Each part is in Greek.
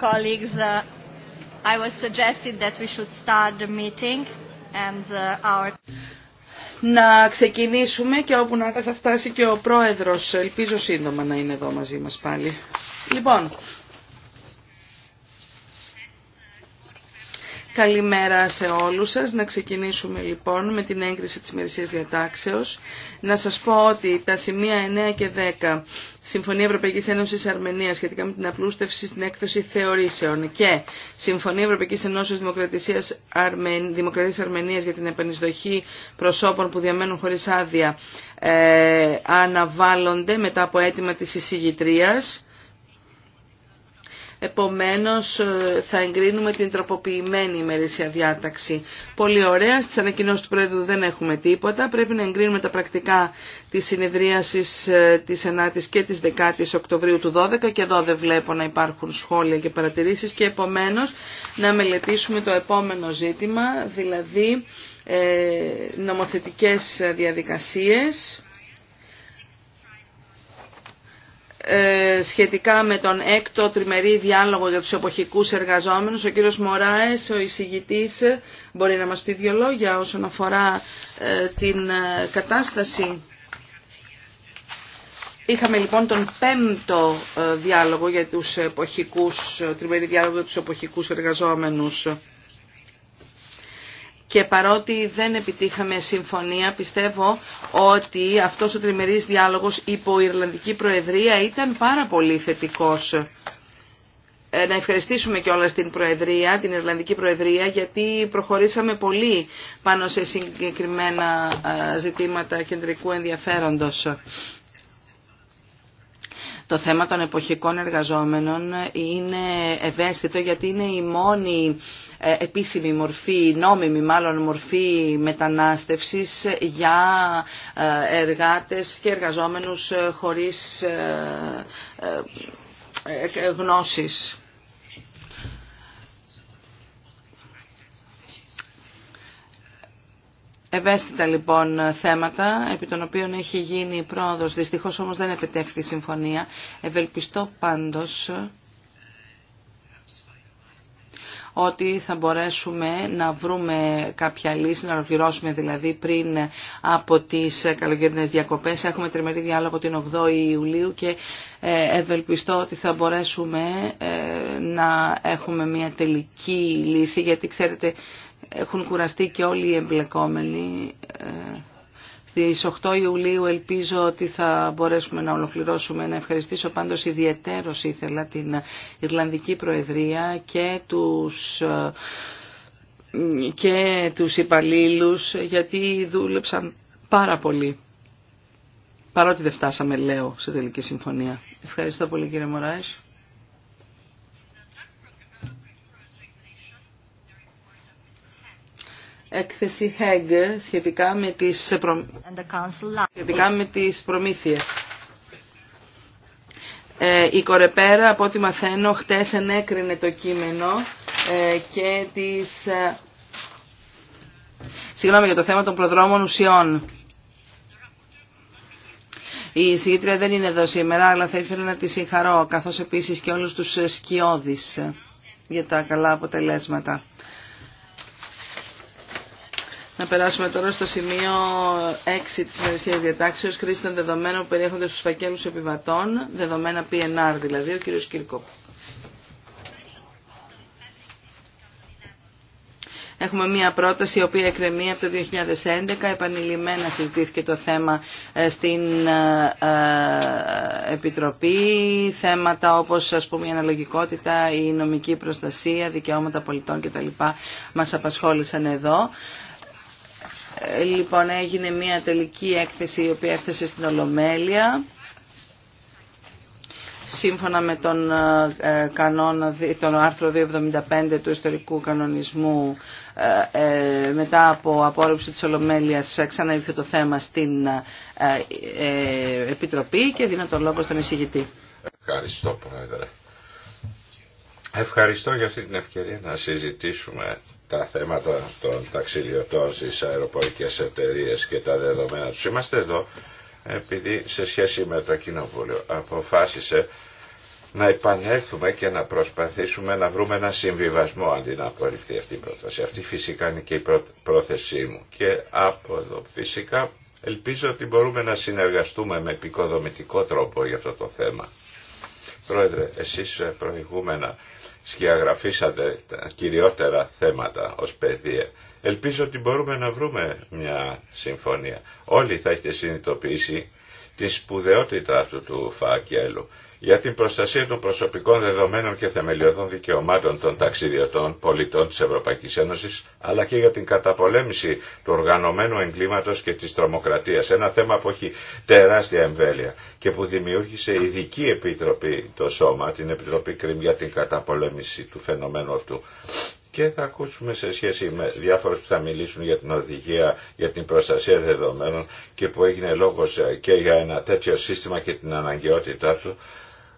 colleagues, uh, I was suggested that we should start the meeting and uh, our να ξεκινήσουμε και όπου να θα φτάσει και ο πρόεδρος. Ελπίζω σύντομα να είναι εδώ μαζί μας πάλι. Λοιπόν, Καλημέρα σε όλους σας. Να ξεκινήσουμε λοιπόν με την έγκριση της μερισίας διατάξεως. Να σας πω ότι τα σημεία 9 και 10, Συμφωνία Ευρωπαϊκής Ένωσης Αρμενίας σχετικά με την απλούστευση στην έκδοση θεωρήσεων και Συμφωνία Ευρωπαϊκής Ένωσης Δημοκρατίας, Αρμεν... Αρμενίας για την επανεισδοχή προσώπων που διαμένουν χωρίς άδεια ε, αναβάλλονται μετά από αίτημα της εισηγητρίας Επομένως ε, θα εγκρίνουμε την τροποποιημένη ημερήσια διάταξη. Πολύ ωραία. Στις ανακοινώσεις του Πρόεδρου δεν έχουμε τίποτα. Πρέπει να εγκρίνουμε τα πρακτικά της συνεδρίασης ε, της 9ης και της 10ης Οκτωβρίου του 12 και εδώ δεν βλέπω να υπάρχουν σχόλια και παρατηρήσεις και επομένως να μελετήσουμε το επόμενο ζήτημα, δηλαδή ε, νομοθετικές διαδικασίες Ε, σχετικά με τον έκτο τριμερή διάλογο για τους εποχικούς εργαζόμενους. Ο κύριος Μωράες, ο εισηγητής, μπορεί να μας πει δύο λόγια όσον αφορά ε, την ε, κατάσταση. Είχαμε λοιπόν τον πέμπτο διάλογο για τους εποχικούς, τριμερή διάλογο για τους εποχικούς εργαζόμενους και παρότι δεν επιτύχαμε συμφωνία πιστεύω ότι αυτός ο τριμερής διάλογος υπό Ιρλανδική Προεδρία ήταν πάρα πολύ θετικός ε, να ευχαριστήσουμε και όλα την Προεδρία, την Ιρλανδική Προεδρία, γιατί προχωρήσαμε πολύ πάνω σε συγκεκριμένα ε, ζητήματα κεντρικού ενδιαφέροντος. Το θέμα των εποχικών εργαζόμενων είναι ευαίσθητο γιατί είναι η μόνη ε, επίσημη μορφή, νόμιμη μάλλον μορφή μετανάστευσης για ε, εργάτες και εργαζόμενους ε, χωρίς γνώσεις. Ευαίσθητα λοιπόν θέματα, επί των οποίων έχει γίνει πρόοδος, δυστυχώς όμως δεν επιτεύχθη η συμφωνία. Ευελπιστώ πάντως ότι θα μπορέσουμε να βρούμε κάποια λύση, να ολοκληρώσουμε δηλαδή πριν από τις καλοκαιρινές διακοπές. Έχουμε τριμερή διάλογο την 8η Ιουλίου και ε, ευελπιστώ ότι θα μπορέσουμε ε, να έχουμε μια τελική λύση γιατί ξέρετε έχουν κουραστεί και όλοι οι εμπλεκόμενοι ε, στις 8 Ιουλίου ελπίζω ότι θα μπορέσουμε να ολοκληρώσουμε. Να ευχαριστήσω πάντως ιδιαιτέρως ήθελα την Ιρλανδική Προεδρία και τους και τους υπαλλήλους γιατί δούλεψαν πάρα πολύ. Παρότι δεν φτάσαμε, λέω, σε τελική συμφωνία. Ευχαριστώ πολύ κύριε Μωράης. έκθεση HEG σχετικά με τις, προ... σχετικά με τις προμήθειες. Ε, η Κορεπέρα, από ό,τι μαθαίνω, χτες ενέκρινε το κείμενο ε, και τις... Ε, συγγνώμη για το θέμα των προδρόμων ουσιών. Η συγγήτρια δεν είναι εδώ σήμερα, αλλά θα ήθελα να τη συγχαρώ, καθώς επίσης και όλους τους σκιώδεις για τα καλά αποτελέσματα. Να περάσουμε τώρα στο σημείο 6 της ημερησίας διατάξεως, χρήση των δεδομένων που περιέχονται στους φακέλους επιβατών, δεδομένα PNR δηλαδή, ο κύριος Κύρκοπ. Έχουμε μία πρόταση η οποία εκκρεμεί από το 2011. Επανειλημμένα συζητήθηκε το θέμα ε, στην ε, ε, Επιτροπή. Θέματα όπως ας πούμε η αναλογικότητα, η νομική προστασία, δικαιώματα πολιτών κτλ. μας απασχόλησαν εδώ. Ε, λοιπόν, έγινε μια τελική έκθεση η οποία έφτασε στην Ολομέλεια σύμφωνα με τον, ε, κανόνα, τον άρθρο 275 του ιστορικού κανονισμού ε, μετά από απόρριψη της Ολομέλειας ξαναήρθε το θέμα στην Επιτροπή και δίνω τον λόγο στον εισηγητή. Ευχαριστώ Πρόεδρε. Ευχαριστώ για αυτή την ευκαιρία να συζητήσουμε τα θέματα των ταξιδιωτών στις αεροπορικές εταιρείε και τα δεδομένα τους. Είμαστε εδώ επειδή σε σχέση με το Κοινοβούλιο αποφάσισε να επανέλθουμε και να προσπαθήσουμε να βρούμε ένα συμβιβασμό αντί να απορριφθεί αυτή η πρόταση. Αυτή φυσικά είναι και η πρόθεσή μου. Και από εδώ φυσικά ελπίζω ότι μπορούμε να συνεργαστούμε με επικοδομητικό τρόπο για αυτό το θέμα. Πρόεδρε, εσείς προηγούμενα σκιαγραφίσατε τα κυριότερα θέματα ως παιδεία. Ελπίζω ότι μπορούμε να βρούμε μια συμφωνία. Όλοι θα έχετε συνειδητοποιήσει τη σπουδαιότητα αυτού του φάκελου για την προστασία των προσωπικών δεδομένων και θεμελιωδών δικαιωμάτων των ταξιδιωτών πολιτών της Ευρωπαϊκής Ένωσης, αλλά και για την καταπολέμηση του οργανωμένου εγκλήματος και της τρομοκρατίας. Ένα θέμα που έχει τεράστια εμβέλεια και που δημιούργησε ειδική επιτροπή το σώμα, την Επιτροπή Κρίμ για την καταπολέμηση του φαινομένου αυτού και θα ακούσουμε σε σχέση με διάφορους που θα μιλήσουν για την οδηγία, για την προστασία δεδομένων και που έγινε λόγος ε, και για ένα τέτοιο σύστημα και την αναγκαιότητά του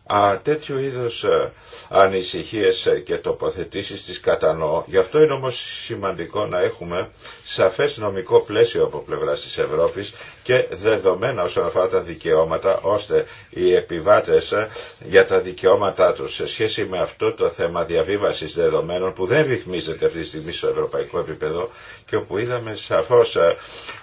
Α, τέτοιου είδος ε, ανησυχίες και τοποθετήσεις τις κατανοώ. Γι' αυτό είναι όμως σημαντικό να έχουμε σαφές νομικό πλαίσιο από πλευράς της Ευρώπης και δεδομένα όσον αφορά τα δικαιώματα, ώστε οι επιβάτες ε, για τα δικαιώματά τους σε σχέση με αυτό το θέμα διαβίβασης δεδομένων που δεν ρυθμίζεται αυτή τη στιγμή στο ευρωπαϊκό επίπεδο και όπου είδαμε σαφώς ε,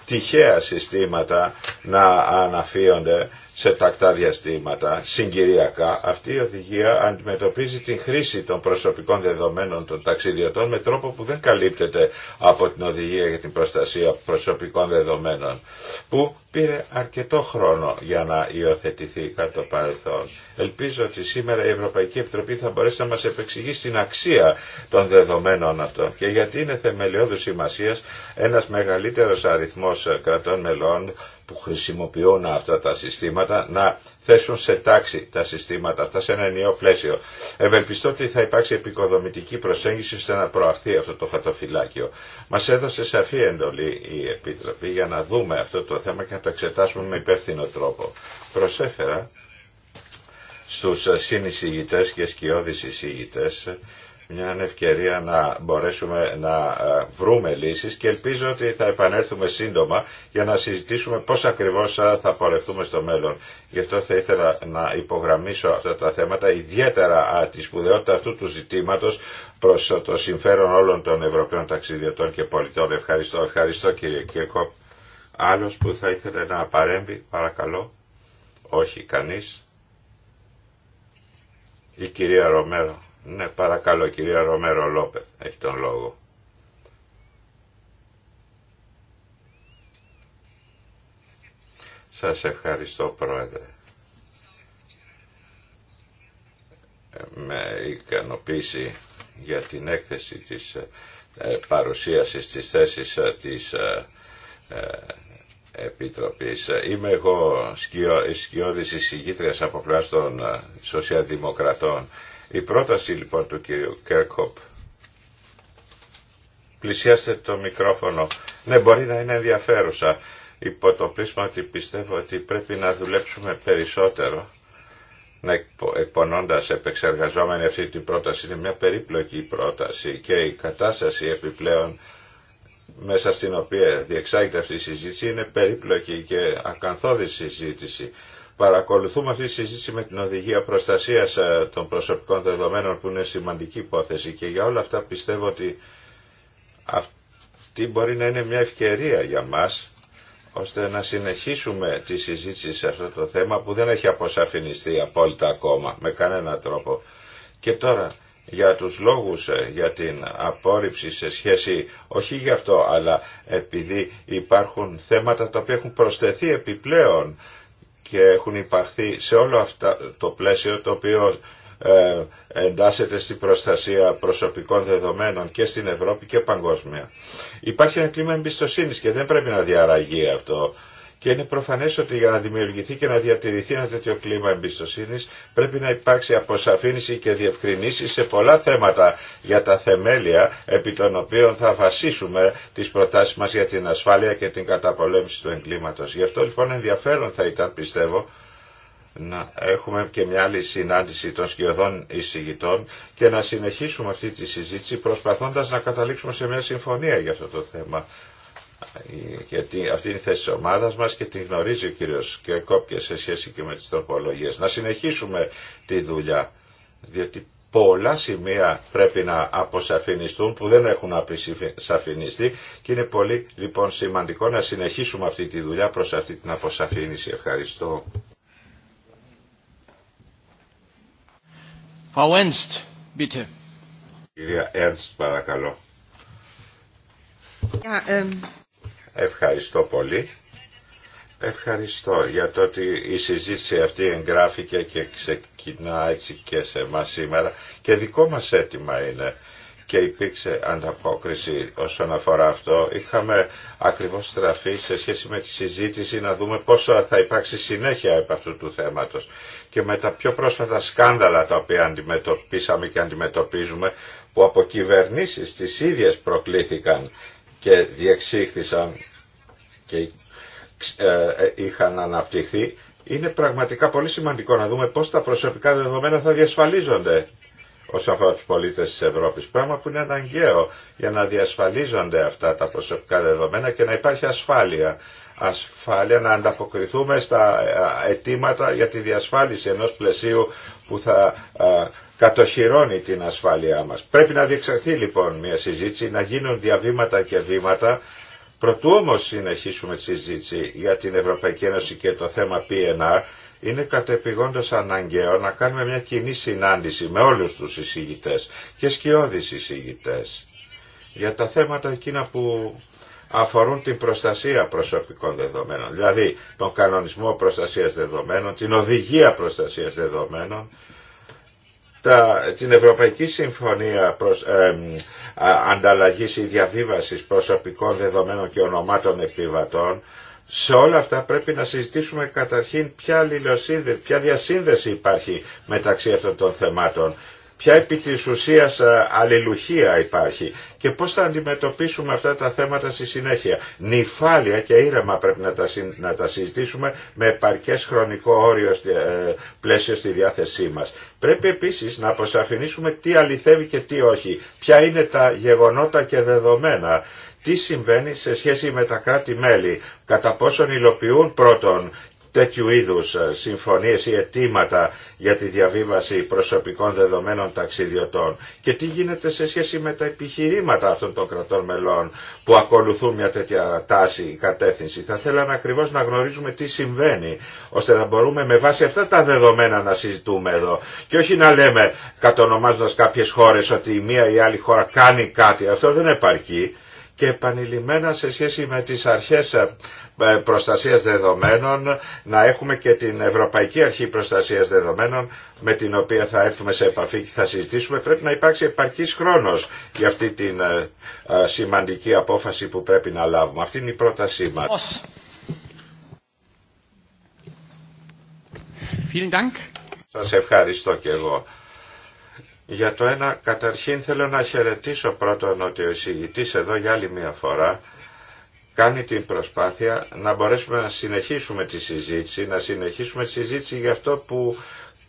τυχαία συστήματα να αναφύονται σε τακτά διαστήματα, συγκυριακά, αυτή η οδηγία αντιμετωπίζει την χρήση των προσωπικών δεδομένων των ταξιδιωτών με τρόπο που δεν καλύπτεται από την οδηγία για την προστασία προσωπικών δεδομένων, που πήρε αρκετό χρόνο για να υιοθετηθεί κατά το παρελθόν. Ελπίζω ότι σήμερα η Ευρωπαϊκή Επιτροπή θα μπορέσει να μας επεξηγήσει την αξία των δεδομένων αυτών και γιατί είναι θεμελιώδου σημασία ένας μεγαλύτερος αριθμός κρατών μελών που χρησιμοποιούν αυτά τα συστήματα να θέσουν σε τάξη τα συστήματα αυτά σε ένα ενιαίο πλαίσιο. Ευελπιστώ ότι θα υπάρξει επικοδομητική προσέγγιση ώστε να προαχθεί αυτό το φατοφυλάκιο. Μα έδωσε σαφή εντολή η Επίτροπη για να δούμε αυτό το θέμα και να το εξετάσουμε με υπεύθυνο τρόπο. Προσέφερα στους συνεισηγητές και σκιώδεις εισηγητές μια ευκαιρία να μπορέσουμε να ε, βρούμε λύσεις και ελπίζω ότι θα επανέλθουμε σύντομα για να συζητήσουμε πώς ακριβώς ε, θα πορευτούμε στο μέλλον. Γι' αυτό θα ήθελα να υπογραμμίσω αυτά τα θέματα, ιδιαίτερα τη σπουδαιότητα αυτού του ζητήματος προς ε, το συμφέρον όλων των Ευρωπαίων ταξιδιωτών και πολιτών. Ευχαριστώ, ευχαριστώ κύριε Κίρκο. Άλλος που θα ήθελε να παρέμβει, παρακαλώ. Όχι, κανείς. Η κυρία Ρομέρο. Ναι, παρακαλώ κυρία Ρομέρο Λόπε, έχει τον λόγο. Σας ευχαριστώ πρόεδρε. Με ικανοποίηση για την έκθεση της ε, παρουσίασης της θέσης ε, της ε, Επιτροπής. Είμαι εγώ σκιώδης εισηγήτριας από πλάστον των σοσιαλδημοκρατών η πρόταση λοιπόν του κύριου Κέρκοπ πλησιάστε το μικρόφωνο. Ναι, μπορεί να είναι ενδιαφέρουσα υπό το πρίσμα ότι πιστεύω ότι πρέπει να δουλέψουμε περισσότερο να εκπονώντας επεξεργαζόμενη αυτή την πρόταση είναι μια περίπλοκη πρόταση και η κατάσταση επιπλέον μέσα στην οποία διεξάγεται αυτή η συζήτηση είναι περίπλοκη και ακαθόδη συζήτηση παρακολουθούμε αυτή τη συζήτηση με την οδηγία προστασίας ε, των προσωπικών δεδομένων που είναι σημαντική υπόθεση και για όλα αυτά πιστεύω ότι αυτή μπορεί να είναι μια ευκαιρία για μας ώστε να συνεχίσουμε τη συζήτηση σε αυτό το θέμα που δεν έχει αποσαφινιστεί απόλυτα ακόμα με κανένα τρόπο. Και τώρα για τους λόγους ε, για την απόρριψη σε σχέση, όχι γι' αυτό, αλλά επειδή υπάρχουν θέματα τα οποία έχουν προσθεθεί επιπλέον και έχουν υπαρθεί σε όλο αυτό το πλαίσιο το οποίο ε, εντάσσεται στην προστασία προσωπικών δεδομένων και στην Ευρώπη και παγκόσμια. Υπάρχει ένα κλίμα εμπιστοσύνης και δεν πρέπει να διαραγεί αυτό και είναι προφανέ ότι για να δημιουργηθεί και να διατηρηθεί ένα τέτοιο κλίμα εμπιστοσύνη πρέπει να υπάρξει αποσαφήνιση και διευκρινήσει σε πολλά θέματα για τα θεμέλια επί των οποίων θα βασίσουμε τι προτάσει μα για την ασφάλεια και την καταπολέμηση του εγκλήματο. Γι' αυτό λοιπόν ενδιαφέρον θα ήταν πιστεύω να έχουμε και μια άλλη συνάντηση των σκιωδών εισηγητών και να συνεχίσουμε αυτή τη συζήτηση προσπαθώντας να καταλήξουμε σε μια συμφωνία για αυτό το θέμα γιατί αυτή είναι η θέση της ομάδας μας και την γνωρίζει ο κύριος Κερκόπ σε σχέση και με τις τροπολογίες. Να συνεχίσουμε τη δουλειά, διότι πολλά σημεία πρέπει να αποσαφινιστούν που δεν έχουν αποσαφινιστεί και είναι πολύ λοιπόν σημαντικό να συνεχίσουμε αυτή τη δουλειά προς αυτή την αποσαφήνιση. Ευχαριστώ. Frau Ernst, bitte. Κυρία Ernst, παρακαλώ. Ähm, Ευχαριστώ πολύ. Ευχαριστώ για το ότι η συζήτηση αυτή εγγράφηκε και ξεκινά έτσι και σε εμά σήμερα και δικό μας αίτημα είναι και υπήρξε ανταπόκριση όσον αφορά αυτό. Είχαμε ακριβώς στραφεί σε σχέση με τη συζήτηση να δούμε πόσο θα υπάρξει συνέχεια από αυτού του θέματος. Και με τα πιο πρόσφατα σκάνδαλα τα οποία αντιμετωπίσαμε και αντιμετωπίζουμε που από κυβερνήσεις τις ίδιες προκλήθηκαν και διεξήχθησαν και ε, είχαν αναπτυχθεί, είναι πραγματικά πολύ σημαντικό να δούμε πώς τα προσωπικά δεδομένα θα διασφαλίζονται όσον αφορά τους πολίτες της Ευρώπης. Πράγμα που είναι αναγκαίο για να διασφαλίζονται αυτά τα προσωπικά δεδομένα και να υπάρχει ασφάλεια. Ασφάλεια να ανταποκριθούμε στα ε, αιτήματα για τη διασφάλιση ενός πλαισίου που θα ε, κατοχυρώνει την ασφάλειά μας. Πρέπει να διεξαχθεί λοιπόν μια συζήτηση, να γίνουν διαβήματα και βήματα, προτού όμως συνεχίσουμε τη συζήτηση για την Ευρωπαϊκή Ένωση και το θέμα PNR, είναι κατεπηγόντως αναγκαίο να κάνουμε μια κοινή συνάντηση με όλους τους εισηγητές και σκιώδεις εισηγητές για τα θέματα εκείνα που αφορούν την προστασία προσωπικών δεδομένων, δηλαδή τον κανονισμό προστασίας δεδομένων, την οδηγία προστασίας δεδομένων τα, την Ευρωπαϊκή Συμφωνία προς, ε, Ανταλλαγής ή Διαβίβασης Προσωπικών Δεδομένων και Ονομάτων Επιβατών, σε όλα αυτά πρέπει να συζητήσουμε καταρχήν ποια, ποια διασύνδεση υπάρχει μεταξύ αυτών των θεμάτων ποια επί της ουσίας ε, αλληλουχία υπάρχει και πώς θα αντιμετωπίσουμε αυτά τα θέματα στη συνέχεια. Νυφάλια και ήρεμα πρέπει να τα, συζητήσουμε με επαρκές χρονικό όριο στη, ε, πλαίσιο στη διάθεσή μας. Πρέπει επίσης να αποσαφηνίσουμε τι αληθεύει και τι όχι, ποια είναι τα γεγονότα και δεδομένα τι συμβαίνει σε σχέση με τα κράτη-μέλη, κατά πόσον υλοποιούν πρώτον τέτοιου είδους ε, συμφωνίες ή αιτήματα για τη διαβίβαση προσωπικών δεδομένων ταξιδιωτών και τι γίνεται σε σχέση με τα επιχειρήματα αυτών των κρατών μελών που ακολουθούν μια τέτοια τάση ή κατεύθυνση. Θα θέλαμε ακριβώς να γνωρίζουμε τι συμβαίνει ώστε να μπορούμε με βάση αυτά τα δεδομένα να συζητούμε εδώ και όχι να λέμε κατονομάζοντας κάποιες χώρες ότι η μία ή η άλλη χώρα κάνει κάτι. Αυτό δεν επαρκεί και επανειλημμένα σε σχέση με τις αρχές ε, προστασίας δεδομένων να έχουμε και την Ευρωπαϊκή Αρχή Προστασίας Δεδομένων με την οποία θα έρθουμε σε επαφή και θα συζητήσουμε πρέπει να υπάρξει επαρκής χρόνος για αυτή την ε, ε, σημαντική απόφαση που πρέπει να λάβουμε. Αυτή είναι η πρότασή μας. Σας ευχαριστώ και εγώ. Για το ένα, καταρχήν θέλω να χαιρετήσω πρώτον ότι ο εισηγητής εδώ για άλλη μία φορά κάνει την προσπάθεια να μπορέσουμε να συνεχίσουμε τη συζήτηση, να συνεχίσουμε τη συζήτηση για αυτό που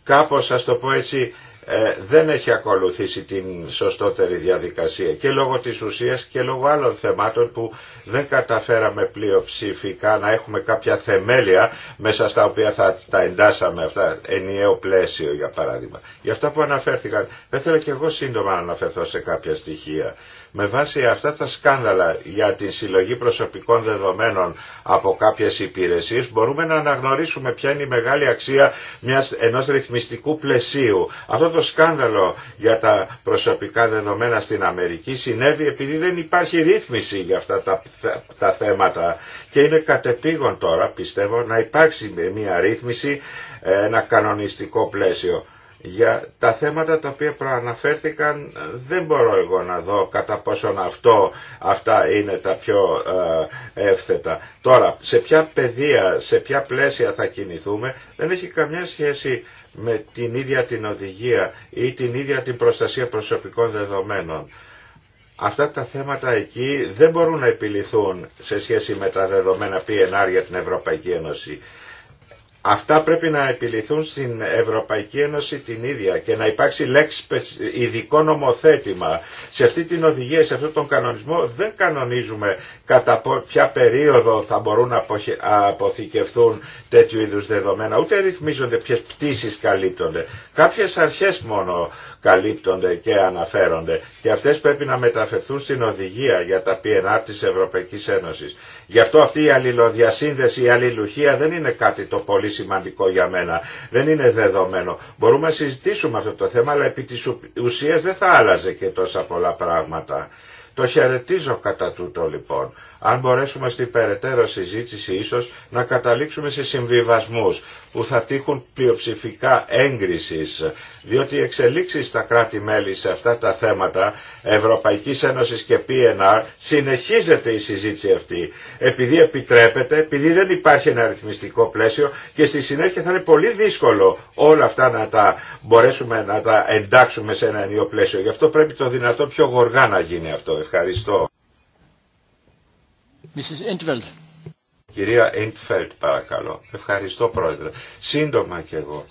κάπως, ας το πω έτσι, ε, δεν έχει ακολουθήσει την σωστότερη διαδικασία και λόγω της ουσίας και λόγω άλλων θεμάτων που δεν καταφέραμε πλειοψηφικά να έχουμε κάποια θεμέλια μέσα στα οποία θα τα εντάσαμε αυτά, ενιαίο πλαίσιο για παράδειγμα. Για αυτά που αναφέρθηκαν, Δεν ήθελα και εγώ σύντομα να αναφερθώ σε κάποια στοιχεία. Με βάση αυτά τα σκάνδαλα για την συλλογή προσωπικών δεδομένων από κάποιες υπηρεσίες μπορούμε να αναγνωρίσουμε ποια είναι η μεγάλη αξία μιας, ενός ρυθμιστικού πλαισίου. Αυτό το σκάνδαλο για τα προσωπικά δεδομένα στην Αμερική συνέβη επειδή δεν υπάρχει ρύθμιση για αυτά τα, θέματα και είναι κατεπήγον τώρα πιστεύω να υπάρξει μια ρύθμιση, ε, ένα κανονιστικό πλαίσιο. Για τα θέματα τα οποία προαναφέρθηκαν δεν μπορώ εγώ να δω κατά πόσον αυτό, αυτά είναι τα πιο ε, εύθετα. Τώρα, σε ποια πεδία, σε ποια πλαίσια θα κινηθούμε δεν έχει καμιά σχέση με την ίδια την οδηγία ή την ίδια την προστασία προσωπικών δεδομένων. Αυτά τα θέματα εκεί δεν μπορούν να επιληθούν σε σχέση με τα δεδομένα PNR για την Ευρωπαϊκή Ένωση. Αυτά πρέπει να επιληθούν στην Ευρωπαϊκή Ένωση την ίδια και να υπάρξει λέξη ειδικό νομοθέτημα. Σε αυτή την οδηγία, σε αυτόν τον κανονισμό δεν κανονίζουμε κατά ποια περίοδο θα μπορούν να αποθηκευθούν τέτοιου είδους δεδομένα, ούτε ρυθμίζονται ποιες πτήσεις καλύπτονται. Κάποιες αρχές μόνο καλύπτονται και αναφέρονται. Και αυτές πρέπει να μεταφερθούν στην οδηγία για τα PNR της Ευρωπαϊκής Ένωσης. Γι' αυτό αυτή η αλληλοδιασύνδεση, η αλληλουχία δεν είναι κάτι το πολύ σημαντικό για μένα. Δεν είναι δεδομένο. Μπορούμε να συζητήσουμε αυτό το θέμα, αλλά επί της ουσίας δεν θα άλλαζε και τόσα πολλά πράγματα. Το χαιρετίζω κατά τούτο λοιπόν αν μπορέσουμε στην περαιτέρω συζήτηση ίσως να καταλήξουμε σε συμβιβασμούς που θα τύχουν πλειοψηφικά έγκρισης, διότι οι εξελίξεις στα κράτη-μέλη σε αυτά τα θέματα Ευρωπαϊκής Ένωσης και PNR συνεχίζεται η συζήτηση αυτή, επειδή επιτρέπεται, επειδή δεν υπάρχει ένα αριθμιστικό πλαίσιο και στη συνέχεια θα είναι πολύ δύσκολο όλα αυτά να τα μπορέσουμε να τα εντάξουμε σε ένα ενίο πλαίσιο. Γι' αυτό πρέπει το δυνατό πιο γοργά να γίνει αυτό. Ευχαριστώ. Κυρία Ιντφέλτ παρακαλώ. Ευχαριστώ πρόεδρε. Σύντομα κι εγώ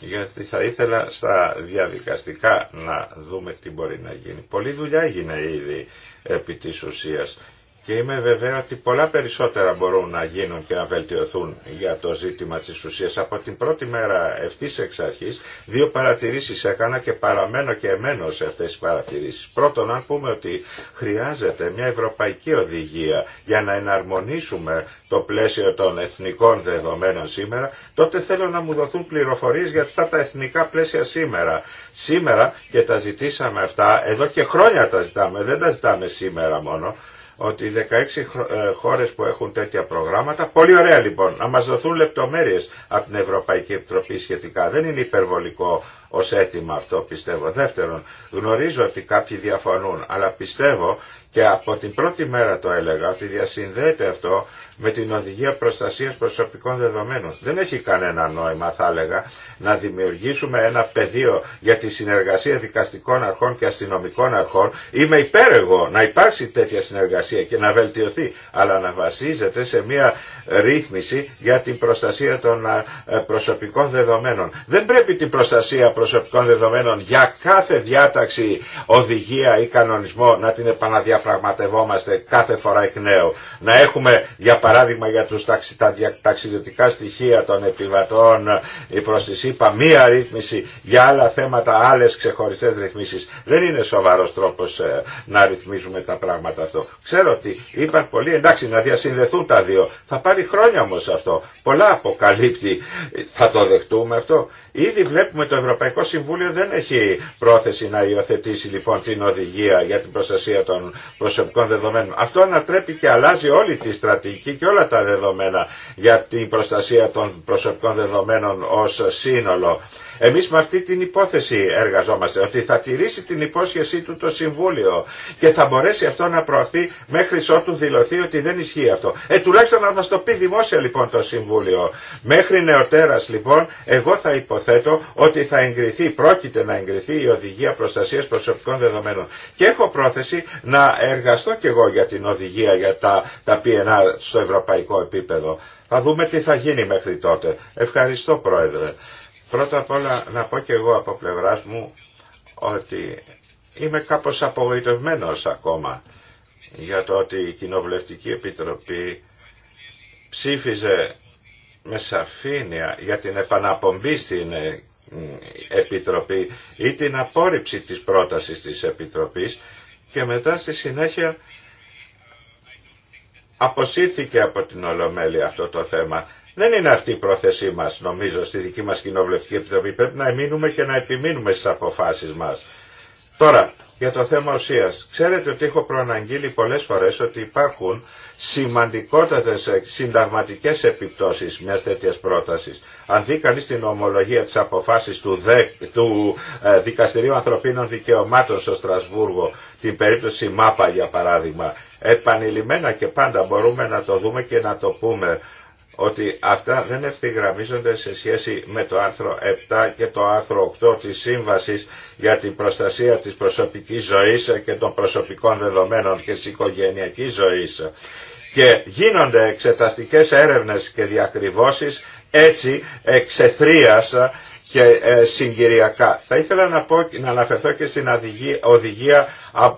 γιατί θα ήθελα στα διαδικαστικά να δούμε τι μπορεί να γίνει. Πολλή δουλειά έγινε ήδη επί της ουσίας και είμαι βέβαια ότι πολλά περισσότερα μπορούν να γίνουν και να βελτιωθούν για το ζήτημα της ουσίας. Από την πρώτη μέρα ευθύ εξ αρχής δύο παρατηρήσεις έκανα και παραμένω και εμένω σε αυτές τις παρατηρήσεις. Πρώτον, αν πούμε ότι χρειάζεται μια ευρωπαϊκή οδηγία για να εναρμονίσουμε το πλαίσιο των εθνικών δεδομένων σήμερα, τότε θέλω να μου δοθούν πληροφορίες για αυτά τα εθνικά πλαίσια σήμερα. Σήμερα και τα ζητήσαμε αυτά, εδώ και χρόνια τα ζητάμε, δεν τα ζητάμε σήμερα μόνο ότι 16 ε, χώρες που έχουν τέτοια προγράμματα, πολύ ωραία λοιπόν, να μας δοθούν λεπτομέρειες από την Ευρωπαϊκή Επιτροπή σχετικά. Δεν είναι υπερβολικό ως αίτημα αυτό πιστεύω. Δεύτερον, γνωρίζω ότι κάποιοι διαφωνούν, αλλά πιστεύω και από την πρώτη μέρα το έλεγα ότι διασυνδέεται αυτό με την οδηγία προστασία προσωπικών δεδομένων. Δεν έχει κανένα νόημα θα έλεγα να δημιουργήσουμε ένα πεδίο για τη συνεργασία δικαστικών αρχών και αστυνομικών αρχών. Είμαι υπέρ εγώ να υπάρξει τέτοια συνεργασία και να βελτιωθεί αλλά να βασίζεται σε μια ρύθμιση για την προστασία των ε, προσωπικών δεδομένων. Δεν πρέπει την προστασία προσωπικών δεδομένων για κάθε διάταξη οδηγία ή κανονισμό να την επαναδιαπραγματευόμαστε κάθε φορά εκ νέου. Να έχουμε για παράδειγμα για τους ταξι, τα ταξιδιωτικά στοιχεία των επιβατών προς τη ΣΥΠΑ, μία ρύθμιση για άλλα θέματα, άλλες ξεχωριστές ρυθμίσεις. Δεν είναι σοβαρός τρόπος ε, να ρυθμίζουμε τα πράγματα αυτό. Ξέρω ότι είπαν πολλοί, εντάξει να διασυνδεθούν τα δύο. Θα πάρει χρόνια όμως αυτό. Πολλά αποκαλύπτει. Ε, θα το δεχτούμε αυτό. Ήδη βλέπουμε το Ευρωπαϊκό Συμβούλιο δεν έχει πρόθεση να υιοθετήσει λοιπόν την οδηγία για την προστασία των προσωπικών δεδομένων. Αυτό ανατρέπει και αλλάζει όλη τη στρατηγική και όλα τα δεδομένα για την προστασία των προσωπικών δεδομένων ως σύνολο. Εμεί με αυτή την υπόθεση εργαζόμαστε, ότι θα τηρήσει την υπόσχεσή του το Συμβούλιο και θα μπορέσει αυτό να προωθεί μέχρι ότου δηλωθεί ότι δεν ισχύει αυτό. Ε, τουλάχιστον να μα το πει δημόσια λοιπόν το Συμβούλιο. Μέχρι νεοτέρας λοιπόν, εγώ θα υποθέτω ότι θα εγκριθεί, πρόκειται να εγκριθεί η Οδηγία προστασία Προσωπικών Δεδομένων. Και έχω πρόθεση να εργαστώ κι εγώ για την οδηγία για τα, τα PNR στο ευρωπαϊκό επίπεδο. Θα δούμε τι θα γίνει μέχρι τότε. Ευχαριστώ Πρόεδρε. Πρώτα απ' όλα να πω και εγώ από πλευράς μου ότι είμαι κάπως απογοητευμένος ακόμα για το ότι η Κοινοβουλευτική Επιτροπή ψήφιζε με σαφήνεια για την επαναπομπή στην ε, Επιτροπή ή την απόρριψη της πρότασης της Επιτροπής και μετά στη συνέχεια αποσύρθηκε από την ολομέλεια αυτό το θέμα. Δεν είναι αυτή η πρόθεσή μας, νομίζω, στη δική μας Κοινοβουλευτική Επιτροπή. Πρέπει να εμείνουμε και να επιμείνουμε στις αποφάσεις μας. Τώρα, για το θέμα ουσίας. Ξέρετε ότι έχω προαναγγείλει πολλές φορές ότι υπάρχουν σημαντικότατες ε, συνταγματικές επιπτώσεις μιας τέτοιας πρότασης. Αν δει κανείς την ομολογία της αποφάσης του, ΔΕ, του ε, Δικαστηρίου Ανθρωπίνων Δικαιωμάτων στο Στρασβούργο, την περίπτωση ΜΑΠΑ για παράδειγμα, επανειλημμένα και πάντα μπορούμε να το δούμε και να το πούμε ότι αυτά δεν ευθυγραμμίζονται σε σχέση με το άρθρο 7 και το άρθρο 8 της Σύμβασης για την προστασία της προσωπικής ζωής και των προσωπικών δεδομένων και της οικογενειακής ζωής. Και γίνονται εξεταστικές έρευνες και διακριβώσεις έτσι εξεθρίασα και ε, συγκυριακά. Θα ήθελα να, πω, να αναφερθώ και στην οδηγία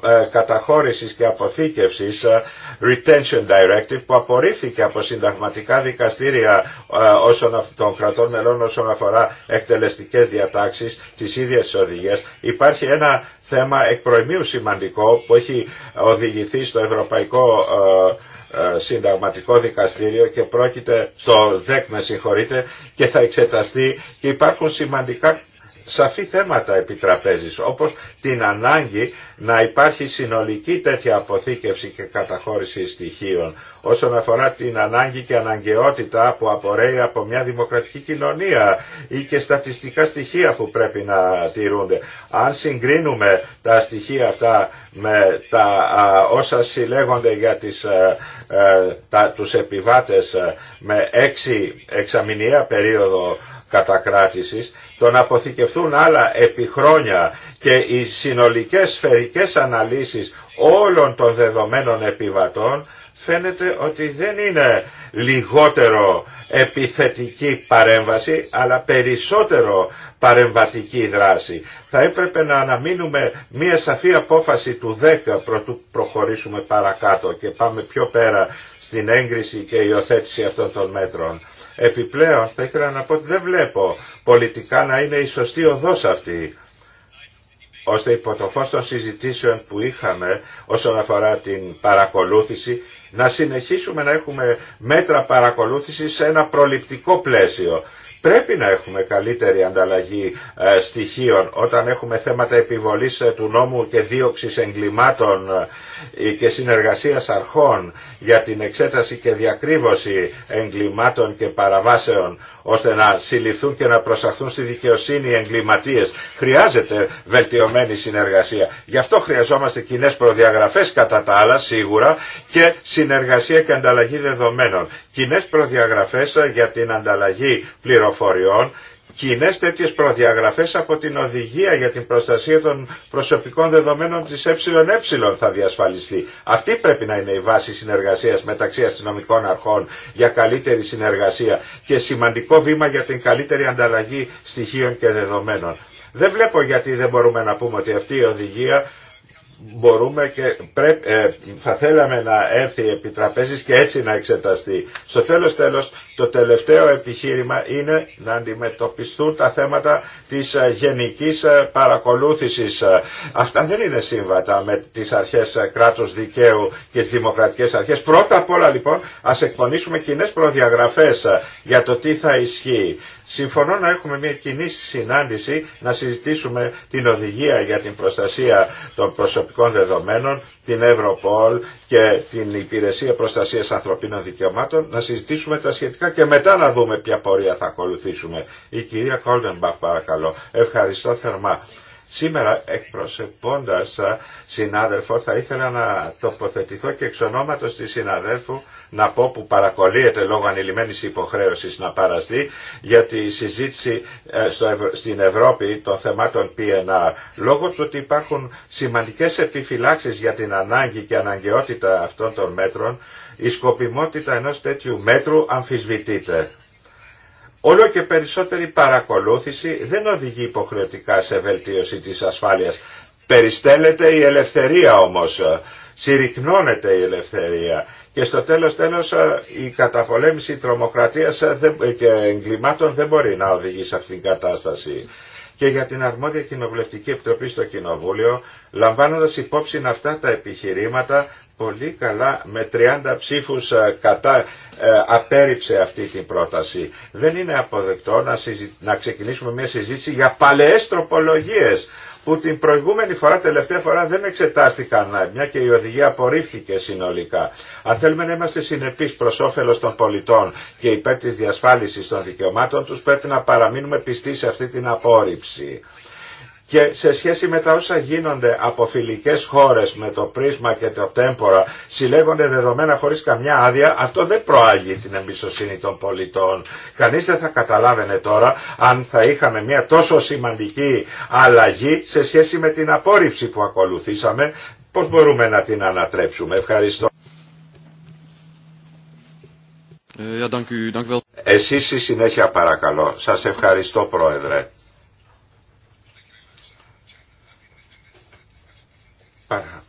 ε, καταχώρησης και αποθήκευσης ε, Retention Directive που απορρίφθηκε από συνταγματικά δικαστήρια όσον, των κρατών μελών όσον αφορά εκτελεστικές διατάξεις της ίδιας της οδηγίας. Υπάρχει ένα θέμα εκπροημίου σημαντικό που έχει οδηγηθεί στο Ευρωπαϊκό ε, συνταγματικό δικαστήριο και πρόκειται στο ΔΕΚ με συγχωρείτε και θα εξεταστεί και υπάρχουν σημαντικά σαφή θέματα επί όπως την ανάγκη να υπάρχει συνολική τέτοια αποθήκευση και καταχώρηση στοιχείων όσον αφορά την ανάγκη και αναγκαιότητα που απορρέει από μια δημοκρατική κοινωνία ή και στατιστικά στοιχεία που πρέπει να τηρούνται. Αν συγκρίνουμε τα στοιχεία αυτά με τα όσα συλλέγονται για τις, τους επιβάτες με έξι εξαμηνιαία περίοδο κατακράτησης το να αποθηκευτούν άλλα επί χρόνια και οι συνολικές σφαιρικές αναλύσεις όλων των δεδομένων επιβατών φαίνεται ότι δεν είναι λιγότερο επιθετική παρέμβαση αλλά περισσότερο παρεμβατική δράση. Θα έπρεπε να αναμείνουμε μια σαφή απόφαση του 10 προτού προχωρήσουμε παρακάτω και πάμε πιο πέρα στην έγκριση και υιοθέτηση αυτών των μέτρων. Επιπλέον θα ήθελα να πω ότι δεν βλέπω πολιτικά να είναι η σωστή οδός αυτή ώστε υπό το φως των συζητήσεων που είχαμε όσον αφορά την παρακολούθηση να συνεχίσουμε να έχουμε μέτρα παρακολούθηση σε ένα προληπτικό πλαίσιο. Πρέπει να έχουμε καλύτερη ανταλλαγή ε, στοιχείων όταν έχουμε θέματα επιβολής ε, του νόμου και δίωξης εγκλημάτων και συνεργασίας αρχών για την εξέταση και διακρύβωση εγκλημάτων και παραβάσεων ώστε να συλληφθούν και να προσαχθούν στη δικαιοσύνη οι εγκληματίες. Χρειάζεται βελτιωμένη συνεργασία. Γι' αυτό χρειαζόμαστε κοινέ προδιαγραφές κατά τα άλλα σίγουρα και συνεργασία και ανταλλαγή δεδομένων. Κοινέ προδιαγραφές για την ανταλλαγή πληροφοριών κοινέ τέτοιε προδιαγραφέ από την οδηγία για την προστασία των προσωπικών δεδομένων τη ΕΕ θα διασφαλιστεί. Αυτή πρέπει να είναι η βάση συνεργασία μεταξύ αστυνομικών αρχών για καλύτερη συνεργασία και σημαντικό βήμα για την καλύτερη ανταλλαγή στοιχείων και δεδομένων. Δεν βλέπω γιατί δεν μπορούμε να πούμε ότι αυτή η οδηγία μπορούμε και ε, θα θέλαμε να έρθει επί και έτσι να εξεταστεί. Στο τέλος τέλος το τελευταίο επιχείρημα είναι να αντιμετωπιστούν τα θέματα της ε, γενικής ε, παρακολούθησης. Αυτά δεν είναι σύμβατα με τις αρχές κράτους δικαίου και τις δημοκρατικές αρχές. Πρώτα απ' όλα λοιπόν ας εκπονήσουμε κοινέ προδιαγραφές για το τι θα ισχύει. Συμφωνώ να έχουμε μια κοινή συνάντηση, να συζητήσουμε την οδηγία για την προστασία των προσωπικών δεδομένων, την Ευρωπόλ και την Υπηρεσία Προστασίας Ανθρωπίνων Δικαιωμάτων, να συζητήσουμε τα σχετικά και μετά να δούμε ποια πορεία θα ακολουθήσουμε. Η κυρία Κόλτεμπαχ παρακαλώ. Ευχαριστώ θερμά. Σήμερα εκπροσωπώντας συνάδελφο θα ήθελα να τοποθετηθώ και εξ ονόματος της συναδέλφου να πω που παρακολύεται λόγω ανηλυμένης υποχρέωσης να παραστεί για τη συζήτηση ε, στην Ευρώπη των θεμάτων PNR λόγω του ότι υπάρχουν σημαντικές επιφυλάξεις για την ανάγκη και αναγκαιότητα αυτών των μέτρων η σκοπιμότητα ενός τέτοιου μέτρου αμφισβητείται. Όλο και περισσότερη παρακολούθηση δεν οδηγεί υποχρεωτικά σε βελτίωση της ασφάλειας. Περιστέλλεται η ελευθερία όμως, συρρυκνώνεται η ελευθερία και στο τέλος τέλος η καταπολέμηση τρομοκρατίας και εγκλημάτων δεν μπορεί να οδηγεί σε αυτήν την κατάσταση. Και για την αρμόδια κοινοβουλευτική επιτροπή στο Κοινοβούλιο, λαμβάνοντας υπόψη αυτά τα επιχειρήματα, πολύ καλά με 30 ψήφους ε, κατά ε, απέρριψε αυτή την πρόταση. Δεν είναι αποδεκτό να, να ξεκινήσουμε μια συζήτηση για παλαιές τροπολογίες που την προηγούμενη φορά, τελευταία φορά δεν εξετάστηκαν, ε, μια και η οδηγία απορρίφθηκε συνολικά. Αν θέλουμε να είμαστε συνεπείς προς όφελος των πολιτών και υπέρ της διασφάλισης των δικαιωμάτων τους, πρέπει να παραμείνουμε πιστοί σε αυτή την απόρριψη και σε σχέση με τα όσα γίνονται από φιλικές χώρες με το πρίσμα και το τέμπορα συλλέγονται δεδομένα χωρίς καμιά άδεια αυτό δεν προάγει την εμπιστοσύνη των πολιτών. Κανείς δεν θα καταλάβαινε τώρα αν θα είχαμε μια τόσο σημαντική αλλαγή σε σχέση με την απόρριψη που ακολουθήσαμε πώς μπορούμε να την ανατρέψουμε. Ευχαριστώ. Ε, Εσείς στη συνέχεια παρακαλώ. Σας ευχαριστώ πρόεδρε.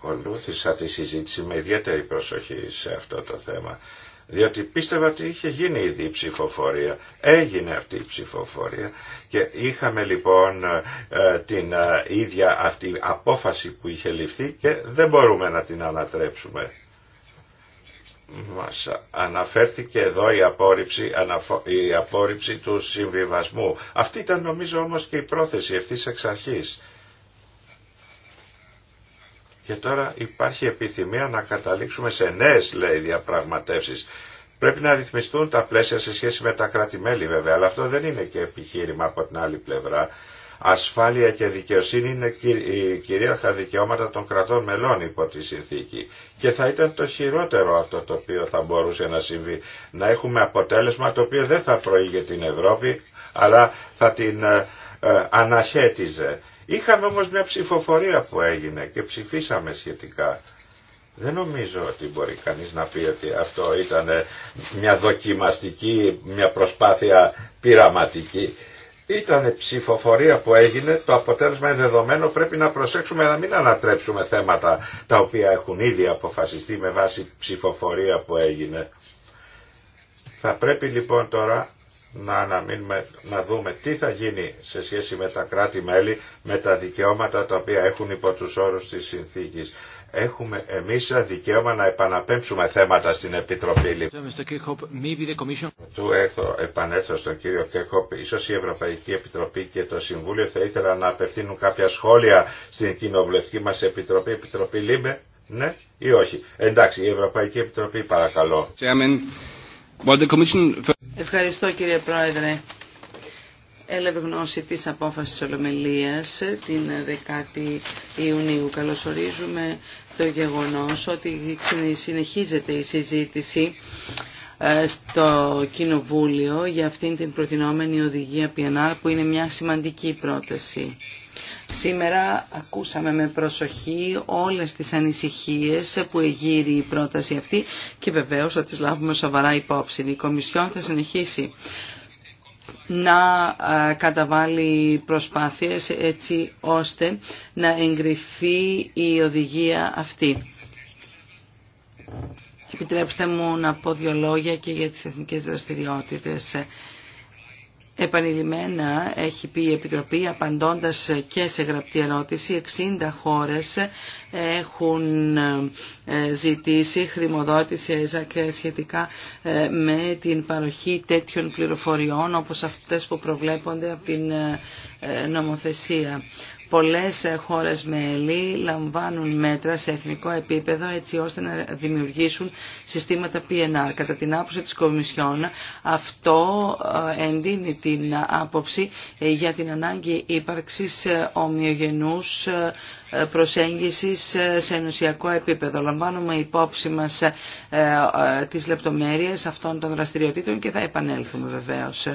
Ακολούθησα τη συζήτηση με ιδιαίτερη προσοχή σε αυτό το θέμα. Διότι πίστευα ότι είχε γίνει ήδη η ψηφοφορία. Έγινε αυτή η ψηφοφορία και είχαμε λοιπόν ε, την ε, ίδια αυτή απόφαση που είχε ληφθεί και δεν μπορούμε να την ανατρέψουμε. Μας αναφέρθηκε εδώ η απόρριψη, του συμβιβασμού. Αυτή ήταν νομίζω όμως και η πρόθεση ευθύς εξ αρχής και τώρα υπάρχει επιθυμία να καταλήξουμε σε νέες λέει διαπραγματεύσεις. Πρέπει να ρυθμιστούν τα πλαίσια σε σχέση με τα κράτη-μέλη βέβαια, αλλά αυτό δεν είναι και επιχείρημα από την άλλη πλευρά. Ασφάλεια και δικαιοσύνη είναι κυρίαρχα δικαιώματα των κρατών μελών υπό τη συνθήκη. Και θα ήταν το χειρότερο αυτό το οποίο θα μπορούσε να συμβεί. Να έχουμε αποτέλεσμα το οποίο δεν θα προήγε την Ευρώπη, αλλά θα την ε, ε, αναχέτιζε. Είχαμε όμως μια ψηφοφορία που έγινε και ψηφίσαμε σχετικά. Δεν νομίζω ότι μπορεί κανείς να πει ότι αυτό ήταν μια δοκιμαστική, μια προσπάθεια πειραματική. Ήταν ψηφοφορία που έγινε, το αποτέλεσμα είναι δεδομένο, πρέπει να προσέξουμε να μην ανατρέψουμε θέματα τα οποία έχουν ήδη αποφασιστεί με βάση ψηφοφορία που έγινε. Θα πρέπει λοιπόν τώρα να αναμείνουμε, να δούμε τι θα γίνει σε σχέση με τα κράτη-μέλη, με τα δικαιώματα τα οποία έχουν υπό τους όρους της συνθήκης. Έχουμε εμείς δικαίωμα να επαναπέμψουμε θέματα στην Επιτροπή. Λοιπόν. Του έχω επανέλθω στον κύριο Κέκοπ. Ίσως η Ευρωπαϊκή Επιτροπή και το Συμβούλιο θα ήθελα να απευθύνουν κάποια σχόλια στην κοινοβουλευτική μας Επιτροπή. Επιτροπή Λίμπε, ναι ή όχι. Εντάξει, η Ευρωπαϊκή Επιτροπή παρακαλώ. Ευχαριστώ κύριε Πρόεδρε. Έλαβε γνώση της απόφασης της Ολομελίας την 10η Ιουνίου. Καλωσορίζουμε το γεγονός ότι συνεχίζεται η συζήτηση ε, στο Κοινοβούλιο για αυτήν την προτινόμενη οδηγία PNR που είναι μια σημαντική πρόταση. Σήμερα ακούσαμε με προσοχή όλες τις ανησυχίες που εγείρει η πρόταση αυτή και βεβαίως θα τις λάβουμε σοβαρά υπόψη. Η Κομισιόν θα συνεχίσει να καταβάλει προσπάθειες έτσι ώστε να εγκριθεί η οδηγία αυτή. Επιτρέψτε μου να πω δύο λόγια και για τις εθνικές δραστηριότητες. Επανειλημμένα έχει πει η Επιτροπή απαντώντας και σε γραπτή ερώτηση 60 χώρες έχουν ε, ζητήσει χρημοδότηση σχετικά ε, με την παροχή τέτοιων πληροφοριών όπως αυτές που προβλέπονται από την ε, νομοθεσία. Πολλές ε, χώρες μέλη λαμβάνουν μέτρα σε εθνικό επίπεδο έτσι ώστε να δημιουργήσουν συστήματα PNR. Κατά την άποψη της Κομισιόν αυτό ε, εντείνει την άποψη ε, για την ανάγκη ύπαρξης ομοιογενούς προσέγγισης σε ενωσιακό επίπεδο. Λαμβάνουμε υπόψη μας τις λεπτομέρειες αυτών των δραστηριοτήτων και θα επανέλθουμε βεβαίως.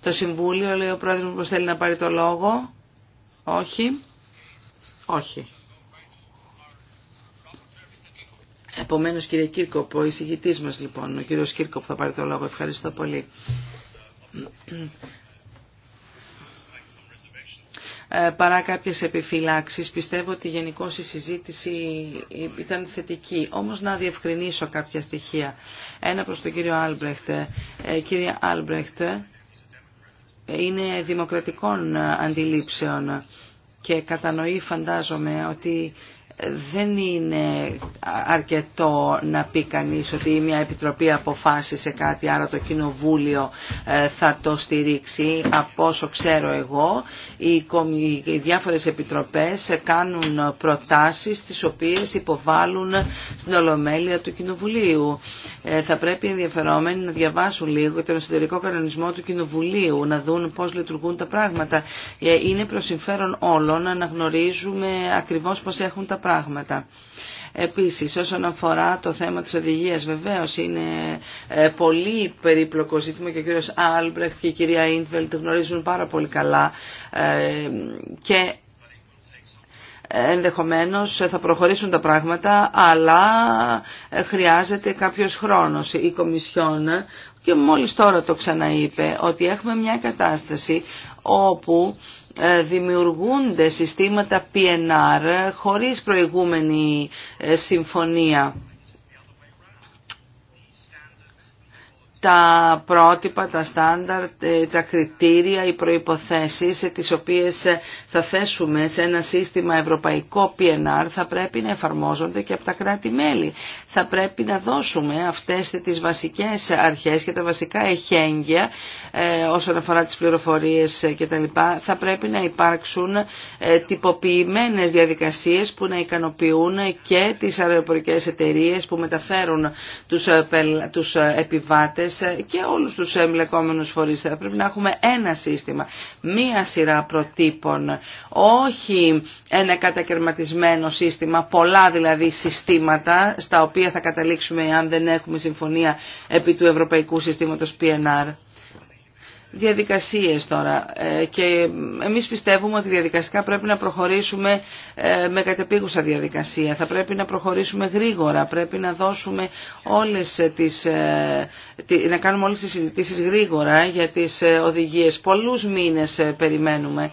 Το Συμβούλιο, λέει ο Πρόεδρος, θέλει να πάρει το λόγο. Όχι. Όχι. Επομένως κύριε Κίρκοπ, ο εισηγητή μας λοιπόν, ο κύριος Κίρκοπ θα πάρει το λόγο. Ευχαριστώ πολύ. Ε, παρά κάποιε επιφυλάξει, πιστεύω ότι γενικώ η συζήτηση ήταν θετική. όμω να διευκρινίσω κάποια στοιχεία. Ένα προς τον κύριο Άλμπρεχτ. Ε, κύριε Άλμπρεχτ, είναι δημοκρατικών ε, αντιλήψεων και κατανοεί φαντάζομαι ότι δεν είναι αρκετό να πει κανείς ότι μια επιτροπή αποφάσισε κάτι, άρα το κοινοβούλιο ε, θα το στηρίξει. Από όσο ξέρω εγώ, οι διάφορες επιτροπές κάνουν προτάσεις τις οποίες υποβάλλουν στην Ολομέλεια του Κοινοβουλίου. Ε, θα πρέπει οι ενδιαφερόμενοι να διαβάσουν λίγο τον εσωτερικό κανονισμό του Κοινοβουλίου, να δουν πώς λειτουργούν τα πράγματα. Ε, είναι προς συμφέρον όλων να γνωρίζουμε ακριβώς πώς έχουν τα πράγματα πράγματα. Επίσης, όσον αφορά το θέμα της οδηγίας, βεβαίως είναι ε, πολύ περίπλοκο ζήτημα και ο κύριος Άλμπρεχτ και η κυρία Ίντβελτ γνωρίζουν πάρα πολύ καλά ε, και ενδεχομένως θα προχωρήσουν τα πράγματα, αλλά ε, χρειάζεται κάποιος χρόνος η Κομισιόν και μόλις τώρα το ξαναείπε ότι έχουμε μια κατάσταση όπου ε, δημιουργούνται συστήματα PNR χωρίς προηγούμενη ε, συμφωνία. τα πρότυπα, τα στάνταρτ, ε, τα κριτήρια, οι προϋποθέσεις ε, τις οποίες ε, θα θέσουμε σε ένα σύστημα ευρωπαϊκό PNR θα πρέπει να εφαρμόζονται και από τα κράτη-μέλη. Θα πρέπει να δώσουμε αυτές τις βασικές αρχές και τα βασικά εχέγγυα όσον αφορά τις πληροφορίες κτλ. Θα πρέπει να υπάρξουν τυποποιημένες διαδικασίες που να ικανοποιούν και τις αεροπορικές εταιρείες που μεταφέρουν τους επιβάτες ε, και όλους τους εμπλεκόμενους φορείς. Θα πρέπει να έχουμε ένα σύστημα, μία σειρά προτύπων, όχι ένα κατακαιρματισμένο σύστημα, πολλά δηλαδή συστήματα στα οποία θα καταλήξουμε αν δεν έχουμε συμφωνία επί του Ευρωπαϊκού Συστήματος PNR διαδικασίες τώρα ε, και εμείς πιστεύουμε ότι διαδικαστικά πρέπει να προχωρήσουμε ε, με κατεπίγουσα διαδικασία. Θα πρέπει να προχωρήσουμε γρήγορα, πρέπει να δώσουμε όλες τις, ε, να κάνουμε όλες τις συζητήσεις γρήγορα για τις οδηγίες. Πολλούς μήνες περιμένουμε.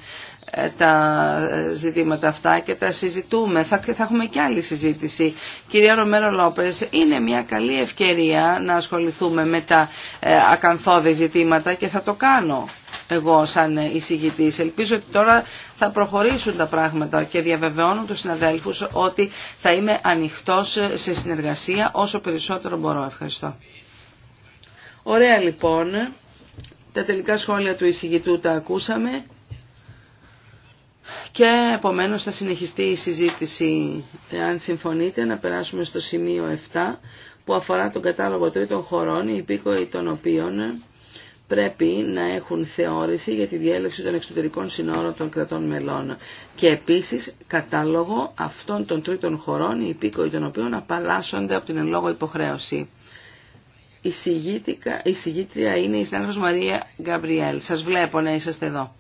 Ε, τα ζητήματα αυτά και τα συζητούμε. Θα, θα έχουμε και άλλη συζήτηση. Κυρία Ρομέρο Λόπες, είναι μια καλή ευκαιρία να ασχοληθούμε με τα ε, ακαθόδη ζητήματα και θα το κάνω εγώ σαν εισηγητής. Ελπίζω ότι τώρα θα προχωρήσουν τα πράγματα και διαβεβαιώνω τους συναδέλφους ότι θα είμαι ανοιχτός σε συνεργασία όσο περισσότερο μπορώ. Ευχαριστώ. Ωραία λοιπόν. Τα τελικά σχόλια του εισηγητού τα ακούσαμε. Και επομένως θα συνεχιστεί η συζήτηση, εάν συμφωνείτε, να περάσουμε στο σημείο 7 που αφορά τον κατάλογο τρίτων χωρών, οι υπήκοοι των οποίων πρέπει να έχουν θεώρηση για τη διέλευση των εξωτερικών συνόρων των κρατών μελών και επίσης κατάλογο αυτών των τρίτων χωρών, οι υπήκοοι των οποίων απαλλάσσονται από την εν λόγω υποχρέωση. Η συγγήτρια είναι η συνάδελφος Μαρία Γκαμπριέλ. Σας βλέπω να είσαστε εδώ.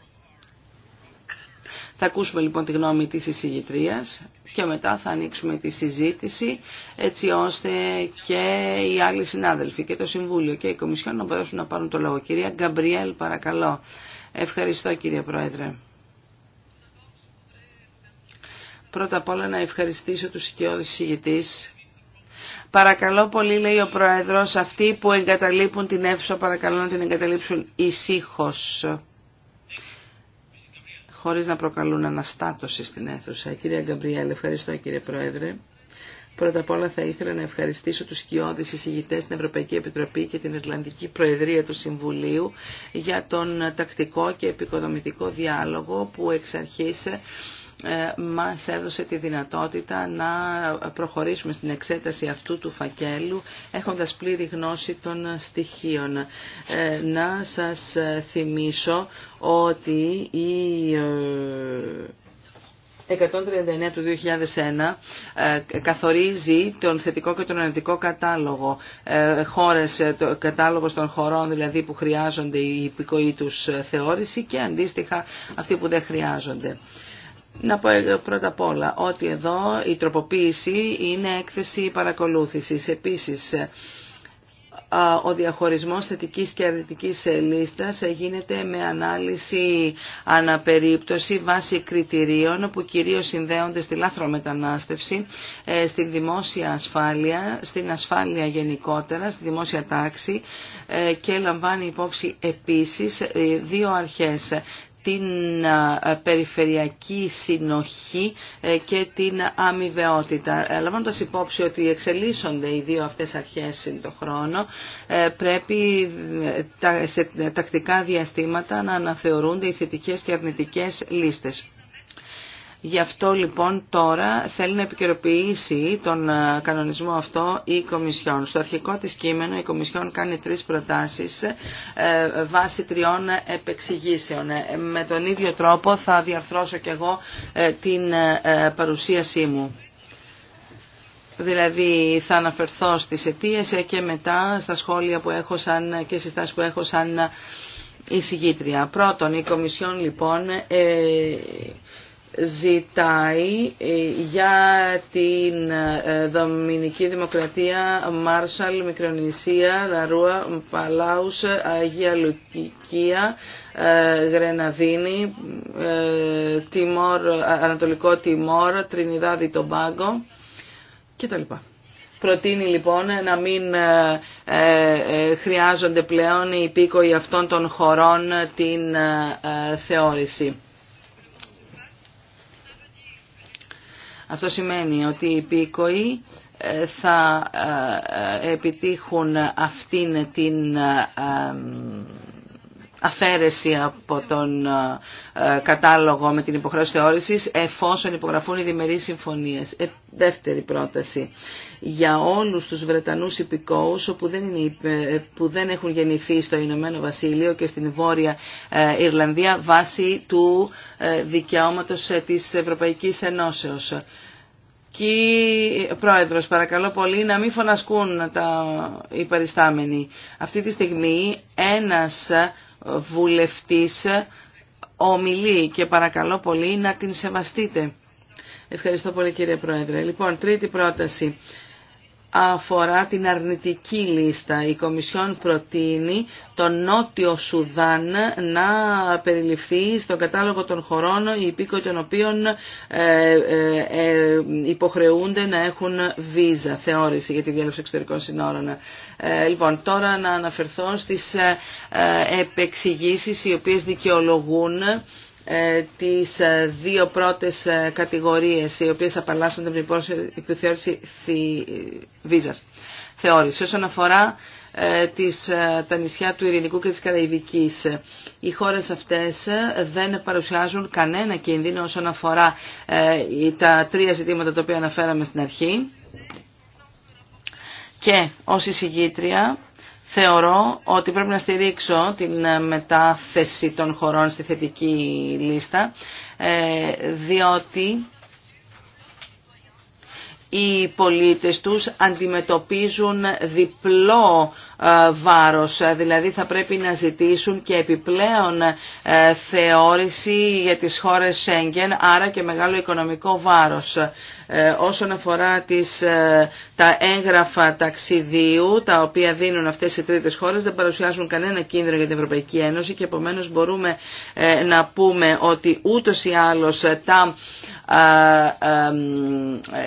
Θα ακούσουμε λοιπόν τη γνώμη της εισηγητρίας και μετά θα ανοίξουμε τη συζήτηση έτσι ώστε και οι άλλοι συνάδελφοι και το Συμβούλιο και οι Κομισιόν να μπορέσουν να πάρουν το λόγο. Κυρία Γκαμπριέλ παρακαλώ. Ευχαριστώ κύριε Πρόεδρε. Πρώτα απ' όλα να ευχαριστήσω τους οικειώδης συγητής. Παρακαλώ πολύ, λέει ο Πρόεδρος, αυτοί που εγκαταλείπουν την αίθουσα, παρακαλώ να την εγκαταλείψουν ησύχως χωρίς να προκαλούν αναστάτωση στην αίθουσα. Κυρία Γκαμπριέλ, ευχαριστώ κύριε Πρόεδρε. Πρώτα απ' όλα θα ήθελα να ευχαριστήσω τους σκιώδεις εισηγητές στην Ευρωπαϊκή Επιτροπή και την Ιρλανδική Προεδρία του Συμβουλίου για τον τακτικό και επικοδομητικό διάλογο που εξ αρχής ε, μας έδωσε τη δυνατότητα να προχωρήσουμε στην εξέταση αυτού του φακέλου έχοντας πλήρη γνώση των στοιχείων. Ε, να σας θυμίσω ότι η 139 ε, του 2001 καθορίζει τον θετικό και τον αρνητικό κατάλογο. Χώρες, το κατάλογος των χωρών δηλαδή που χρειάζονται η υπηκοή τους θεώρηση και αντίστοιχα αυτοί που δεν χρειάζονται. Να πω πρώτα απ' όλα ότι εδώ η τροποποίηση είναι έκθεση παρακολούθησης. Επίσης, ο διαχωρισμός θετικής και αρνητικής λίστας γίνεται με ανάλυση αναπερίπτωση βάσει κριτηρίων που κυρίως συνδέονται στη λάθρομετανάστευση, ε, στη δημόσια ασφάλεια, στην ασφάλεια γενικότερα, στη δημόσια τάξη ε, και λαμβάνει υπόψη επίσης ε, δύο αρχές την περιφερειακή συνοχή ε, και την αμοιβαιότητα. Ε, λαμβάνοντας υπόψη ότι εξελίσσονται οι δύο αυτές αρχές το χρόνο, ε, πρέπει σε τακτικά διαστήματα να αναθεωρούνται οι θετικές και αρνητικές λίστες. Γι' αυτό λοιπόν τώρα θέλει να επικαιροποιήσει τον ε, κανονισμό αυτό η Κομισιόν. Στο αρχικό της κείμενο η Κομισιόν κάνει τρεις προτάσεις ε, βάσει τριών επεξηγήσεων. Ε, με τον ίδιο τρόπο θα διαρθρώσω και εγώ την παρουσίασή μου. Δηλαδή θα αναφερθώ στις αιτίες και μετά στα σχόλια που έχω σαν, και συστάσεις που έχω σαν εισηγήτρια. Πρώτον, η Κομισιόν λοιπόν ζητάει ε, για την ε, Δομινική Δημοκρατία, Μάρσαλ, Μικρονησία, Λαρούα, Παλάους, Αγία Λουκία, ε, Γρεναδίνη, Τιμόρ, Ανατολικό Τιμόρ, Τρινιδάδη Τομπάγκο κτλ. Προτείνει λοιπόν να μην χρειάζονται πλέον οι υπήκοοι αυτών των χωρών την θεώρηση. Αυτό σημαίνει ότι οι υπήκοοι ε, θα ε, ε, επιτύχουν αυτήν την αφαίρεση από τον ε, ε, κατάλογο με την υποχρέωση θεώρησης εφόσον υπογραφούν οι διμερείς συμφωνίες. Ε, δεύτερη πρόταση. Για όλους τους Βρετανούς υπηκόους που δεν, που δεν έχουν γεννηθεί στο Ηνωμένο Βασίλειο και στην Βόρεια Ιρλανδία βάσει του δικαιώματος της Ευρωπαϊκής Ενώσεως. Κύριε Πρόεδρος, παρακαλώ πολύ να μην φωνασκούν τα, οι Αυτή τη στιγμή ένας βουλευτής ομιλεί και παρακαλώ πολύ να την σεβαστείτε. Ευχαριστώ πολύ κύριε Πρόεδρε. Λοιπόν, τρίτη πρόταση αφορά την αρνητική λίστα. Η Κομισιόν προτείνει τον Νότιο Σουδάν να περιληφθεί στον κατάλογο των χωρών οι υπήκοοι των οποίων ε, ε, ε, υποχρεούνται να έχουν βίζα, θεώρηση για τη διέλευση εξωτερικών συνόρων. λοιπόν, τώρα να αναφερθώ στις επεξηγήσεις οι οποίες δικαιολογούν ε, τις ε, δύο πρώτες ε, κατηγορίες οι οποίες απαλλάσσονται από την υποθεώρηση βίζας. Θεώρηση. Όσον αφορά της, τα νησιά του Ειρηνικού και της Καραϊβικής. Οι χώρες αυτές δεν παρουσιάζουν κανένα κίνδυνο όσον αφορά τα τρία ζητήματα τα οποία αναφέραμε στην αρχή. Και ως εισηγήτρια Θεωρώ ότι πρέπει να στηρίξω την ε, μετάθεση των χωρών στη θετική λίστα, ε, διότι οι πολίτες τους αντιμετωπίζουν διπλό ε, βάρος, δηλαδή θα πρέπει να ζητήσουν και επιπλέον θεώρηση για τις χώρες Σέγγεν, άρα και μεγάλο οικονομικό βάρος. Ε, όσον αφορά τις, ε, τα έγγραφα ταξιδίου τα οποία δίνουν αυτές οι τρίτες χώρες δεν παρουσιάζουν κανένα κίνδυνο για την Ευρωπαϊκή Ένωση και επομένως μπορούμε ε, να πούμε ότι ούτως ή άλλως τα,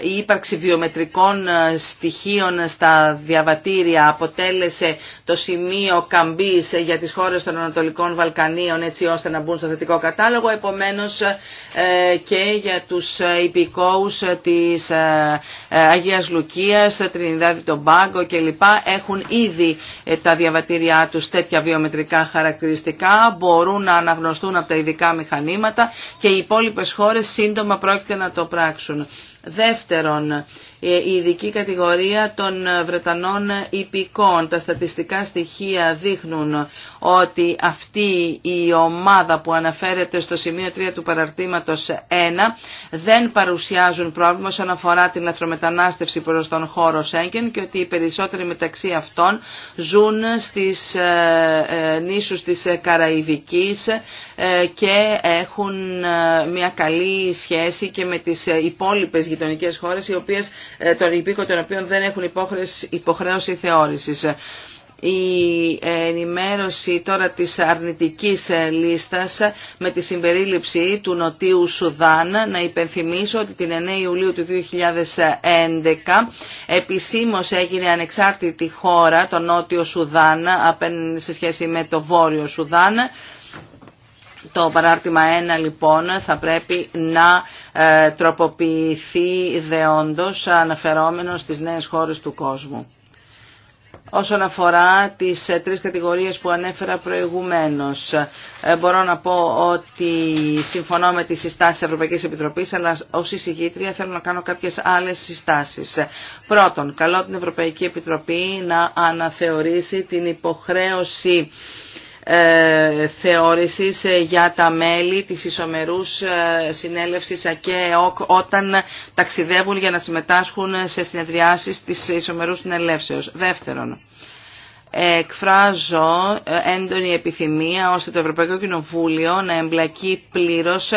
η ύπαρξη βιομετρικών στοιχείων στα διαβατήρια αποτέλεσε το σημείο καμπής για τις χώρες των Ανατολικών Βαλκανίων έτσι ώστε να μπουν στο θετικό κατάλογο επομένως και για τους υπηκόους τη της ε, ε, Αγίας Λουκίας, Τρινιδάδη τον Πάγκο κλπ. έχουν ήδη ε, τα διαβατήριά τους τέτοια βιομετρικά χαρακτηριστικά, μπορούν να αναγνωστούν από τα ειδικά μηχανήματα και οι υπόλοιπες χώρες σύντομα πρόκειται να το πράξουν. Δεύτερον, ε, η ειδική κατηγορία των Βρετανών υπηκών. Τα στατιστικά στοιχεία δείχνουν ότι αυτή η ομάδα που αναφέρεται στο σημείο 3 του παραρτήματος 1 δεν παρουσιάζουν πρόβλημα όσον αφορά την λαθρομετανάστευση προς τον χώρο Σέγγεν και ότι οι περισσότεροι μεταξύ αυτών ζουν στις ε, ε, νήσους της Καραϊβικής ε, και έχουν ε, μια καλή σχέση και με τις ε, υπόλοιπες γειτονικές χώρες οι οποίες, το των οποίων δεν έχουν υποχρέωση θεώρησης η ενημέρωση τώρα της αρνητικής λίστας με τη συμπερίληψη του Νοτίου Σουδάν. Να υπενθυμίσω ότι την 9 Ιουλίου του 2011 επισήμως έγινε ανεξάρτητη χώρα το Νότιο Σουδάν σε σχέση με το Βόρειο Σουδάν το παράρτημα 1 λοιπόν θα πρέπει να ε, τροποποιηθεί δεόντως αναφερόμενο στις νέες χώρες του κόσμου. Όσον αφορά τις ε, τρεις κατηγορίες που ανέφερα προηγουμένως, ε, μπορώ να πω ότι συμφωνώ με τις συστάσεις της Ευρωπαϊκής Επιτροπής, αλλά ως εισηγήτρια θέλω να κάνω κάποιες άλλες συστάσεις. Πρώτον, καλώ την Ευρωπαϊκή Επιτροπή να αναθεωρήσει την υποχρέωση ε, θεώρησης ε, για τα μέλη της Ισομερούς ε, Συνέλευσης ΑΚΕΟΚ όταν ταξιδεύουν για να συμμετάσχουν σε συνεδριάσεις της Ισομερούς Συνελεύσεως. Δεύτερον, εκφράζω έντονη επιθυμία ώστε το Ευρωπαϊκό Κοινοβούλιο να εμπλακεί πλήρως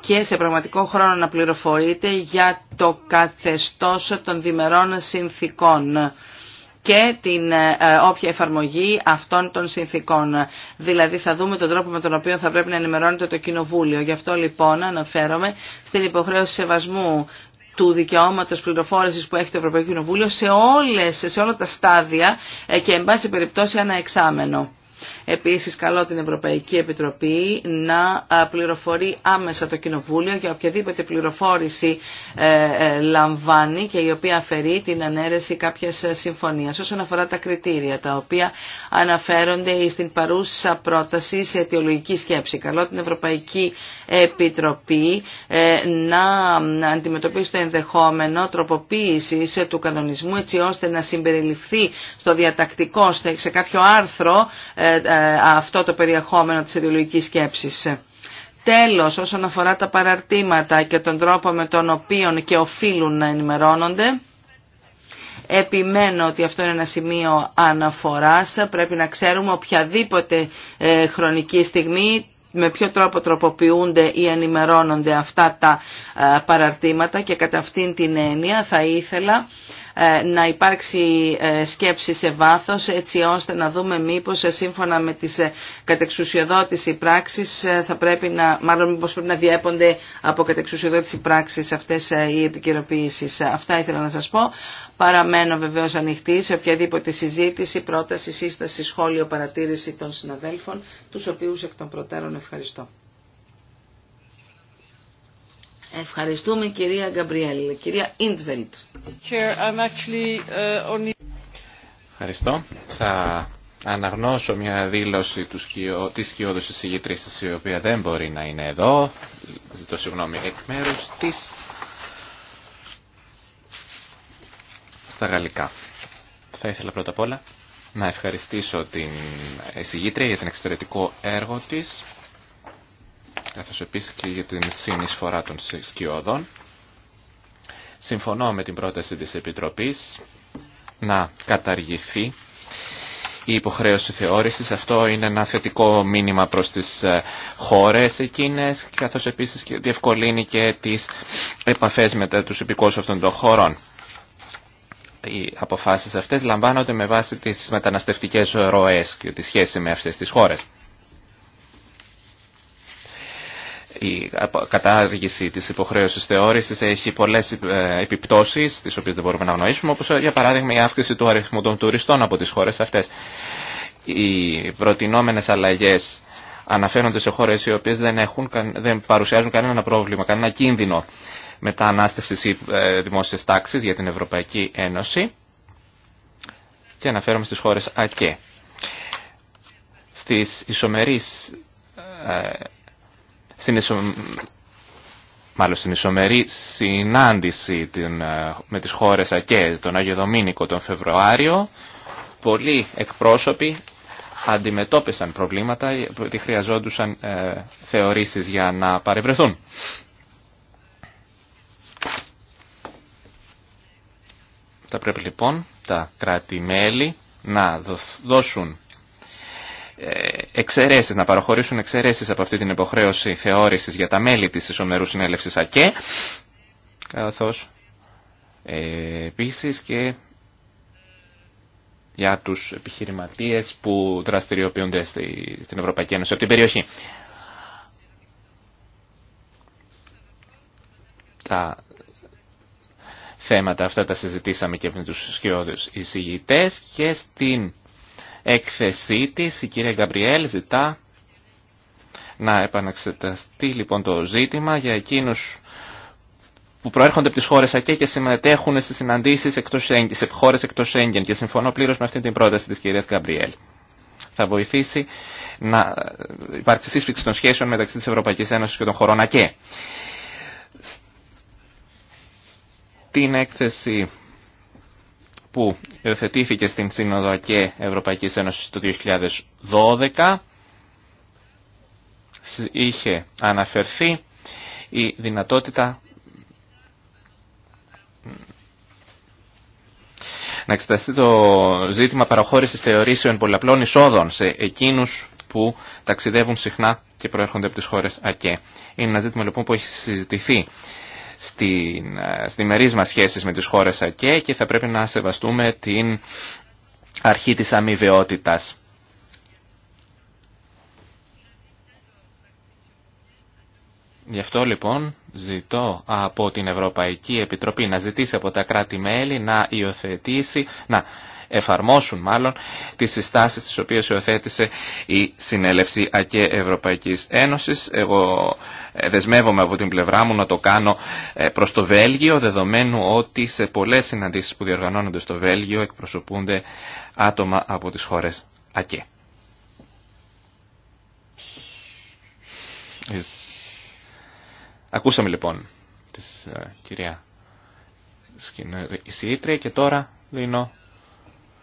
και σε πραγματικό χρόνο να πληροφορείται για το καθεστώς των διμερών συνθήκων και την ε, ε, όποια εφαρμογή αυτών των συνθήκων. Δηλαδή θα δούμε τον τρόπο με τον οποίο θα πρέπει να ενημερώνεται το Κοινοβούλιο. Γι' αυτό λοιπόν αναφέρομαι στην υποχρέωση σεβασμού του δικαιώματος πληροφόρησης που έχει το Ευρωπαϊκό Κοινοβούλιο σε, όλες, σε όλα τα στάδια ε, και εν πάση περιπτώσει ένα εξάμενο. Επίσης καλό την Ευρωπαϊκή Επιτροπή να ε, πληροφορεί άμεσα το Κοινοβούλιο για οποιαδήποτε πληροφόρηση ε, ε, λαμβάνει και η οποία αφαιρεί την ανέρεση κάποιας συμφωνίας. Όσον αφορά τα κριτήρια τα οποία αναφέρονται στην παρούσα πρόταση σε αιτιολογική σκέψη. Καλό την Ευρωπαϊκή Επιτροπή να αντιμετωπίσει το ενδεχόμενο τροποποίησης του κανονισμού έτσι ώστε να συμπεριληφθεί στο διατακτικό σε κάποιο άρθρο ε, αυτό το περιεχόμενο της ιδεολογικής σκέψης. Τέλος, όσον αφορά τα παραρτήματα και τον τρόπο με τον οποίο και οφείλουν να ενημερώνονται, Επιμένω ότι αυτό είναι ένα σημείο αναφοράς. Πρέπει να ξέρουμε οποιαδήποτε ε, χρονική στιγμή με ποιο τρόπο τροποποιούνται ή ενημερώνονται αυτά τα ε, παραρτήματα και κατά αυτήν την έννοια θα ήθελα ε, να υπάρξει ε, σκέψη σε βάθος έτσι ώστε να δούμε μήπως ε, σύμφωνα με τις κατεξουσιοδότηση πράξεις θα πρέπει να, μάλλον μήπως πρέπει να διέπονται από κατεξουσιοδότηση πράξεις αυτές οι επικαιροποιήσεις. Αυτά ήθελα να σας πω. Παραμένω βεβαίως ανοιχτή σε οποιαδήποτε συζήτηση, πρόταση, σύσταση, σχόλιο, παρατήρηση των συναδέλφων, τους οποίους εκ των προτέρων ευχαριστώ. Ευχαριστούμε κυρία Γκαμπριέλ. Κυρία Ιντβελτ. Uh, Ευχαριστώ. Θα αναγνώσω μια δήλωση του σκιο... της σκιώδους η οποία δεν μπορεί να είναι εδώ. Ζητώ συγγνώμη εκ μέρους της στα γαλλικά. Θα ήθελα πρώτα απ' όλα να ευχαριστήσω την εισηγήτρια για την εξαιρετικό έργο της καθώς επίσης και για την συνεισφορά των σκιωδών. Συμφωνώ με την πρόταση της Επιτροπής να καταργηθεί η υποχρέωση θεώρησης. Αυτό είναι ένα θετικό μήνυμα προς τις ε, χώρες εκείνες, καθώς επίσης διευκολύνει και τις επαφές με τους υπηκόους αυτών των χωρών. Οι αποφάσεις αυτές λαμβάνονται με βάση τις μεταναστευτικές ροές και τη σχέση με αυτές τις χώρες. η κατάργηση της υποχρέωσης θεώρησης έχει πολλές ε, επιπτώσεις, τις οποίες δεν μπορούμε να γνωρίσουμε, όπως ε, για παράδειγμα η αύξηση του αριθμού των τουριστών από τις χώρες αυτές. Οι προτινόμενες αλλαγές αναφέρονται σε χώρες οι οποίες δεν, δεν παρουσιάζουν κανένα πρόβλημα, κανένα κίνδυνο μετανάστευσης ή ε, δημόσιας τάξης για την Ευρωπαϊκή Ένωση και αναφέρομαι στις χώρες ΑΚΕ. Στις ισομερείς στην, ισο... μάλλον στην ισομερή συνάντηση ε, με τις χώρες ΑΚΕ τον Άγιο Δομήνικο τον Φεβρουάριο πολλοί εκπρόσωποι αντιμετώπισαν προβλήματα γιατί ε, χρειαζόντουσαν ε, θεωρήσεις για να παρευρεθούν. Θα πρέπει λοιπόν τα κράτη-μέλη να δώσουν ε, εξαιρέσεις, να παραχωρήσουν εξαιρέσεις από αυτή την υποχρέωση θεώρησης για τα μέλη της ισομερούς συνέλευσης ΑΚΕ, καθώς ε, επίσης και για τους επιχειρηματίες που δραστηριοποιούνται στην Ευρωπαϊκή Ένωση από την περιοχή. Τα θέματα αυτά τα συζητήσαμε και με τους σκιώδους εισηγητές και στην έκθεσή της η κυρία Γκαμπριέλ ζητά να επαναξεταστεί λοιπόν το ζήτημα για εκείνους που προέρχονται από τις χώρες ΑΚΕ και συμμετέχουν στις συναντήσεις εκτός, σε χώρες εκτός Σέγγεν και συμφωνώ πλήρως με αυτή την πρόταση της κυρίας Γκαμπριέλ. Θα βοηθήσει να υπάρξει σύσφυξη των σχέσεων μεταξύ της Ευρωπαϊκής Ένωσης και των χωρών ΑΚΕ. Την έκθεση που υιοθετήθηκε στην Σύνοδο και Ευρωπαϊκή Ένωση το 2012 είχε αναφερθεί η δυνατότητα να εξεταστεί το ζήτημα παραχώρησης θεωρήσεων πολλαπλών εισόδων σε εκείνους που ταξιδεύουν συχνά και προέρχονται από τις χώρες ΑΚΕ. Είναι ένα ζήτημα λοιπόν που έχει συζητηθεί στην, ε, στην μερίς με τις χώρες ΑΚΕ και θα πρέπει να σεβαστούμε την αρχή της αμοιβαιότητας. Γι' αυτό λοιπόν ζητώ από την Ευρωπαϊκή Επιτροπή να ζητήσει από τα κράτη-μέλη να υιοθετήσει, να εφαρμόσουν μάλλον τις συστάσεις τις οποίες υιοθέτησε η Συνέλευση ΑΚΕ Ευρωπαϊκής Ένωσης. Εγώ ε, δεσμεύομαι από την πλευρά μου να το κάνω ε, προς το Βέλγιο, δεδομένου ότι σε πολλές συναντήσεις που διοργανώνονται στο Βέλγιο εκπροσωπούνται άτομα από τις χώρες ΑΚΕ. Ακούσαμε λοιπόν τη ε, κυρία Σκηνή και τώρα δίνω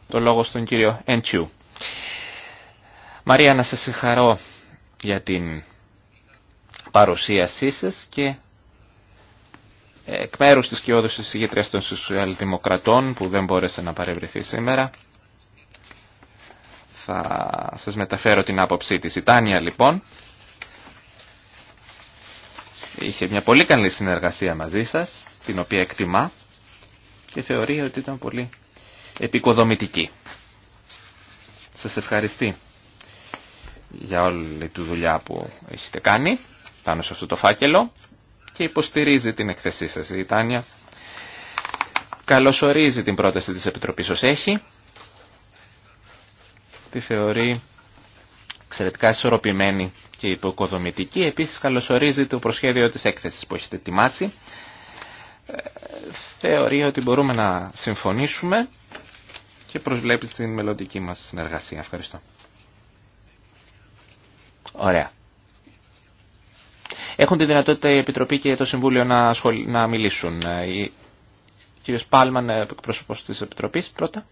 το λόγο στον κύριο Έντσιου. Μαρία, να σας συγχαρώ για την παρουσίασή σας και ε, εκ μέρους της κοιόδους της ηγετρίας των Σοσιαλδημοκρατών που δεν μπόρεσε να παρευρεθεί σήμερα θα σας μεταφέρω την άποψή της. Η Τάνια λοιπόν είχε μια πολύ καλή συνεργασία μαζί σας την οποία εκτιμά και θεωρεί ότι ήταν πολύ επικοδομητική. Σας ευχαριστώ για όλη τη δουλειά που έχετε κάνει πάνω σε αυτό το φάκελο και υποστηρίζει την εκθεσή σας η Τάνια. Καλωσορίζει την πρόταση της Επιτροπής ως έχει. Τη θεωρεί εξαιρετικά ισορροπημένη και υποκοδομητική. Επίσης καλωσορίζει το προσχέδιο της έκθεσης που έχετε ετοιμάσει. Ε, θεωρεί ότι μπορούμε να συμφωνήσουμε και προσβλέπει στην μελλοντική μας συνεργασία. Ευχαριστώ. Ωραία. Έχουν τη δυνατότητα η Επιτροπή και το Συμβούλιο να, μιλήσουν. Ο ε, κύριος Πάλμαν, ε, εκπρόσωπος της Επιτροπής, πρώτα.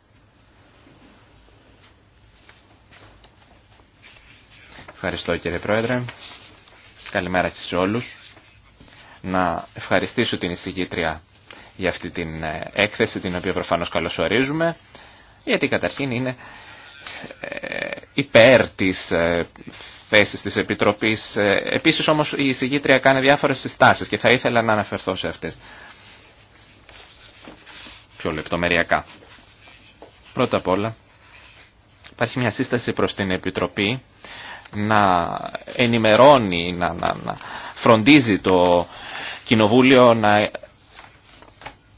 Ευχαριστώ κύριε Πρόεδρε. Καλημέρα και σε όλους. Να ευχαριστήσω την εισηγήτρια για αυτή την ε, έκθεση, την οποία προφανώς καλωσορίζουμε γιατί καταρχήν είναι ε, υπέρ της ε, θέσης της Επιτροπής. Ε, επίσης όμως η εισηγήτρια κάνει διάφορες συστάσεις και θα ήθελα να αναφερθώ σε αυτές πιο λεπτομεριακά. Πρώτα απ' όλα υπάρχει μια σύσταση προς την Επιτροπή να ενημερώνει, να, να φροντίζει το Κοινοβούλιο να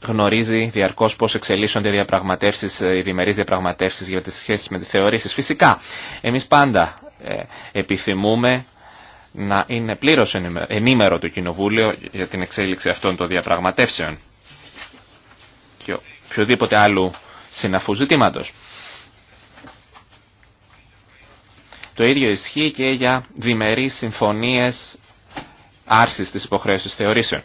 γνωρίζει διαρκώ πώ εξελίσσονται διαπραγματεύσεις, ε, οι διμερεί διαπραγματεύσει για τι σχέσει με τι θεωρήσει. Φυσικά, εμεί πάντα ε, επιθυμούμε να είναι πλήρω ενήμερο το Κοινοβούλιο για την εξέλιξη αυτών των διαπραγματεύσεων και οποιοδήποτε άλλου συναφού ζητήματο. Το ίδιο ισχύει και για διμερείς συμφωνίε άρσης τη υποχρέωση θεωρήσεων.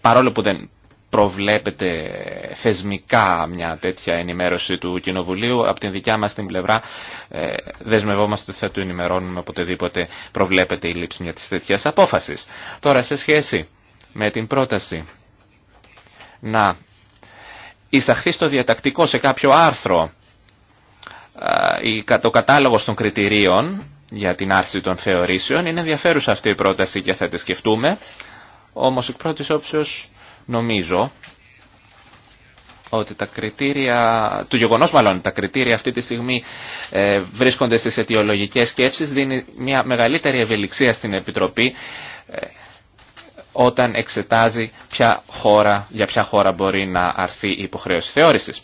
παρόλο που δεν προβλέπεται θεσμικά μια τέτοια ενημέρωση του Κοινοβουλίου. Από την δικιά μας την πλευρά ε, δεσμευόμαστε ότι θα του ενημερώνουμε οποτεδήποτε προβλέπεται η λήψη μια της τέτοιας απόφασης. Τώρα σε σχέση με την πρόταση να εισαχθεί στο διατακτικό σε κάποιο άρθρο ε, το κατάλογος των κριτηρίων για την άρση των θεωρήσεων είναι ενδιαφέρουσα αυτή η πρόταση και θα τη σκεφτούμε. Όμως εκ πρώτης όψεως νομίζω ότι τα κριτήρια, του γεγονός μάλλον, τα κριτήρια αυτή τη στιγμή ε, βρίσκονται στις αιτιολογικές σκέψεις, δίνει μια μεγαλύτερη ευελιξία στην Επιτροπή ε, όταν εξετάζει ποια χώρα, για ποια χώρα μπορεί να αρθεί η υποχρέωση θεώρησης.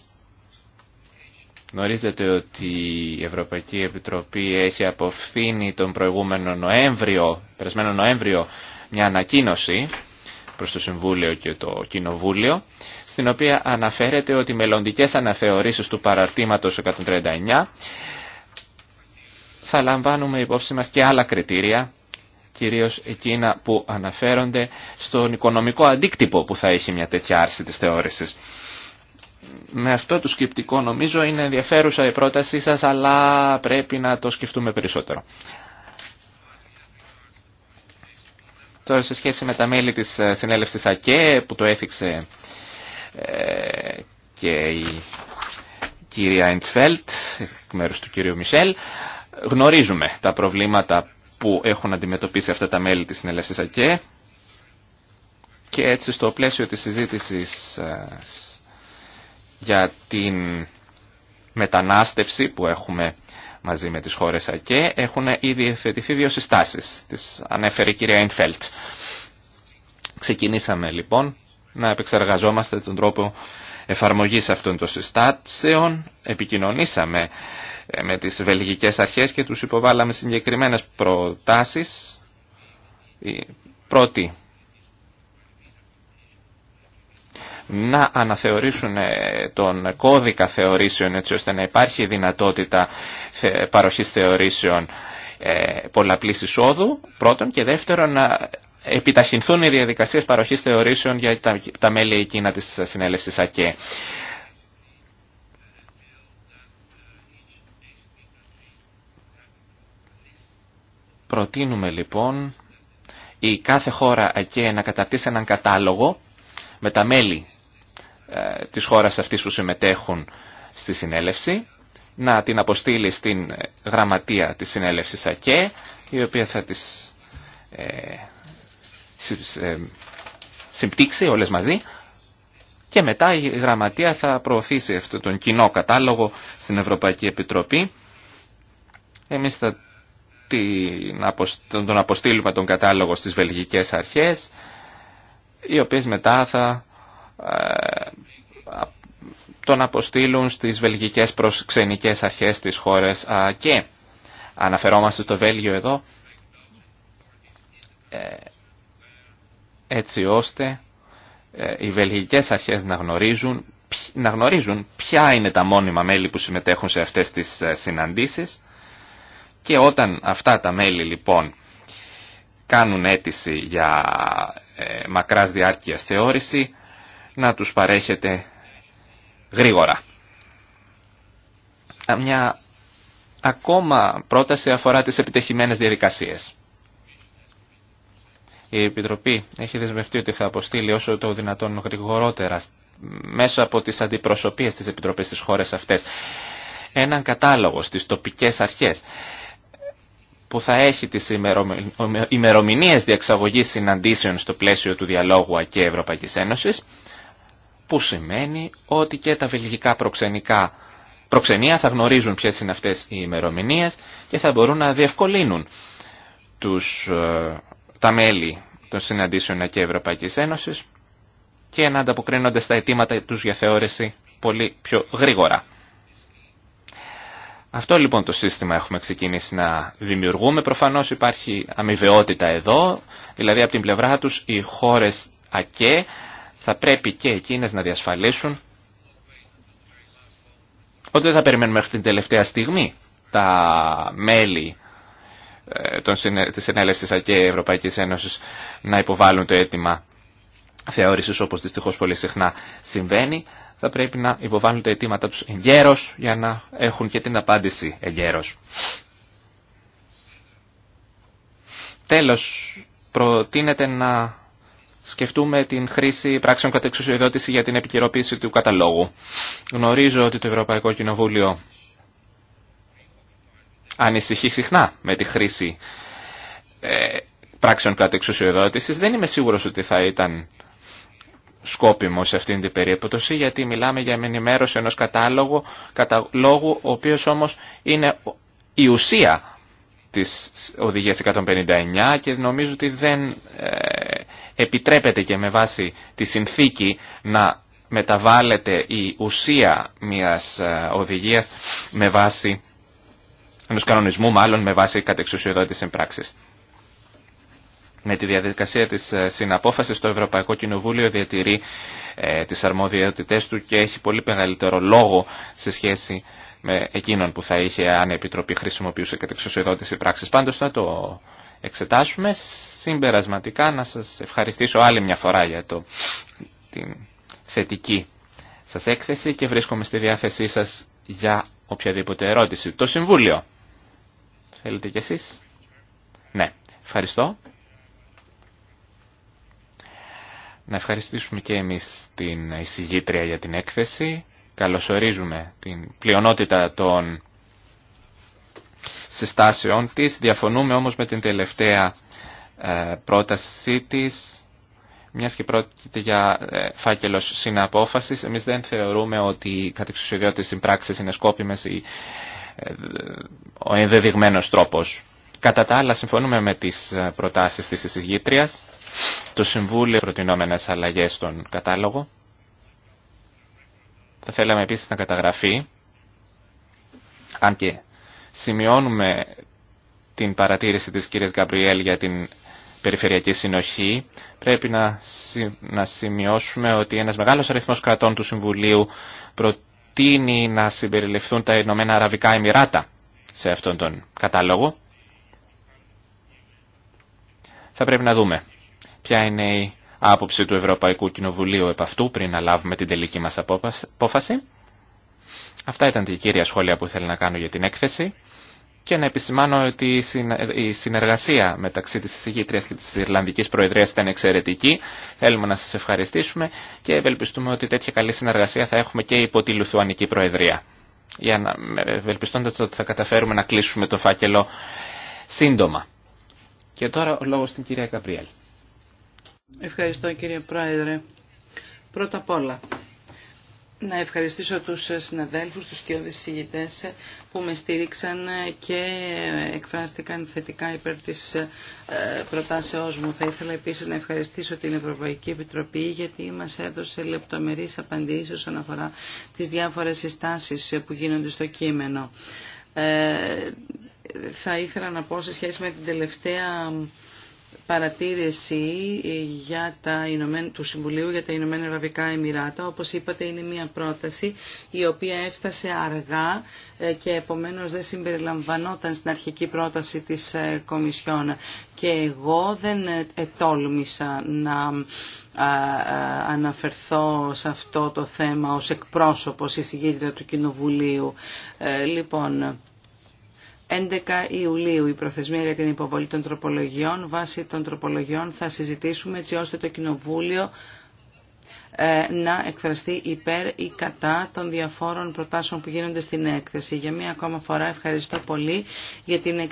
Γνωρίζετε ότι η Ευρωπαϊκή Επιτροπή έχει αποφθήνει τον προηγούμενο Νοέμβριο, περασμένο Νοέμβριο, μια ανακοίνωση προς το Συμβούλιο και το Κοινοβούλιο, στην οποία αναφέρεται ότι οι μελλοντικές αναθεωρήσεις του παραρτήματος 139 θα λαμβάνουμε υπόψη μας και άλλα κριτήρια, κυρίως εκείνα που αναφέρονται στον οικονομικό αντίκτυπο που θα έχει μια τέτοια άρση της θεώρησης. Με αυτό το σκεπτικό νομίζω είναι ενδιαφέρουσα η πρότασή σας, αλλά πρέπει να το σκεφτούμε περισσότερο. Τώρα σε σχέση με τα μέλη της ε, συνέλευσης ΑΚΕ που το έθιξε ε, και η κυρία Ιντφέλτ, εκ του κυρίου Μισελ, γνωρίζουμε τα προβλήματα που έχουν αντιμετωπίσει αυτά τα μέλη της συνέλευσης ΑΚΕ και έτσι στο πλαίσιο της συζήτησης ε, για την μετανάστευση που έχουμε μαζί με τις χώρες ΑΚΕ έχουν ήδη εφετηθεί δύο συστάσεις. Τις ανέφερε η κυρία Ινφέλτ. Ξεκινήσαμε λοιπόν να επεξεργαζόμαστε τον τρόπο εφαρμογής αυτών των συστάσεων. Επικοινωνήσαμε ε, με τις βελγικές αρχές και τους υποβάλαμε συγκεκριμένες προτάσεις. Η πρώτη να αναθεωρήσουν ε, τον κώδικα θεωρήσεων έτσι ώστε να υπάρχει δυνατότητα παροχής θεωρήσεων ε, πολλαπλής εισόδου πρώτον και δεύτερον να επιταχυνθούν οι διαδικασίες παροχής θεωρήσεων για τα μέλη εκείνα της συνέλευσης ΑΚΕ. Προτείνουμε λοιπόν η κάθε χώρα ΑΚΕ να καταρτήσει έναν κατάλογο με τα μέλη ε, της χώρας αυτής που συμμετέχουν στη συνέλευση, να την αποστείλει στην γραμματεία της συνέλευσης ΑΚΕ, η οποία θα τις ε, ε, συμπτύξει όλες μαζί και μετά η γραμματεία θα προωθήσει αυτόν τον κοινό κατάλογο στην Ευρωπαϊκή Επιτροπή. Εμείς θα τον αποστείλουμε τον κατάλογο στις βελγικές αρχές, οι οποίες μετά θα ε, τον αποστείλουν στις βελγικές ξενικές αρχές της χώρας και αναφερόμαστε στο Βέλγιο εδώ ε, έτσι ώστε ε, οι βελγικές αρχές να γνωρίζουν, να γνωρίζουν ποια είναι τα μόνιμα μέλη που συμμετέχουν σε αυτές τις συναντήσεις και όταν αυτά τα μέλη λοιπόν κάνουν αίτηση για μακράς διάρκειας θεώρηση να τους παρέχετε γρήγορα. Μια ακόμα πρόταση αφορά τις επιτεχημένες διαδικασίες. Η Επιτροπή έχει δεσμευτεί ότι θα αποστείλει όσο το δυνατόν γρηγορότερα μέσω από τις αντιπροσωπείες της Επιτροπής στις χώρες αυτές έναν κατάλογο στις τοπικές αρχές που θα έχει τις ημερομηνίες διαξαγωγής συναντήσεων στο πλαίσιο του διαλόγου ΑΚΕ Ευρωπαϊκής Ένωσης που σημαίνει ότι και τα βελγικά προξενικά προξενία θα γνωρίζουν ποιες είναι αυτές οι ημερομηνίες και θα μπορούν να διευκολύνουν τους, ε, τα μέλη των συναντήσεων και Ευρωπαϊκής Ένωσης και να ανταποκρίνονται στα αιτήματα τους για θεώρηση πολύ πιο γρήγορα. Αυτό λοιπόν το σύστημα έχουμε ξεκινήσει να δημιουργούμε. Προφανώς υπάρχει αμοιβαιότητα εδώ, δηλαδή από την πλευρά τους οι χώρες ΑΚΕ θα πρέπει και εκείνες να διασφαλίσουν ότι δεν θα περιμένουμε μέχρι την τελευταία στιγμή τα μέλη ε, της Συνέλευσης και Ευρωπαϊκής Ένωσης να υποβάλουν το αίτημα θεώρησης όπως δυστυχώς πολύ συχνά συμβαίνει. Θα πρέπει να υποβάλουν τα αιτήματα τους εγκαίρως για να έχουν και την απάντηση εγκαίρως. Τέλος, προτείνεται να σκεφτούμε την χρήση πράξεων κατά εξουσιοδότηση για την επικαιροποίηση του καταλόγου. Γνωρίζω ότι το Ευρωπαϊκό Κοινοβούλιο ανησυχεί συχνά με τη χρήση ε, πράξεων κατά εξουσιοδότηση. Δεν είμαι σίγουρος ότι θα ήταν σκόπιμο σε αυτήν την περίπτωση, γιατί μιλάμε για ενημέρωση ενός κατάλογου, καταλόγου, ο οποίος όμως είναι η ουσία της οδηγίας 159 και νομίζω ότι δεν ε, επιτρέπεται και με βάση τη συνθήκη να μεταβάλλεται η ουσία μιας ε, οδηγίας με βάση ενός κανονισμού μάλλον με βάση κατεξουσιοδότησης εμπράξης. Με τη διαδικασία της ε, συναπόφασης το Ευρωπαϊκό Κοινοβούλιο διατηρεί ε, τις αρμοδιότητές του και έχει πολύ μεγαλύτερο λόγο σε σχέση με εκείνον που θα είχε αν η Επιτροπή χρησιμοποιούσε κατεξοσιοδότηση πράξης. Πάντως θα το εξετάσουμε συμπερασματικά να σας ευχαριστήσω άλλη μια φορά για το, την θετική σας έκθεση και βρίσκομαι στη διάθεσή σας για οποιαδήποτε ερώτηση. Το Συμβούλιο. Θέλετε κι εσείς. Ναι. Ευχαριστώ. Να ευχαριστήσουμε και εμείς την εισηγήτρια για την έκθεση καλωσορίζουμε την πλειονότητα των συστάσεών της. Διαφωνούμε όμως με την τελευταία ε, πρότασή της, μιας και πρόκειται για ε, φάκελος συναπόφασης. Εμείς δεν θεωρούμε ότι οι κατεξουσιοδιώτες πράξη είναι σκόπιμες ή ε, ο ενδεδειγμένος τρόπος. Κατά τα άλλα, συμφωνούμε με τις προτάσεις της εισηγήτριας, το Συμβούλιο προτινόμενες αλλαγές στον κατάλογο, θα θέλαμε επίσης να καταγραφεί, αν και σημειώνουμε την παρατήρηση της κυρίας Γκαμπριέλ για την περιφερειακή συνοχή, πρέπει να, να σημειώσουμε ότι ένας μεγάλος αριθμός κρατών του Συμβουλίου προτείνει να συμπεριληφθούν τα Ηνωμένα Αραβικά Εμμυράτα σε αυτόν τον κατάλογο. Θα πρέπει να δούμε ποια είναι η άποψη του Ευρωπαϊκού Κοινοβουλίου επ' αυτού πριν να λάβουμε την τελική μας απόφαση. Αυτά ήταν τα κύρια σχόλια που ήθελα να κάνω για την έκθεση και να επισημάνω ότι η συνεργασία μεταξύ της Ιγήτριας και της Ιρλανδικής Προεδρίας ήταν εξαιρετική. Θέλουμε να σας ευχαριστήσουμε και ευελπιστούμε ότι τέτοια καλή συνεργασία θα έχουμε και υπό τη Λουθουανική Προεδρία. Για να, ευελπιστώντας ότι θα καταφέρουμε να κλείσουμε το φάκελο σύντομα. Και τώρα ο λόγος στην κυρία Καπριέλ. Ευχαριστώ κύριε Πρόεδρε. Πρώτα απ' όλα, να ευχαριστήσω τους συναδέλφους, τους κοιόδης που με στήριξαν και εκφράστηκαν θετικά υπέρ της ε, προτάσεώς μου. Θα ήθελα επίσης να ευχαριστήσω την Ευρωπαϊκή Επιτροπή γιατί μας έδωσε λεπτομερείς απαντήσεις όσον αφορά τις διάφορες συστάσεις που γίνονται στο κείμενο. Ε, θα ήθελα να πω σε σχέση με την τελευταία παρατήρηση για τα του Συμβουλίου για τα Ηνωμένα Αραβικά Εμμυράτα. Όπως είπατε είναι μια πρόταση η οποία έφτασε αργά ε, και επομένως δεν συμπεριλαμβανόταν στην αρχική πρόταση της ε, Κομισιόν. Και εγώ δεν ετόλμησα ε, να αναφερθώ σε αυτό το θέμα ως εκπρόσωπος εισηγήτρια του Κοινοβουλίου. Λοιπόν, 11 Ιουλίου η προθεσμία για την υποβολή των τροπολογιών. Βάσει των τροπολογιών θα συζητήσουμε έτσι ώστε το Κοινοβούλιο ε, να εκφραστεί υπέρ ή κατά των διαφόρων προτάσεων που γίνονται στην έκθεση. Για μία ακόμα φορά ευχαριστώ πολύ για την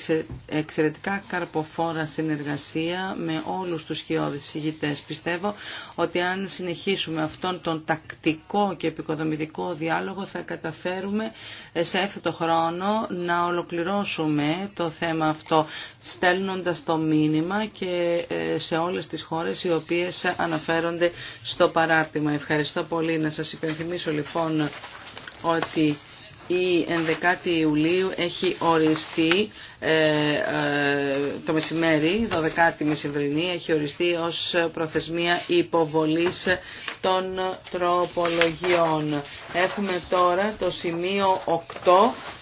εξαιρετικά καρποφόρα συνεργασία με όλους τους χειώδεις ηγητές. Πιστεύω ότι αν συνεχίσουμε αυτόν τον τακτικό και επικοδομητικό διάλογο θα καταφέρουμε ε, σε έφετο χρόνο να ολοκληρώσουμε το θέμα αυτό στέλνοντα το μήνυμα και ε, σε όλες τις χώρες οι οποίες αναφέρονται στο παράρτημα. Ευχαριστώ πολύ. Να σας υπενθυμίσω λοιπόν ότι η 11η Ιουλίου έχει οριστεί ε, ε, το μεσημέρι, 12η μεσημβρινή, έχει οριστεί ως προθεσμία υποβολής των τροπολογιών. Έχουμε τώρα το σημείο 8,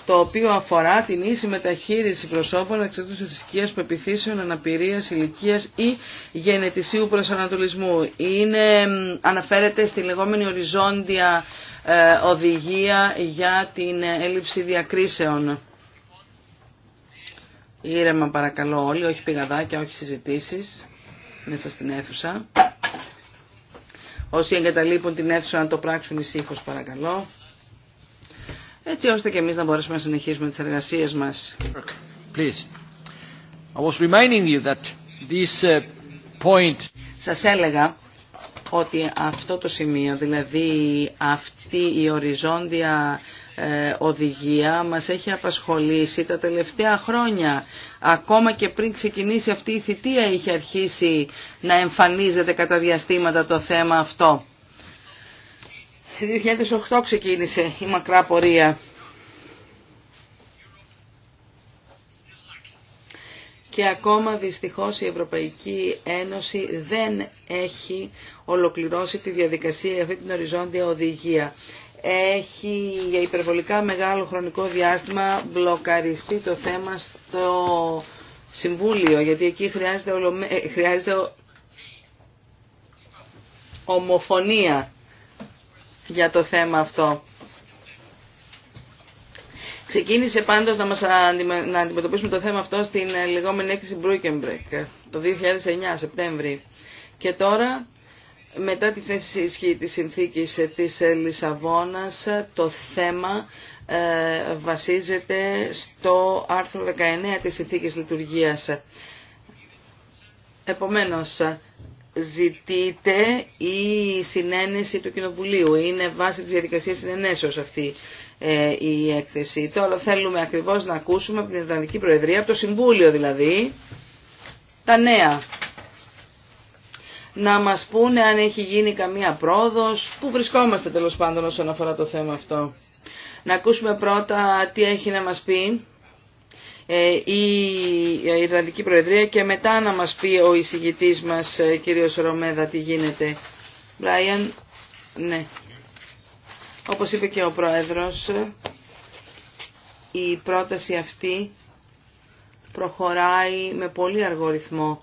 το οποίο αφορά την ίση μεταχείριση προσώπων εξαιτούς της που πεπιθήσεων, αναπηρίας, ηλικίας ή γενετησίου προσανατολισμού. Είναι, αναφέρεται στη λεγόμενη οριζόντια ε, οδηγία για την έλλειψη διακρίσεων. Ήρεμα παρακαλώ όλοι, όχι πηγαδάκια, όχι συζητήσεις μέσα στην αίθουσα. Όσοι εγκαταλείπουν την αίθουσα να το πράξουν ησύχως παρακαλώ. Έτσι ώστε και εμείς να μπορέσουμε να συνεχίσουμε τις εργασίες μας. Please. Ε, Σας έλεγα ότι αυτό το σημείο, δηλαδή αυτή η οριζόντια ε, οδηγία μας έχει απασχολήσει τα τελευταία χρόνια. Ακόμα και πριν ξεκινήσει αυτή η θητεία είχε αρχίσει να εμφανίζεται κατά διαστήματα το θέμα αυτό. Το 2008 ξεκίνησε η μακρά πορεία και ακόμα δυστυχώς η Ευρωπαϊκή Ένωση δεν έχει ολοκληρώσει τη διαδικασία αυτή την οριζόντια οδηγία. Έχει για υπερβολικά μεγάλο χρονικό διάστημα μπλοκαριστεί το θέμα στο Συμβούλιο, γιατί εκεί χρειάζεται, ε, χρειάζεται ομοφωνία για το θέμα αυτό. Ξεκίνησε πάντως να, μας να αντιμετωπίσουμε το θέμα αυτό στην ε, λεγόμενη έκθεση Μπρούκεμπρεκ το 2009, Σεπτέμβρη. Και τώρα, μετά τη θέση ισχύ της συνθήκης ε, της ε, Λισαβόνας, το θέμα ε, βασίζεται στο άρθρο 19 της συνθήκης λειτουργίας. Επομένως, ζητείται η συνένεση του Κοινοβουλίου. Είναι βάση της διαδικασίας συνενέσεως αυτή. Ε, η έκθεσή του, αλλά θέλουμε ακριβώς να ακούσουμε από την Ιρλανδική Προεδρία, από το Συμβούλιο δηλαδή, τα νέα. Να μας πούνε αν έχει γίνει καμία πρόοδος, πού βρισκόμαστε τέλος πάντων όσον αφορά το θέμα αυτό. Να ακούσουμε πρώτα τι έχει να μας πει ε, η Ιρλανδική Προεδρία και μετά να μας πει ο εισηγητής μας, ε, κύριος Ρωμέδα, τι γίνεται. Brian, ναι. Όπως είπε και ο Πρόεδρος, η πρόταση αυτή προχωράει με πολύ αργό ρυθμό.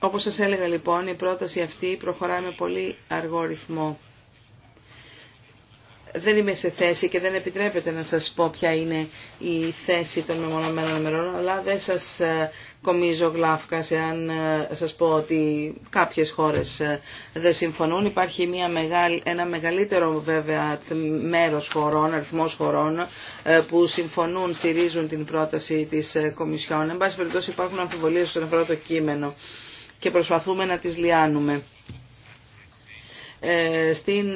Όπως σας έλεγα λοιπόν, η πρόταση αυτή προχωράει με πολύ αργό ρυθμό. Δεν είμαι σε θέση και δεν επιτρέπεται να σας πω ποια είναι η θέση των μεμονωμένων μερών, αλλά δεν σας ε, κομίζω γλάφκα εάν ε, σας πω ότι κάποιες χώρες ε, δεν συμφωνούν. Υπάρχει μια μεγάλη, ένα μεγαλύτερο βέβαια μέρος χωρών, αριθμός χωρών ε, που συμφωνούν, στηρίζουν την πρόταση της Κομισιόν. Εν πάση περιπτώσει υπάρχουν αμφιβολίες στον αφορά το κείμενο και προσπαθούμε να τις λιάνουμε. στην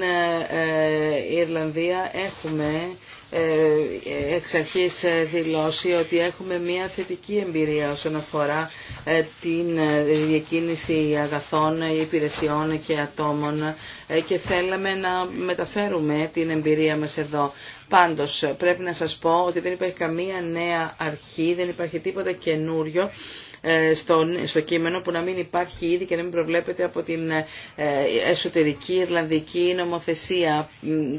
Ιρλανδία έχουμε ε, εξ αρχής ε, δηλώσει ότι έχουμε μια θετική εμπειρία όσον αφορά ε, την διακίνηση αγαθών, υπηρεσιών και ατόμων και θέλαμε να μεταφέρουμε την εμπειρία μας εδώ. Πάντως πρέπει να σας πω ότι δεν υπάρχει καμία νέα αρχή, δεν υπάρχει τίποτα καινούριο ε, στο κείμενο που να μην υπάρχει ήδη και να μην προβλέπεται από την ε, εσωτερική Ιρλανδική νομοθεσία.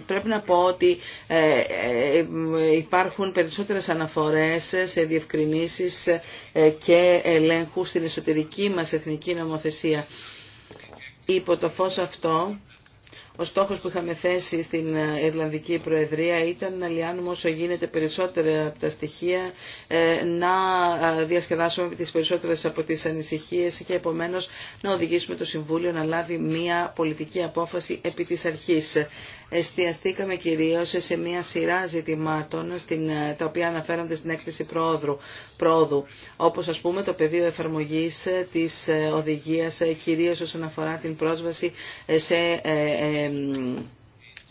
Πρέπει να πω ότι ε, υπάρχουν περισσότερες αναφορές σε διευκρινήσεις και ελέγχου στην εσωτερική μας εθνική νομοθεσία. Υπό το φως αυτό ο στόχος που είχαμε θέσει στην ε, Ιρλανδική Προεδρία ήταν να λιάνουμε όσο γίνεται περισσότερα από τα στοιχεία, ε, να ε, διασκεδάσουμε τις περισσότερες από τις ανησυχίες και επομένως να οδηγήσουμε το Συμβούλιο να λάβει μια πολιτική απόφαση επί της αρχής. Εστιαστήκαμε κυρίως σε μια σειρά ζητημάτων στην, τα οποία αναφέρονται στην έκθεση πρόοδου, πρόοδου, όπως ας πούμε το πεδίο εφαρμογής της οδηγίας κυρίως όσον αφορά την πρόσβαση σε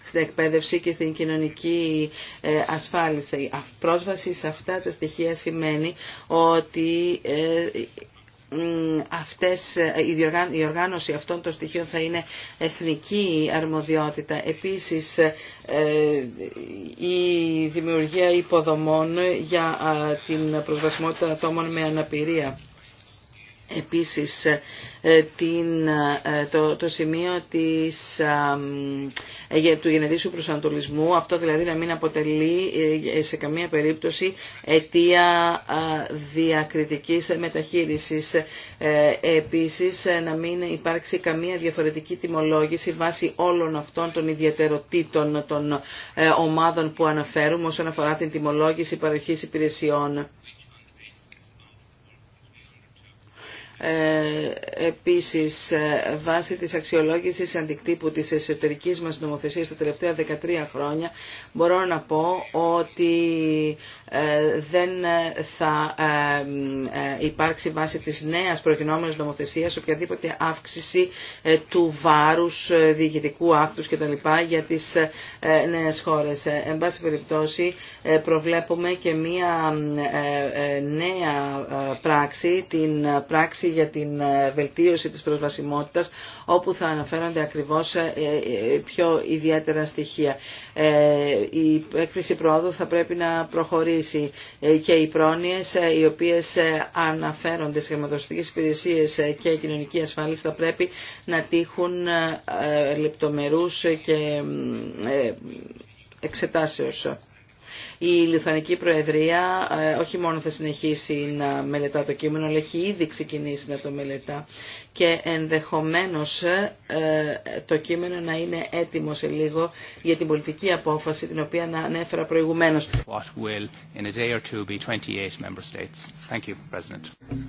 στην εκπαίδευση και στην κοινωνική ε, ασφάλιση. Πρόσβαση σε αυτά τα στοιχεία σημαίνει ότι ε, αυτές, ε, η οργάνωση αυτών των στοιχείων θα είναι εθνική αρμοδιότητα. Επίσης η δημιουργία υποδομών για την προσβασιμότητα ατόμων με αναπηρία επίσης ε, την, ε, το, το σημείο της, ε, του γενετήσου προσανατολισμού, αυτό δηλαδή να μην αποτελεί σε καμία περίπτωση αιτία διακριτικής μεταχείρισης. Επίσης να μην υπάρξει καμία διαφορετική τιμολόγηση βάσει όλων αυτών των ιδιαιτεροτήτων των ομάδων που αναφέρουμε όσον αφορά την τιμολόγηση παροχής υπηρεσιών. Ε, επίσης, βάσει της αξιολόγησης αντικτύπου της εσωτερικής μας νομοθεσίας τα τελευταία 13 χρόνια, μπορώ να πω ότι ε, δεν ε, θα ε, υπάρξει βάση της νέας προκεινόμενης νομοθεσίας οποιαδήποτε αύξηση του βάρους διοικητικού άκτους λοιπά για τις νέες χώρες. Εν πάση περιπτώσει προβλέπουμε και μία νέα πράξη, την πράξη για την βελτίωση της προσβασιμότητας όπου θα αναφέρονται ακριβώς πιο ιδιαίτερα στοιχεία. Ε, η έκθεση πρόοδου θα πρέπει να προχωρήσει ε, και οι πρόνοιες ε, οι οποίες αναφέρονται σε χρηματοδοτικές υπηρεσίες και κοινωνική ασφάλιση θα πρέπει να τύχουν λεπτομερούς και εξετάσεως. Η Λιθανική Προεδρία ε, όχι μόνο θα συνεχίσει να μελετά το κείμενο, αλλά έχει ήδη ξεκινήσει να το μελετά και ενδεχομένως ε, το κείμενο να είναι έτοιμο σε λίγο για την πολιτική απόφαση την οποία να ανέφερα προηγουμένως.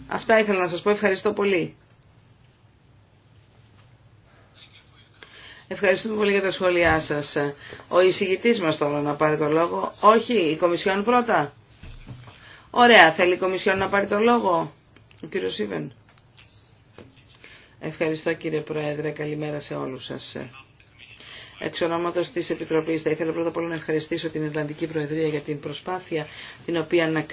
Αυτά ήθελα να σας πω. Ευχαριστώ πολύ. Ευχαριστούμε πολύ για τα σχόλιά σας. Ο εισηγητής μας τώρα να πάρει το λόγο. Όχι, η Κομισιόν πρώτα. Ωραία, θέλει η Κομισιόν να πάρει το λόγο. Ο κύριο Σίβεν. Ευχαριστώ κύριε Πρόεδρε, καλημέρα σε όλους σας. Εξ ονόματο τη Επιτροπή, θα ήθελα πρώτα απ' όλα να ευχαριστήσω την Ιρλανδική Προεδρία για την προσπάθεια την οποία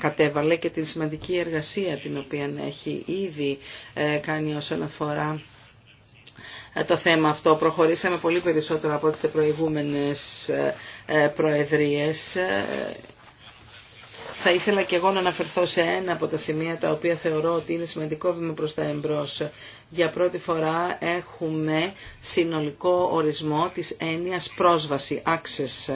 κατέβαλε και την σημαντική εργασία την οποία έχει ήδη ε, κάνει όσον αφορά ε, το θέμα αυτό. Προχωρήσαμε πολύ περισσότερο από τις προηγούμενες ε, ε, προεδρίες. Θα ήθελα και εγώ να αναφερθώ σε ένα από τα σημεία τα οποία θεωρώ ότι είναι σημαντικό βήμα προς τα εμπρός. Για πρώτη φορά έχουμε συνολικό ορισμό της έννοιας πρόσβαση, access.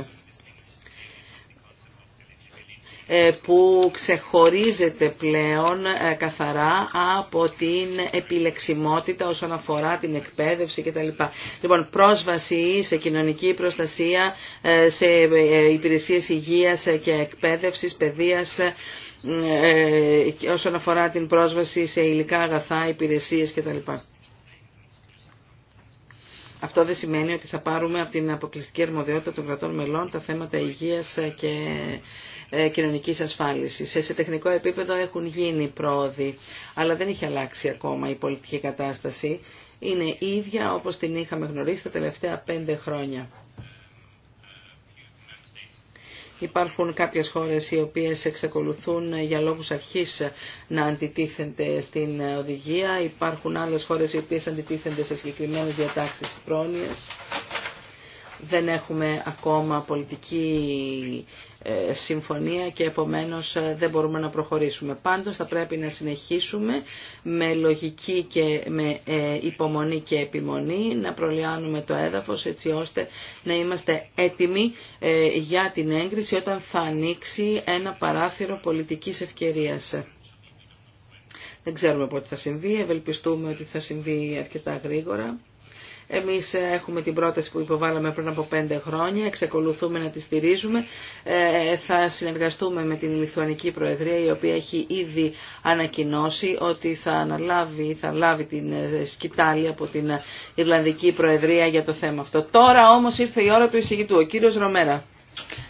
Ε, που ξεχωρίζεται πλέον ε, καθαρά από την επιλεξιμότητα όσον αφορά την εκπαίδευση κτλ. Λοιπόν, πρόσβαση σε κοινωνική προστασία, ε, σε υπηρεσίες υγείας και εκπαίδευσης, παιδείας, όσον αφορά την πρόσβαση σε υλικά αγαθά, υπηρεσίες κτλ. Αυτό δεν σημαίνει ότι θα πάρουμε από την αποκλειστική αρμοδιότητα των κρατών μελών τα θέματα υγείας και ε, κοινωνικής ασφάλισης. Σε τεχνικό επίπεδο έχουν γίνει πρόοδοι, αλλά δεν έχει αλλάξει ακόμα η πολιτική κατάσταση. Είναι ίδια όπως την είχαμε γνωρίσει τα τελευταία πέντε χρόνια. Υπάρχουν κάποιες χώρες οι οποίες εξακολουθούν για λόγους αρχής να αντιτίθενται στην οδηγία. Υπάρχουν άλλες χώρες οι οποίες αντιτίθενται σε συγκεκριμένες διατάξεις πρόνοιας δεν έχουμε ακόμα πολιτική ε, συμφωνία και επομένως ε, δεν μπορούμε να προχωρήσουμε. Πάντως θα πρέπει να συνεχίσουμε με λογική και με ε, υπομονή και επιμονή να προλιάνουμε το έδαφος έτσι ώστε να είμαστε έτοιμοι για την έγκριση όταν θα ανοίξει ένα παράθυρο πολιτικής ευκαιρίας. Δεν ξέρουμε πότε θα συμβεί, ευελπιστούμε ότι θα συμβεί αρκετά γρήγορα. Εμείς έχουμε την πρόταση που υποβάλαμε πριν από πέντε χρόνια, εξακολουθούμε να τη στηρίζουμε. Ε, θα συνεργαστούμε με την Λιθουανική Προεδρία, η οποία έχει ήδη ανακοινώσει ότι θα αναλάβει, θα λάβει την ε, σκητάλη από την ε, Ιρλανδική Προεδρία για το θέμα αυτό. Τώρα όμως ήρθε η ώρα του εισηγητού, ο κύριος Ρομέρα.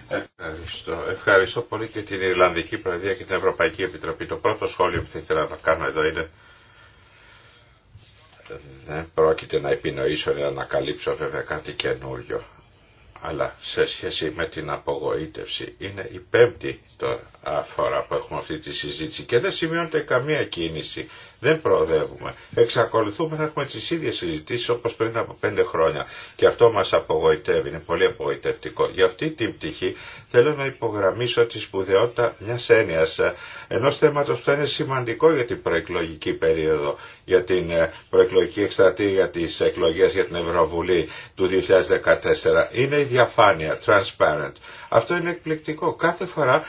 Ευχαριστώ. Ευχαριστώ πολύ και την Ιρλανδική Προεδρία και την Ευρωπαϊκή Επιτροπή. Το πρώτο σχόλιο που θα ήθελα να κάνω εδώ είναι δεν πρόκειται να επινοήσω να ανακαλύψω βέβαια κάτι καινούριο. Αλλά σε σχέση με την απογοήτευση είναι η πέμπτη το αφορά που έχουμε αυτή τη συζήτηση και δεν σημειώνεται καμία κίνηση. Δεν προοδεύουμε. Εξακολουθούμε να έχουμε τις ίδιες συζητήσεις όπως πριν από πέντε χρόνια και αυτό μας απογοητεύει, είναι πολύ απογοητευτικό. Για αυτή την πτυχή θέλω να υπογραμμίσω τη σπουδαιότητα μιας έννοιας ε, ενός θέματος που είναι σημαντικό για την προεκλογική περίοδο για την ε, προεκλογική εκστρατεία για τις εκλογές για την Ευρωβουλή του 2014 είναι η διαφάνεια, transparent. Αυτό είναι εκπληκτικό. Κάθε φορά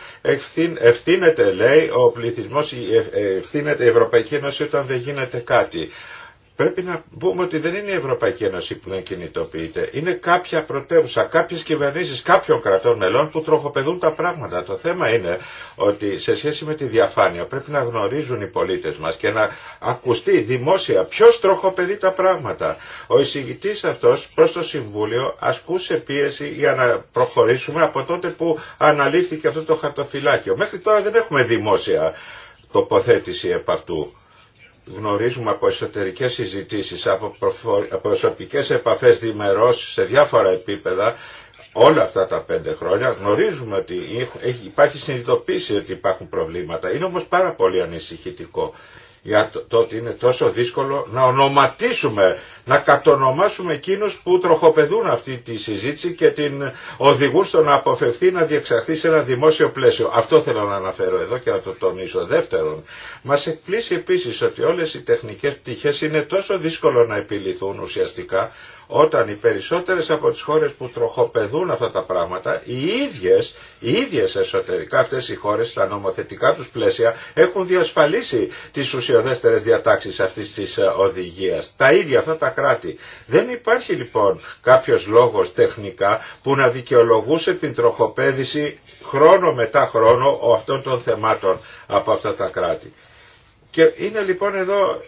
ευθύνεται λέει ο πληθυσμός, ε, ε, ευθύνεται η Ευρωπαϊκή Ένωση όταν δεν γίνεται κάτι. Πρέπει να πούμε ότι δεν είναι η Ευρωπαϊκή Ένωση που δεν κινητοποιείται. Είναι κάποια πρωτεύουσα, κάποιες κυβερνήσεις κάποιων κρατών μελών που τροχοπεδούν τα πράγματα. Το θέμα είναι ότι σε σχέση με τη διαφάνεια πρέπει να γνωρίζουν οι πολίτες μας και να ακουστεί δημόσια ποιος τροχοπεδεί τα πράγματα. Ο εισηγητής αυτός προς το Συμβούλιο ασκούσε πίεση για να προχωρήσουμε από τότε που αναλήφθηκε αυτό το χαρτοφυλάκιο. Μέχρι τώρα δεν έχουμε δημόσια τοποθέτηση επ' αυτού γνωρίζουμε από εσωτερικές συζητήσεις, από προσωπικές επαφές διμερώς σε διάφορα επίπεδα, όλα αυτά τα πέντε χρόνια γνωρίζουμε ότι υπάρχει συνειδητοποίηση ότι υπάρχουν προβλήματα. Είναι όμως πάρα πολύ ανησυχητικό για το, το ότι είναι τόσο δύσκολο να ονοματίσουμε, να κατονομάσουμε εκείνους που τροχοπεδούν αυτή τη συζήτηση και την οδηγούν στο να αποφευθεί να διεξαχθεί σε ένα δημόσιο πλαίσιο. Αυτό θέλω να αναφέρω εδώ και να το τονίσω. Δεύτερον, μας εκπλήσει επίσης ότι όλες οι τεχνικές πτυχές είναι τόσο δύσκολο να επιληθούν ουσιαστικά, όταν οι περισσότερες από τις χώρες που τροχοπεδούν αυτά τα πράγματα, οι ίδιες, οι ίδιες εσωτερικά αυτές οι χώρες στα νομοθετικά τους πλαίσια έχουν διασφαλίσει τις ουσιοδέστερες διατάξεις αυτής της ε, οδηγίας. Τα ίδια αυτά τα κράτη. Δεν υπάρχει λοιπόν κάποιος λόγος τεχνικά που να δικαιολογούσε την τροχοπέδηση χρόνο μετά χρόνο αυτών των θεμάτων από αυτά τα κράτη. Και είναι λοιπόν εδώ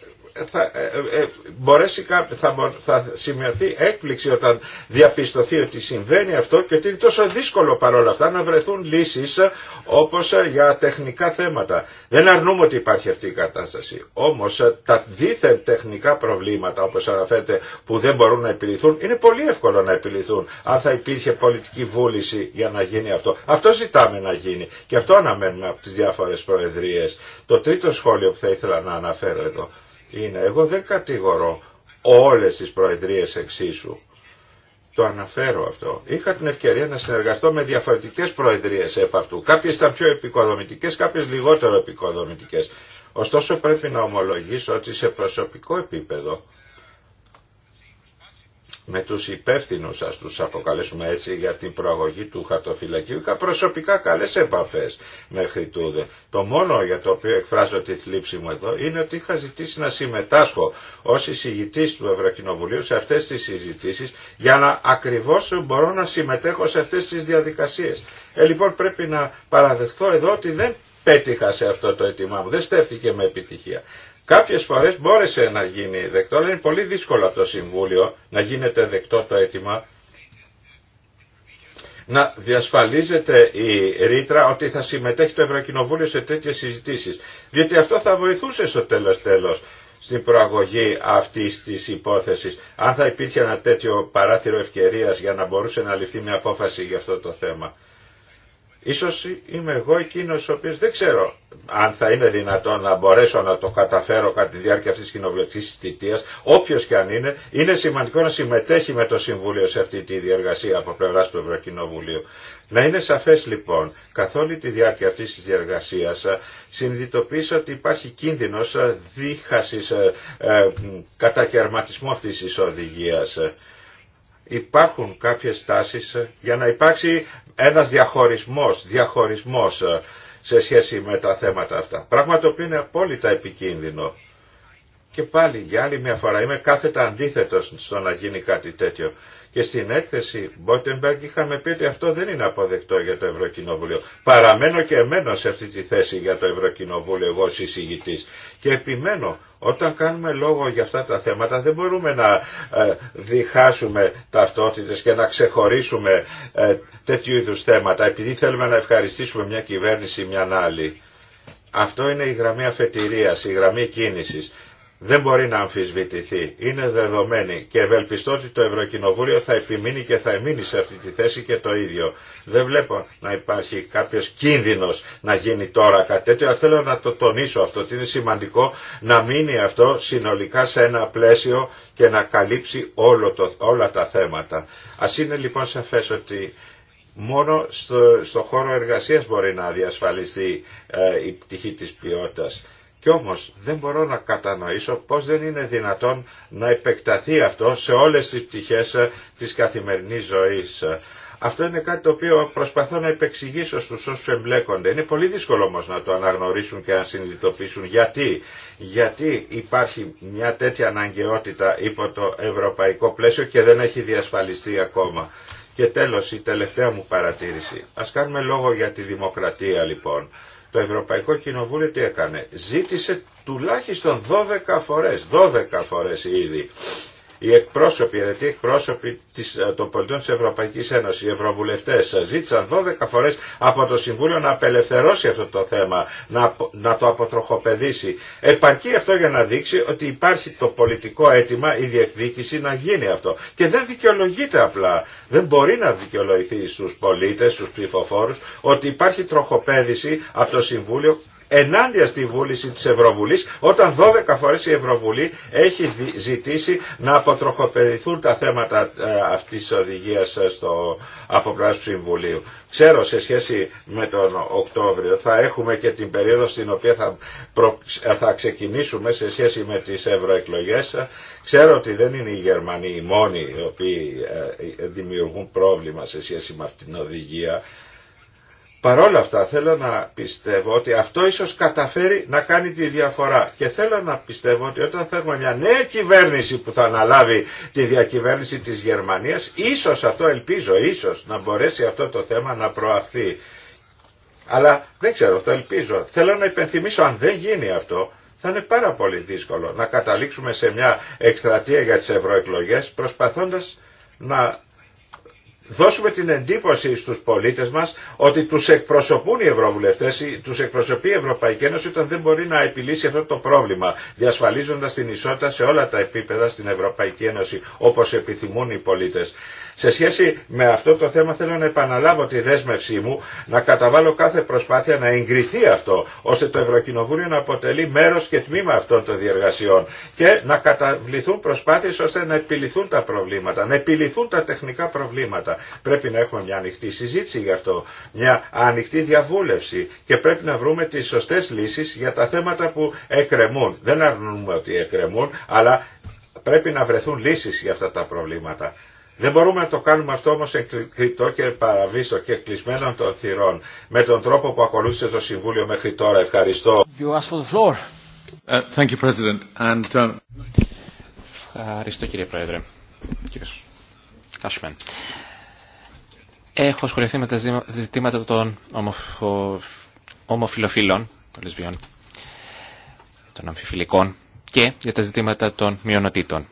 θα, ε, ε, μπορέσει, θα, θα σημειωθεί έκπληξη όταν διαπιστωθεί ότι συμβαίνει αυτό και ότι είναι τόσο δύσκολο παρόλα αυτά να βρεθούν λύσεις ε, όπως ε, για τεχνικά θέματα. Δεν αρνούμε ότι υπάρχει αυτή η κατάσταση. Όμως ε, τα δίθεν τεχνικά προβλήματα όπως αναφέρεται που δεν μπορούν να επιληθούν είναι πολύ εύκολο να επιληθούν αν θα υπήρχε πολιτική βούληση για να γίνει αυτό. Αυτό ζητάμε να γίνει και αυτό αναμένουμε από τις διάφορες προεδρίες. Το τρίτο σχόλιο που θα ήθελα να αναφέρω εδώ είναι. Εγώ δεν κατηγορώ όλες τις προεδρίες εξίσου. Το αναφέρω αυτό. Είχα την ευκαιρία να συνεργαστώ με διαφορετικές προεδρίες επ' αυτού. Κάποιες ήταν πιο επικοδομητικές, κάποιες λιγότερο επικοδομητικές. Ωστόσο πρέπει να ομολογήσω ότι σε προσωπικό επίπεδο με τους υπεύθυνους, ας τους αποκαλέσουμε έτσι, για την προαγωγή του χαρτοφυλακίου. Είχα προσωπικά καλές επαφές μέχρι τούδε. Το μόνο για το οποίο εκφράζω τη θλίψη μου εδώ είναι ότι είχα ζητήσει να συμμετάσχω ως εισηγητής του Ευρωκοινοβουλίου σε αυτές τις συζητήσεις για να ακριβώς μπορώ να συμμετέχω σε αυτές τις διαδικασίες. Ε, λοιπόν πρέπει να παραδεχθώ εδώ ότι δεν πέτυχα σε αυτό το αίτημά μου. Δεν στέφθηκε με επιτυχία. Κάποιες φορές μπόρεσε να γίνει δεκτό, αλλά είναι πολύ δύσκολο από το Συμβούλιο να γίνεται δεκτό το αίτημα να διασφαλίζεται η ρήτρα ότι θα συμμετέχει το Ευρωκοινοβούλιο σε τέτοιες συζητήσεις. Διότι αυτό θα βοηθούσε στο τέλος τέλος στην προαγωγή αυτής της υπόθεσης. Αν θα υπήρχε ένα τέτοιο παράθυρο ευκαιρίας για να μπορούσε να ληφθεί μια απόφαση για αυτό το θέμα. Ίσως είμαι εγώ εκείνος ο οποίος δεν ξέρω αν θα είναι δυνατόν να μπορέσω να το καταφέρω κατά τη διάρκεια αυτής της κοινοβουλευτικής θητείας, όποιος και αν είναι, είναι σημαντικό να συμμετέχει με το Συμβούλιο σε αυτή τη διεργασία από πλευράς του Ευρωκοινοβουλίου. Να είναι σαφές λοιπόν, καθ' όλη τη διάρκεια αυτής της διεργασίας ε, συνειδητοποίησα ότι υπάρχει κίνδυνος ε, δίχασης ε, ε, κατακαιρματισμού αυτής της οδηγίας υπάρχουν κάποιες τάσεις ε, για να υπάρξει ένας διαχωρισμός, διαχωρισμός ε, σε σχέση με τα θέματα αυτά. Πράγμα το οποίο είναι απόλυτα επικίνδυνο. Και πάλι για άλλη μια φορά είμαι κάθετα αντίθετος στο να γίνει κάτι τέτοιο. Και στην έκθεση Μπότεμπεργκ είχαμε πει ότι αυτό δεν είναι αποδεκτό για το Ευρωκοινοβούλιο. Παραμένω και εμένα σε αυτή τη θέση για το Ευρωκοινοβούλιο εγώ ως εισηγητής. Και επιμένω, όταν κάνουμε λόγο για αυτά τα θέματα δεν μπορούμε να ε, διχάσουμε ταυτότητες και να ξεχωρίσουμε ε, τέτοιου είδους θέματα επειδή θέλουμε να ευχαριστήσουμε μια κυβέρνηση ή μια άλλη. Αυτό είναι η γραμμή αφετηρίας, η γραμμή κίνησης δεν μπορεί να αμφισβητηθεί. Είναι δεδομένη και ευελπιστώ ότι το Ευρωκοινοβούλιο θα επιμείνει και θα εμείνει σε αυτή τη θέση και το ίδιο. Δεν βλέπω να υπάρχει κάποιος κίνδυνος να γίνει τώρα κάτι τέτοιο, αλλά θέλω να το τονίσω αυτό, ότι είναι σημαντικό να μείνει αυτό συνολικά σε ένα πλαίσιο και να καλύψει όλα τα θέματα. Ας είναι λοιπόν σαφέ ότι μόνο στο, χώρο εργασίας μπορεί να διασφαλιστεί ε, η πτυχή της ποιότητας. Κι όμως δεν μπορώ να κατανοήσω πώς δεν είναι δυνατόν να επεκταθεί αυτό σε όλες τις πτυχές ε, της καθημερινής ζωής. Αυτό είναι κάτι το οποίο προσπαθώ να επεξηγήσω στους όσους εμπλέκονται. Είναι πολύ δύσκολο όμως να το αναγνωρίσουν και να συνειδητοποιήσουν γιατί. Γιατί υπάρχει μια τέτοια αναγκαιότητα υπό το ευρωπαϊκό πλαίσιο και δεν έχει διασφαλιστεί ακόμα. Και τέλος η τελευταία μου παρατήρηση. Ας κάνουμε λόγο για τη δημοκρατία λοιπόν το Ευρωπαϊκό Κοινοβούλιο τι έκανε. Ζήτησε τουλάχιστον 12 φορές, 12 φορές ήδη οι εκπρόσωποι, οι εκπρόσωποι της, ε, των πολιτών της Ευρωπαϊκής Ένωσης, οι ευρωβουλευτές, ε, ζήτησαν 12 φορές από το Συμβούλιο να απελευθερώσει αυτό το θέμα, να, να το αποτροχοπεδίσει. Επαρκεί αυτό για να δείξει ότι υπάρχει το πολιτικό αίτημα, η διεκδίκηση να γίνει αυτό. Και δεν δικαιολογείται απλά, δεν μπορεί να δικαιολογηθεί στους πολίτες, στους ψηφοφόρους, ότι υπάρχει τροχοπέδηση από το Συμβούλιο ενάντια στη βούληση της Ευρωβουλής όταν 12 φορές η Ευρωβουλή έχει ζητήσει να αποτροχοπεδηθούν τα θέματα ε, αυτής της οδηγίας ε, στο, από του Συμβουλίου. Ξέρω σε σχέση με τον Οκτώβριο θα έχουμε και την περίοδο στην οποία θα, θα ξεκινήσουμε σε σχέση με τις ευρωεκλογές. Ξέρω ότι δεν είναι οι Γερμανοί οι μόνοι οι οποίοι ε, δημιουργούν πρόβλημα σε σχέση με αυτήν την οδηγία Παρόλα αυτά θέλω να πιστεύω ότι αυτό ίσως καταφέρει να κάνει τη διαφορά και θέλω να πιστεύω ότι όταν θα έχουμε μια νέα κυβέρνηση που θα αναλάβει τη διακυβέρνηση της Γερμανίας ίσως αυτό ελπίζω, ίσως να μπορέσει αυτό το θέμα να προαχθεί. Αλλά δεν ξέρω, το ελπίζω. Θέλω να υπενθυμίσω αν δεν γίνει αυτό θα είναι πάρα πολύ δύσκολο να καταλήξουμε σε μια εκστρατεία για τις ευρωεκλογές προσπαθώντας να δώσουμε την εντύπωση στους πολίτες μας ότι τους εκπροσωπούν οι ευρωβουλευτές, τους εκπροσωπεί η Ευρωπαϊκή Ένωση όταν δεν μπορεί να επιλύσει αυτό το πρόβλημα, διασφαλίζοντας την ισότητα σε όλα τα επίπεδα στην Ευρωπαϊκή Ένωση, όπως επιθυμούν οι πολίτες. Σε σχέση με αυτό το θέμα θέλω να επαναλάβω τη δέσμευσή μου να καταβάλω κάθε προσπάθεια να εγκριθεί αυτό ώστε το Ευρωκοινοβούλιο να αποτελεί μέρος και τμήμα αυτών των διεργασιών και να καταβληθούν προσπάθειες ώστε να επιληθούν τα προβλήματα, να επιληθούν τα τεχνικά προβλήματα. Πρέπει να έχουμε μια ανοιχτή συζήτηση γι' αυτό, μια ανοιχτή διαβούλευση και πρέπει να βρούμε τις σωστές λύσεις για τα θέματα που εκκρεμούν. Δεν αρνούμε ότι εκκρεμούν, αλλά πρέπει να βρεθούν λύσεις για αυτά τα προβλήματα. Δεν μπορούμε να το κάνουμε αυτό όμως εγκριτό και παραβίστο και κλεισμένο των θυρών με τον τρόπο που ακολούθησε το Συμβούλιο μέχρι τώρα. Ευχαριστώ. You ask for floor. Ε, thank you, President. And, uh, Ευχαριστώ κύριε Πρόεδρε. Έχω ασχοληθεί με τα ζητήματα των ομοφο... ομοφιλοφίλων, των λεσβιών, των αμφιφιλικών και για τα ζητήματα των μειονοτήτων.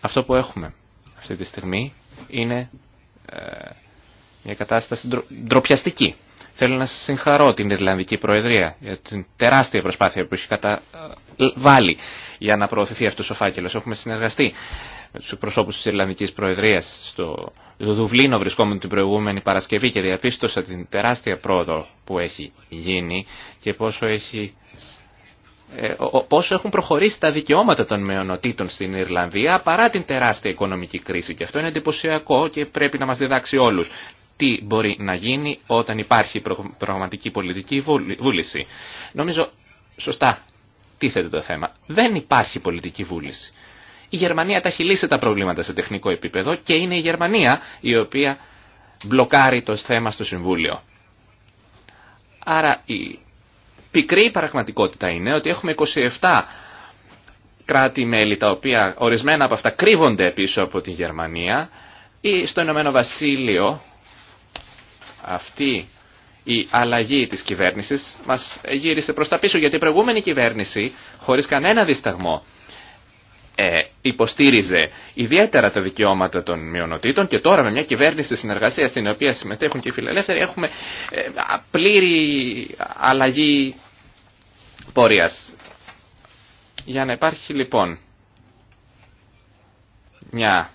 Αυτό που έχουμε αυτή τη στιγμή είναι ε, μια κατάσταση ντροπιαστική. Θέλω να συγχαρώ την Ιρλανδική Προεδρία για την τεράστια προσπάθεια που έχει καταβάλει ε, για να προωθηθεί αυτός ο φάκελος. Έχουμε συνεργαστεί με τους προσώπους της Ιρλανδικής Προεδρίας στο Δουβλίνο βρισκόμουν την προηγούμενη Παρασκευή και διαπίστωσα την τεράστια πρόοδο που έχει γίνει και πόσο, έχει, ε, πόσο έχουν προχωρήσει τα δικαιώματα των μειονοτήτων στην Ιρλανδία παρά την τεράστια οικονομική κρίση και αυτό είναι εντυπωσιακό και πρέπει να μας διδάξει όλους τι μπορεί να γίνει όταν υπάρχει πραγματική πολιτική βούληση. Νομίζω σωστά τίθεται το θέμα. Δεν υπάρχει πολιτική βούληση. Η Γερμανία τα έχει λύσει τα προβλήματα σε τεχνικό επίπεδο και είναι η Γερμανία η οποία μπλοκάρει το θέμα στο Συμβούλιο. Άρα η πικρή πραγματικότητα είναι ότι έχουμε 27 κράτη-μέλη τα οποία ορισμένα από αυτά κρύβονται πίσω από τη Γερμανία ή στο Ηνωμένο Βασίλειο αυτή η αλλαγή της κυβέρνησης μας γύρισε προς τα πίσω γιατί η προηγούμενη κυβέρνηση χωρίς κανένα δισταγμό ε, υποστήριζε ιδιαίτερα τα δικαιώματα των μειονοτήτων και τώρα με μια κυβέρνηση συνεργασία στην οποία συμμετέχουν και οι φιλελεύθεροι έχουμε ε, πλήρη αλλαγή πορείας. Για να υπάρχει λοιπόν μια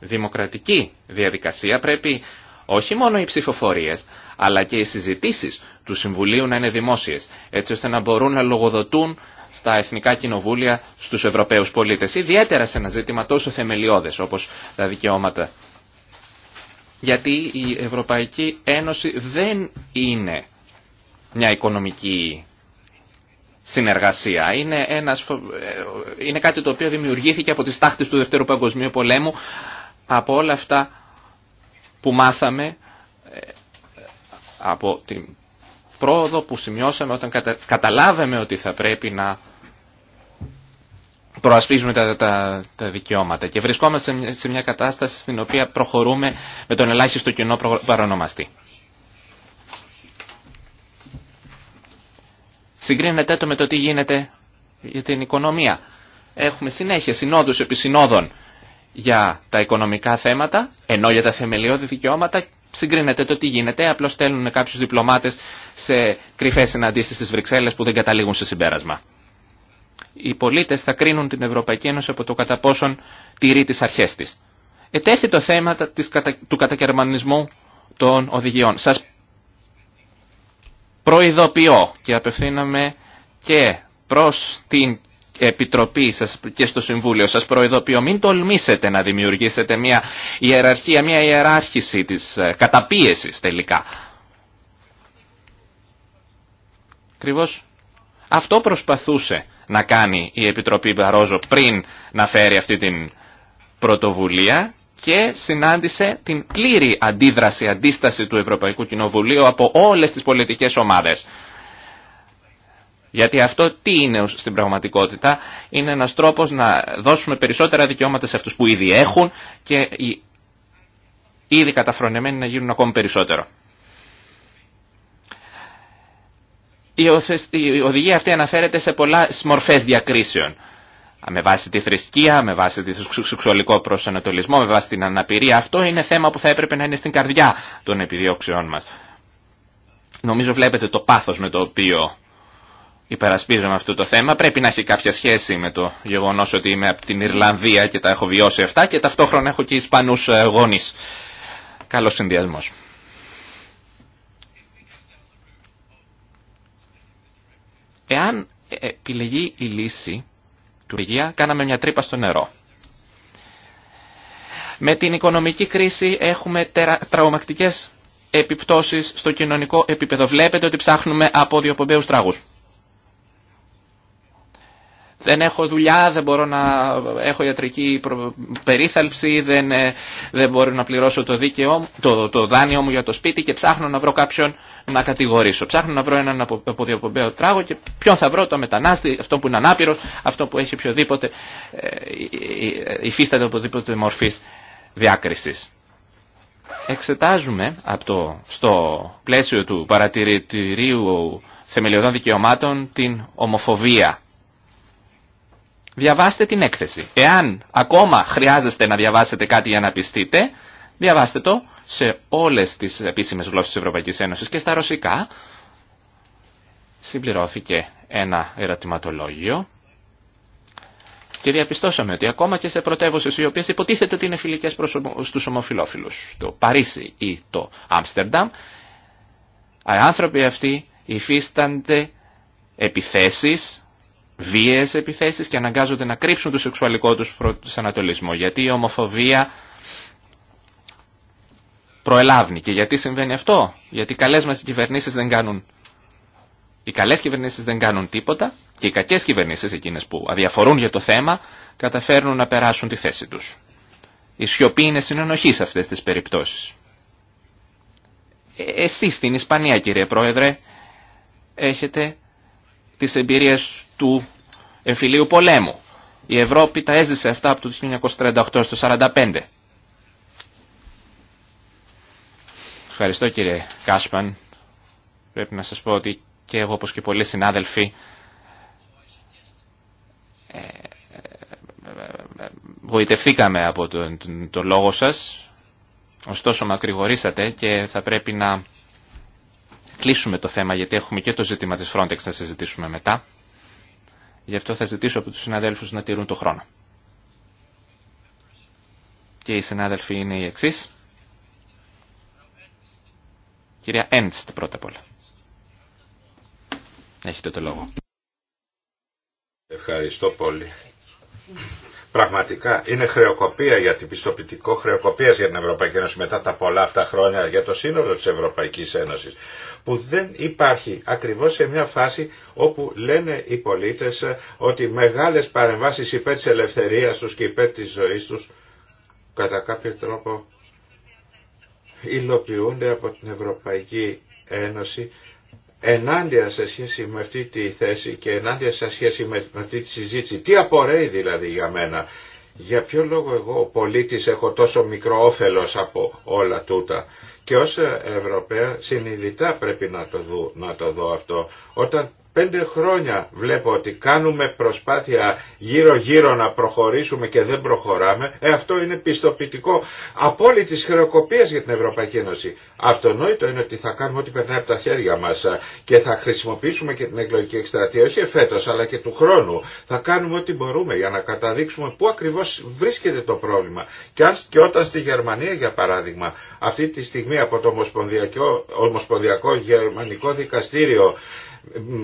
δημοκρατική διαδικασία πρέπει όχι μόνο οι ψηφοφορίες αλλά και οι συζητήσεις του Συμβουλίου να είναι δημόσιες έτσι ώστε να μπορούν να λογοδοτούν στα εθνικά κοινοβούλια στους Ευρωπαίους πολίτες, ιδιαίτερα σε ένα ζήτημα τόσο θεμελιώδες όπως τα δικαιώματα. Γιατί η Ευρωπαϊκή Ένωση δεν είναι μια οικονομική συνεργασία. Είναι, ένας, ε, είναι κάτι το οποίο δημιουργήθηκε από τις τάχτες του Δευτέρου Παγκοσμίου Πολέμου, από όλα αυτά που μάθαμε ε, από την πρόοδο που σημειώσαμε όταν καταλάβαμε ότι θα πρέπει να προασπίζουμε τα, τα, τα δικαιώματα και βρισκόμαστε σε μια, σε μια κατάσταση στην οποία προχωρούμε με τον ελάχιστο κοινό παρονομαστή. Συγκρίνεται το με το τι γίνεται για την οικονομία. Έχουμε συνέχεια συνόδους επί συνόδων για τα οικονομικά θέματα, ενώ για τα θεμελιώδη δικαιώματα συγκρίνετε το τι γίνεται, απλώ στέλνουν κάποιου διπλωμάτες σε κρυφές συναντήσεις στις Βρυξέλλες που δεν καταλήγουν σε συμπέρασμα. Οι πολίτες θα κρίνουν την Ευρωπαϊκή Ένωση από το κατά πόσον τηρεί τι αρχέ τη. Ετέθη το θέμα του κατακαιρμανισμού των οδηγιών. Σας προειδοποιώ και απευθύνομαι και προς την Επιτροπή σας και στο Συμβούλιο σας προειδοποιώ μην τολμήσετε να δημιουργήσετε μια ιεραρχία, μια ιεράρχηση της ε, καταπίεσης τελικά. Ακριβώς αυτό προσπαθούσε να κάνει η Επιτροπή Μπαρόζο πριν να φέρει αυτή την πρωτοβουλία και συνάντησε την πλήρη αντίδραση, αντίσταση του Ευρωπαϊκού Κοινοβουλίου από όλες τις πολιτικές ομάδες. Γιατί αυτό τι είναι στην πραγματικότητα, είναι ένας τρόπος να δώσουμε περισσότερα δικαιώματα σε αυτούς που ήδη έχουν και οι ήδη καταφρονεμένοι να γίνουν ακόμη περισσότερο. Η οδηγία αυτή αναφέρεται σε πολλά μορφές διακρίσεων. Με βάση τη θρησκεία, με βάση το σεξουαλικό προσανατολισμό, με βάση την αναπηρία. Αυτό είναι θέμα που θα έπρεπε να είναι στην καρδιά των επιδιώξεών μας. Νομίζω βλέπετε το πάθος με το οποίο υπερασπίζομαι αυτό το θέμα. Πρέπει να έχει κάποια σχέση με το γεγονός ότι είμαι από την Ιρλανδία και τα έχω βιώσει αυτά και ταυτόχρονα έχω και Ισπανούς ε, γονείς. Καλός συνδυασμός. Εάν ε, επιλεγεί η λύση του Υγεία, κάναμε μια τρύπα στο νερό. Με την οικονομική κρίση έχουμε τερα... τραυμακτικές επιπτώσεις στο κοινωνικό επίπεδο. Βλέπετε ότι ψάχνουμε από διοπομπαίους τραγούς δεν έχω δουλειά, δεν μπορώ να έχω ιατρική περίθαλψη, δεν, ε, δεν μπορώ να πληρώσω το, δίκαιο, το, το δάνειό μου για το σπίτι και ψάχνω να βρω κάποιον να κατηγορήσω. Ψάχνω να βρω έναν αποδιοπομπαίο τράγο και ποιον θα βρω, το μετανάστη, αυτό που είναι ανάπηρο, αυτό που έχει οποιοδήποτε, ε, ε, υφίσταται οποιοδήποτε μορφής διάκρισης. Εξετάζουμε το, στο πλαίσιο του παρατηρητηρίου θεμελιωδών δικαιωμάτων την ομοφοβία διαβάστε την έκθεση. Εάν ακόμα χρειάζεστε να διαβάσετε κάτι για να πιστείτε, διαβάστε το σε όλες τις επίσημες γλώσσες της Ευρωπαϊκής Ένωσης και στα ρωσικά. Συμπληρώθηκε ένα ερωτηματολόγιο και διαπιστώσαμε ότι ακόμα και σε πρωτεύουσες οι οποίες υποτίθεται ότι είναι φιλικές προς τους ομοφιλόφιλους, το Παρίσι ή το Άμστερνταμ, οι άνθρωποι αυτοί υφίστανται επιθέσεις βίαιες επιθέσεις και αναγκάζονται να κρύψουν το σεξουαλικό τους προσανατολισμό. Γιατί η ομοφοβία προελάβνει. Και γιατί συμβαίνει αυτό. Γιατί οι καλές μας κυβερνήσεις δεν κάνουν... Οι καλές κυβερνήσεις δεν κάνουν τίποτα και οι κακές κυβερνήσεις, εκείνες που αδιαφορούν για το θέμα, καταφέρνουν να περάσουν τη θέση τους. Η σιωπή είναι συνενοχή σε αυτές τις περιπτώσεις. Ε, εσείς στην Ισπανία κύριε Πρόεδρε έχετε τις εμπειρίες του εμφυλίου πολέμου. Η Ευρώπη τα έζησε αυτά από το 1938 στο 1945. Ευχαριστώ κύριε Κάσπαν. Πρέπει να σας πω ότι και εγώ όπως και πολλοί συνάδελφοι ε, ε, ε, γοητευθήκαμε από τον το λόγο σας. Ωστόσο μακρηγορήσατε και θα πρέπει να κλείσουμε το θέμα γιατί έχουμε και το ζήτημα της Frontex να συζητήσουμε μετά. Γι' αυτό θα ζητήσω από τους συναδέλφους να τηρούν το χρόνο. Και οι συνάδελφοι είναι οι εξή. Κυρία Ένστ πρώτα απ' όλα. Έχετε το λόγο. Ευχαριστώ πολύ πραγματικά είναι χρεοκοπία για την πιστοποιητικό χρεοκοπία για την Ευρωπαϊκή Ένωση μετά τα πολλά αυτά χρόνια για το σύνολο της Ευρωπαϊκής Ένωσης που δεν υπάρχει ακριβώς σε μια φάση όπου λένε οι πολίτες ε, ότι μεγάλες παρεμβάσεις υπέρ της ελευθερίας τους και υπέρ της ζωής τους κατά κάποιο τρόπο υλοποιούνται από την Ευρωπαϊκή Ένωση ενάντια σε σχέση με αυτή τη θέση και ενάντια σε σχέση με αυτή τη συζήτηση. Τι απορρέει δηλαδή για μένα. Για ποιο λόγο εγώ ο πολίτης έχω τόσο μικρό όφελος από όλα τούτα. Και ως Ευρωπαία συνειδητά πρέπει να το, δω, να το δω αυτό. Όταν Πέντε χρόνια βλέπω ότι κάνουμε προσπάθεια γύρω-γύρω να προχωρήσουμε και δεν προχωράμε. Ε, αυτό είναι πιστοποιητικό απόλυτη χρεοκοπία για την Ευρωπαϊκή Ένωση. Αυτονόητο είναι ότι θα κάνουμε ό,τι περνάει από τα χέρια μα και θα χρησιμοποιήσουμε και την εκλογική εκστρατεία, όχι εφέτο αλλά και του χρόνου. Θα κάνουμε ό,τι μπορούμε για να καταδείξουμε πού ακριβώ βρίσκεται το πρόβλημα. Και, αν, και όταν στη Γερμανία, για παράδειγμα, αυτή τη στιγμή από το Ομοσπονδιακό, Ομοσπονδιακό Γερμανικό Δικαστήριο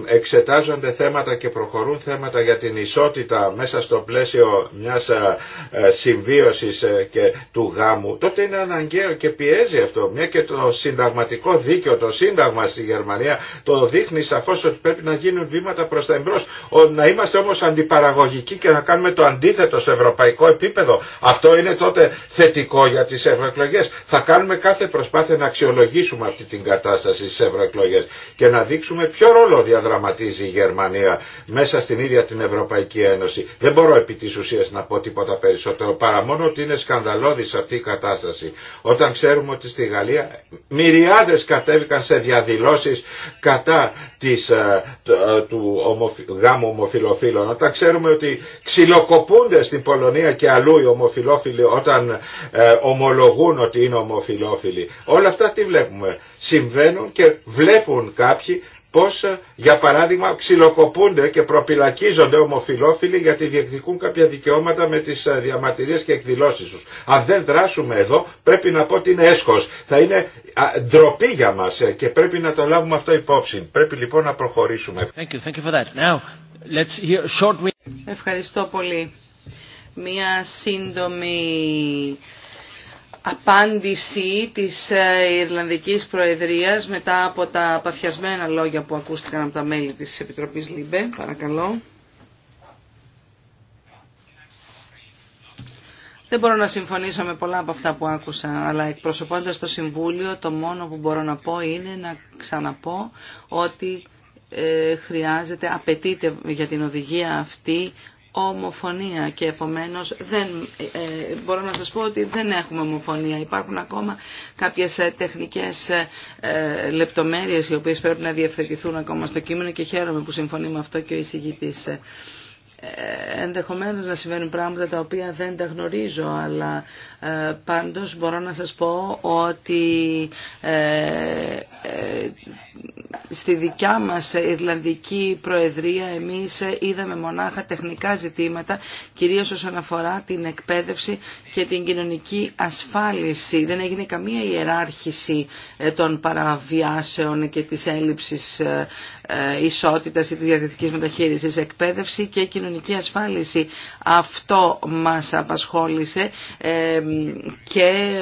εξετάζονται θέματα και προχωρούν θέματα για την ισότητα μέσα στο πλαίσιο μιας ε, ε, συμβίωσης ε, και του γάμου, τότε είναι αναγκαίο και πιέζει αυτό. Μια και το συνταγματικό δίκαιο, το σύνταγμα στη Γερμανία το δείχνει σαφώς ότι πρέπει να γίνουν βήματα προς τα εμπρός. Να είμαστε όμως αντιπαραγωγικοί και να κάνουμε το αντίθετο στο ευρωπαϊκό επίπεδο. Αυτό είναι τότε θετικό για τις ευρωεκλογέ. Θα κάνουμε κάθε προσπάθεια να αξιολογήσουμε αυτή την κατάσταση στις ευρωεκλογέ και να δείξουμε ποιο ρόλο διαδραματίζει η Γερμανία μέσα στην ίδια την Ευρωπαϊκή Ένωση. Δεν μπορώ επί της ουσίας να πω τίποτα περισσότερο παρά μόνο ότι είναι σκανδαλώδης αυτή η κατάσταση. Όταν ξέρουμε ότι στη Γαλλία μυριάδες κατέβηκαν σε διαδηλώσεις κατά της, ε, ε, του γάμου ομοφιλοφίλων. Όταν ξέρουμε ότι ξυλοκοπούνται στην Πολωνία και αλλού οι ομοφιλόφιλοι όταν ε, ομολογούν ότι είναι ομοφιλόφιλοι. Όλα αυτά τι βλέπουμε. Συμβαίνουν και βλέπουν κάποιοι πώς ε, για παράδειγμα ξυλοκοπούνται και προπυλακίζονται ομοφιλόφιλοι γιατί διεκδικούν κάποια δικαιώματα με τις ε, διαμαρτυρίες και εκδηλώσεις τους. Αν δεν δράσουμε εδώ πρέπει να πω ότι είναι έσχος. Θα είναι ντροπή για μας ε, και πρέπει να το λάβουμε αυτό υπόψη. Πρέπει λοιπόν να προχωρήσουμε. Thank you, thank you for that. Now, let's short... Ευχαριστώ πολύ. Μία σύντομη απάντηση της ε, Ιρλανδικής Προεδρίας μετά από τα παθιασμένα λόγια που ακούστηκαν από τα μέλη της Επιτροπής ΛΥΜΠΕ. Παρακαλώ. Δεν μπορώ να συμφωνήσω με πολλά από αυτά που άκουσα, αλλά εκπροσωπώντας το Συμβούλιο το μόνο που μπορώ να πω είναι να ξαναπώ ότι ε, χρειάζεται, απαιτείται για την οδηγία αυτή ομοφωνία και επομένως δεν, ε, μπορώ να σας πω ότι δεν έχουμε ομοφωνία. Υπάρχουν ακόμα κάποιες ε, τεχνικές ε, λεπτομέρειες οι οποίες πρέπει να διευθετηθούν ακόμα στο κείμενο και χαίρομαι που συμφωνεί με αυτό και ο εισηγητής. Ε, ενδεχομένως να συμβαίνουν πράγματα τα οποία δεν τα γνωρίζω αλλά ε, πάντως μπορώ να σας πω ότι ε, ε, στη δικιά μας Ιρλανδική Προεδρία εμείς είδαμε μονάχα τεχνικά ζητήματα, κυρίως όσον αφορά την εκπαίδευση και την κοινωνική ασφάλιση. Δεν έγινε καμία ιεράρχηση των παραβιάσεων και της έλλειψης ισότητας ή της διακριτικής μεταχείρισης. Εκπαίδευση και κοινωνική ασφάλιση. Αυτό μας απασχόλησε και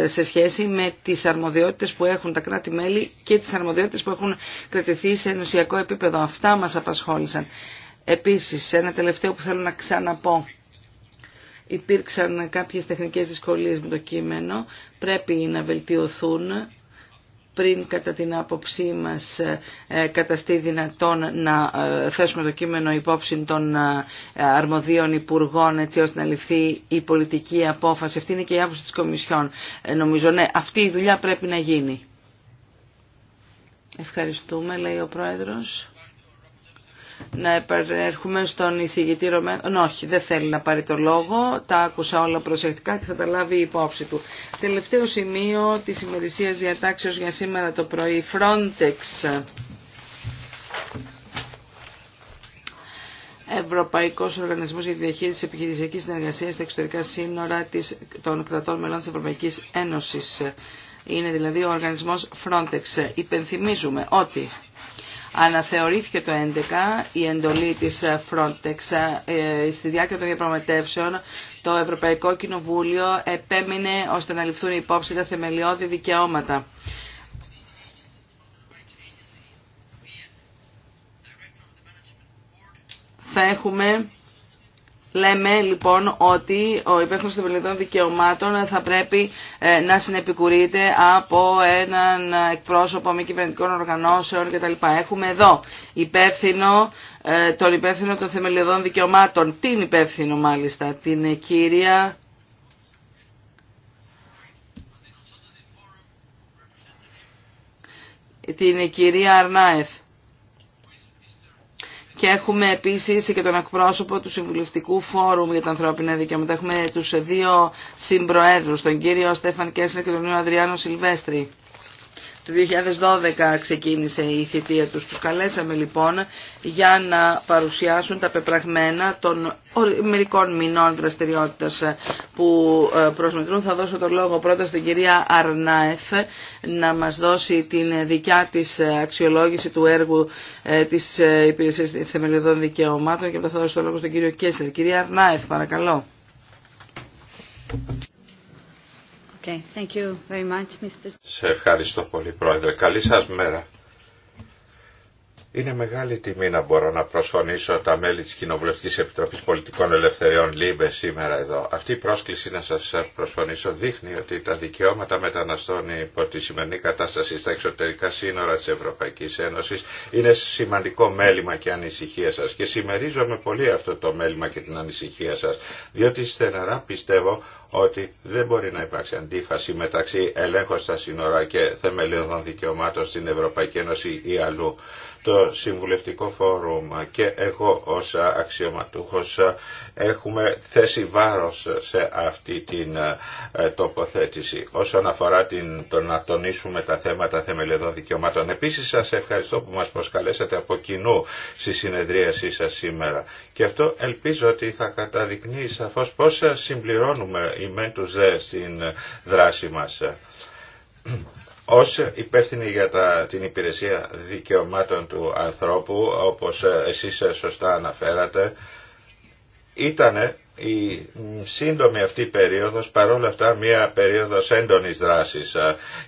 ε, σε σχέση με τις αρμοδιότητες που έχουν τα κράτη-μέλη και τις αρμοδιότητες που έχουν κρατηθεί σε ενωσιακό επίπεδο. Αυτά μας απασχόλησαν. Επίσης, ένα τελευταίο που θέλω να ξαναπώ. Υπήρξαν κάποιες τεχνικές δυσκολίες με το κείμενο, πρέπει να βελτιωθούν πριν κατά την άποψή μας ε, καταστεί δυνατόν να ε, θέσουμε το κείμενο υπόψη των ε, αρμοδίων υπουργών έτσι ώστε να ληφθεί η πολιτική απόφαση. Αυτή είναι και η άποψη της Κομισιόν. Νομίζω ναι, αυτή η δουλειά πρέπει να γίνει. Ευχαριστούμε, λέει ο Πρόεδρος να επανέρχουμε στον εισηγητή Ρωμένο. Όχι, δεν θέλει να πάρει το λόγο. Τα άκουσα όλα προσεκτικά και θα τα λάβει υπόψη του. Τελευταίο σημείο της ημερησία διατάξεως για σήμερα το πρωί. Frontex. Ευρωπαϊκό Οργανισμό για τη Διαχείριση Επιχειρησιακή Συνεργασία στα εξωτερικά σύνορα της, των κρατών μελών τη Ευρωπαϊκή Ένωση. Είναι δηλαδή ο οργανισμό Frontex. Υπενθυμίζουμε ότι αναθεωρήθηκε το 2011 η εντολή της Frontex ε, στη διάρκεια των διαπραγματεύσεων το Ευρωπαϊκό Κοινοβούλιο επέμεινε ώστε να ληφθούν υπόψη τα θεμελιώδη δικαιώματα. Θα έχουμε Λέμε λοιπόν ότι ο υπεύθυνο των πολιτικών δικαιωμάτων θα πρέπει ε, να συνεπικουρείται από έναν εκπρόσωπο μη κυβερνητικών οργανώσεων κτλ. Έχουμε εδώ υπεύθυνο, ε, τον υπεύθυνο των θεμελιωδών δικαιωμάτων, την υπεύθυνο μάλιστα, την κύρια την κυρία Αρνάεθ και έχουμε επίση και τον εκπρόσωπο του Συμβουλευτικού Φόρουμ για τα ανθρώπινα δικαιώματα. Έχουμε του δύο συμπροέδρους, τον κύριο Στέφαν Κέσσερ και τον κύριο Αδριάνο Σιλβέστρη. Το 2012 ξεκίνησε η θητεία τους. Τους καλέσαμε λοιπόν για να παρουσιάσουν τα πεπραγμένα των μερικών μηνών δραστηριότητας ε, που ε, προσμετρούν. Θα δώσω το λόγο πρώτα στην κυρία Αρνάεθ να μας δώσει την δικιά της αξιολόγηση του έργου ε, της Υπηρεσίας Θεμελιωδών Δικαιωμάτων και θα δώσω το λόγο στον κύριο Κέσσερ. Κυρία Αρνάεθ, παρακαλώ. Σε ευχαριστώ πολύ Πρόεδρε. Καλή σας μέρα. Είναι μεγάλη τιμή να μπορώ να προσφωνήσω τα μέλη της Κοινοβουλευτικής Επιτροπής Πολιτικών Ελευθεριών ΛΥΜΠΕ σήμερα εδώ. Αυτή η πρόσκληση να σας προσφωνήσω δείχνει ότι τα δικαιώματα μεταναστών υπό τη σημερινή κατάσταση στα εξωτερικά σύνορα της Ευρωπαϊκής Ένωσης είναι σημαντικό μέλημα και ανησυχία σας. Και συμμερίζομαι πολύ αυτό το μέλημα και την ανησυχία σας, διότι στεναρά πιστεύω ότι δεν μπορεί να υπάρξει αντίφαση μεταξύ ελέγχου στα σύνορα και θεμελιωδών δικαιωμάτων στην Ευρωπαϊκή Ένωση ή αλλού. Το Συμβουλευτικό Φόρουμ και εγώ ως αξιωματούχος έχουμε θέσει βάρος σε αυτή την ε, τοποθέτηση όσον αφορά την, το να τονίσουμε τα θέματα θεμελιωδών δικαιωμάτων. Επίσης σας ευχαριστώ που μας προσκαλέσατε από κοινού στη συνεδρίασή σας σήμερα και αυτό ελπίζω ότι θα καταδεικνύει σαφώς πώς συμπληρώνουμε ημέν τους δε στην δράση μας. Ως υπεύθυνοι για την υπηρεσία δικαιωμάτων του ανθρώπου, όπως εσείς σωστά αναφέρατε, ήταν η σύντομη αυτή περίοδος παρόλα αυτά μια περίοδος έντονης δράσης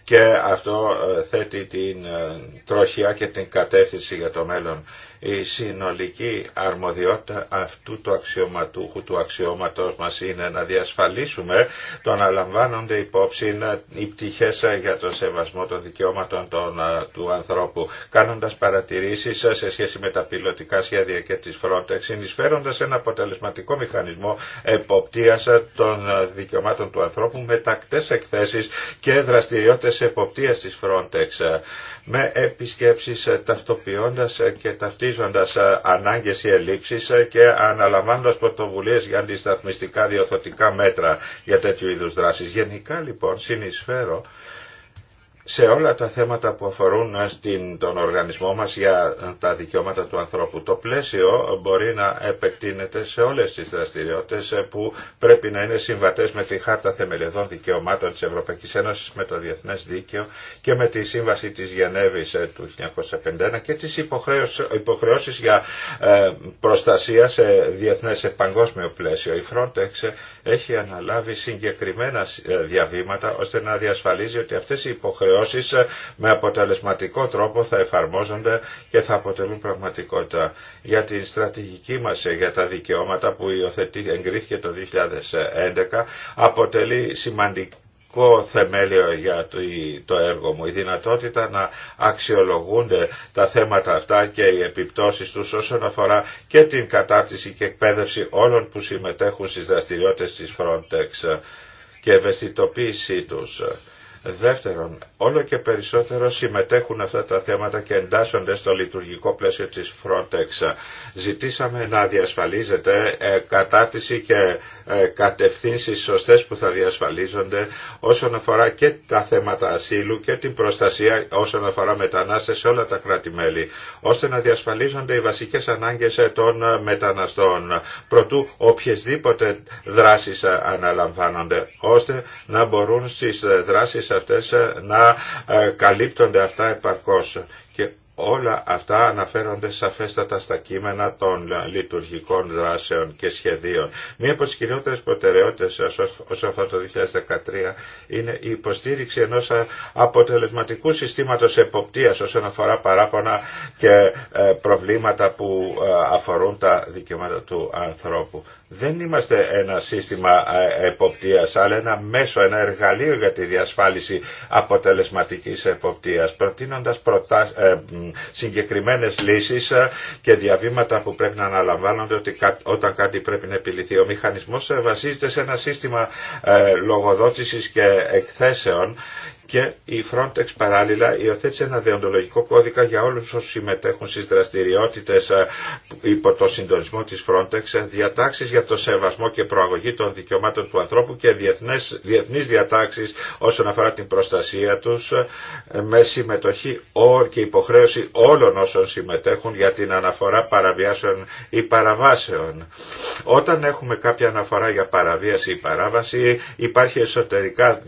και αυτό ε, θέτει την ε, τροχιά και την κατεύθυνση για το μέλλον η συνολική αρμοδιότητα αυτού του αξιωματούχου του αξιώματος μας είναι να διασφαλίσουμε το να λαμβάνονται υπόψη οι πτυχές για το σεβασμό των δικαιώματων των, του ανθρώπου κάνοντας παρατηρήσεις σε σχέση με τα πιλωτικά σχέδια και της Frontex συνεισφέροντας ένα αποτελεσματικό μηχανισμό εποπτείας των δικαιωμάτων του ανθρώπου με τακτές εκθέσεις και δραστηριότητες εποπτείας της Frontex με επισκέψεις ταυτοποιώντα και εντοπίζοντας ε, ανάγκες ή ελλείψεις ε, και αναλαμβάνοντας πρωτοβουλίες για αντισταθμιστικά διορθωτικά μέτρα για τέτοιου είδους δράσεις. Γενικά λοιπόν συνεισφέρω σε όλα τα θέματα που αφορούν ε, τον οργανισμό μας για ε, τα δικαιώματα του ανθρώπου. Το πλαίσιο μπορεί να επεκτείνεται σε όλες τις δραστηριότητες ε, που πρέπει να είναι συμβατές με τη Χάρτα Θεμελιωδών Δικαιωμάτων της Ευρωπαϊκής Ένωσης με το Διεθνές Δίκαιο και με τη Σύμβαση της Γενέβης του 1951 και τις υποχρεώσεις για προστασία σε διεθνές σε παγκόσμιο πλαίσιο. Η Frontex έχει αναλάβει συγκεκριμένα διαβήματα ώστε να διασφαλίζει ότι αυτές οι υποχρεώσεις ε, με αποτελεσματικό τρόπο θα εφαρμόζονται και θα αποτελούν πραγματικότητα. Για την στρατηγική μας ε, για τα δικαιώματα που υιοθετή, εγκρίθηκε το 2011 αποτελεί σημαντικό θεμέλιο για το έργο μου, η δυνατότητα να αξιολογούνται τα θέματα αυτά και οι επιπτώσεις τους όσον αφορά και την κατάρτιση και εκπαίδευση όλων που συμμετέχουν στις δραστηριότητες της Frontex και ευαισθητοποίησή τους Δεύτερον, όλο και περισσότερο συμμετέχουν αυτά τα θέματα και εντάσσονται στο λειτουργικό πλαίσιο της Frontex. Ζητήσαμε να διασφαλίζεται ε, κατάρτιση και ε, κατευθύνσεις σωστές που θα διασφαλίζονται όσον αφορά και τα θέματα ασύλου και την προστασία όσον αφορά μετανάστες σε όλα τα κράτη-μέλη, ώστε να διασφαλίζονται οι βασικές ανάγκες ε, των μεταναστών, προτού οποιασδήποτε δράσεις αναλαμβάνονται, ώστε να μπορούν στις δράσεις αυτές ε, να ε, καλύπτονται αυτά επαρκώς. Και Όλα αυτά αναφέρονται σαφέστατα στα κείμενα των λειτουργικών δράσεων και σχεδίων. Μία από τι κυριότερε προτεραιότητε όσον αφορά το 2013 είναι η υποστήριξη ενό αποτελεσματικού συστήματο εποπτεία όσον αφορά παράπονα και ε, προβλήματα που ε, αφορούν τα δικαιώματα του ανθρώπου. Δεν είμαστε ένα σύστημα ε, εποπτείας, αλλά ένα μέσο, ένα εργαλείο για τη διασφάλιση αποτελεσματικής εποπτείας, προτείνοντας προτάσεις, συγκεκριμένες λύσεις ε, και διαβήματα που πρέπει να αναλαμβάνονται ότι όταν κάτι πρέπει να επιληθεί. Ο μηχανισμός ε, βασίζεται σε ένα σύστημα ε, λογοδότησης και εκθέσεων και η Frontex παράλληλα υιοθέτησε ένα δεοντολογικό κώδικα για όλους όσους συμμετέχουν στις δραστηριότητες ε, υπό το συντονισμό της Frontex, διατάξεις για το σεβασμό και προαγωγή των δικαιωμάτων του ανθρώπου και διεθνές, διεθνείς διατάξεις όσον αφορά την προστασία τους ε, με συμμετοχή και υποχρέωση όλων όσων συμμετέχουν για την αναφορά παραβιάσεων ή παραβάσεων. Όταν έχουμε κάποια αναφορά για παραβίαση ή παράβαση υπάρχει εσωτερικά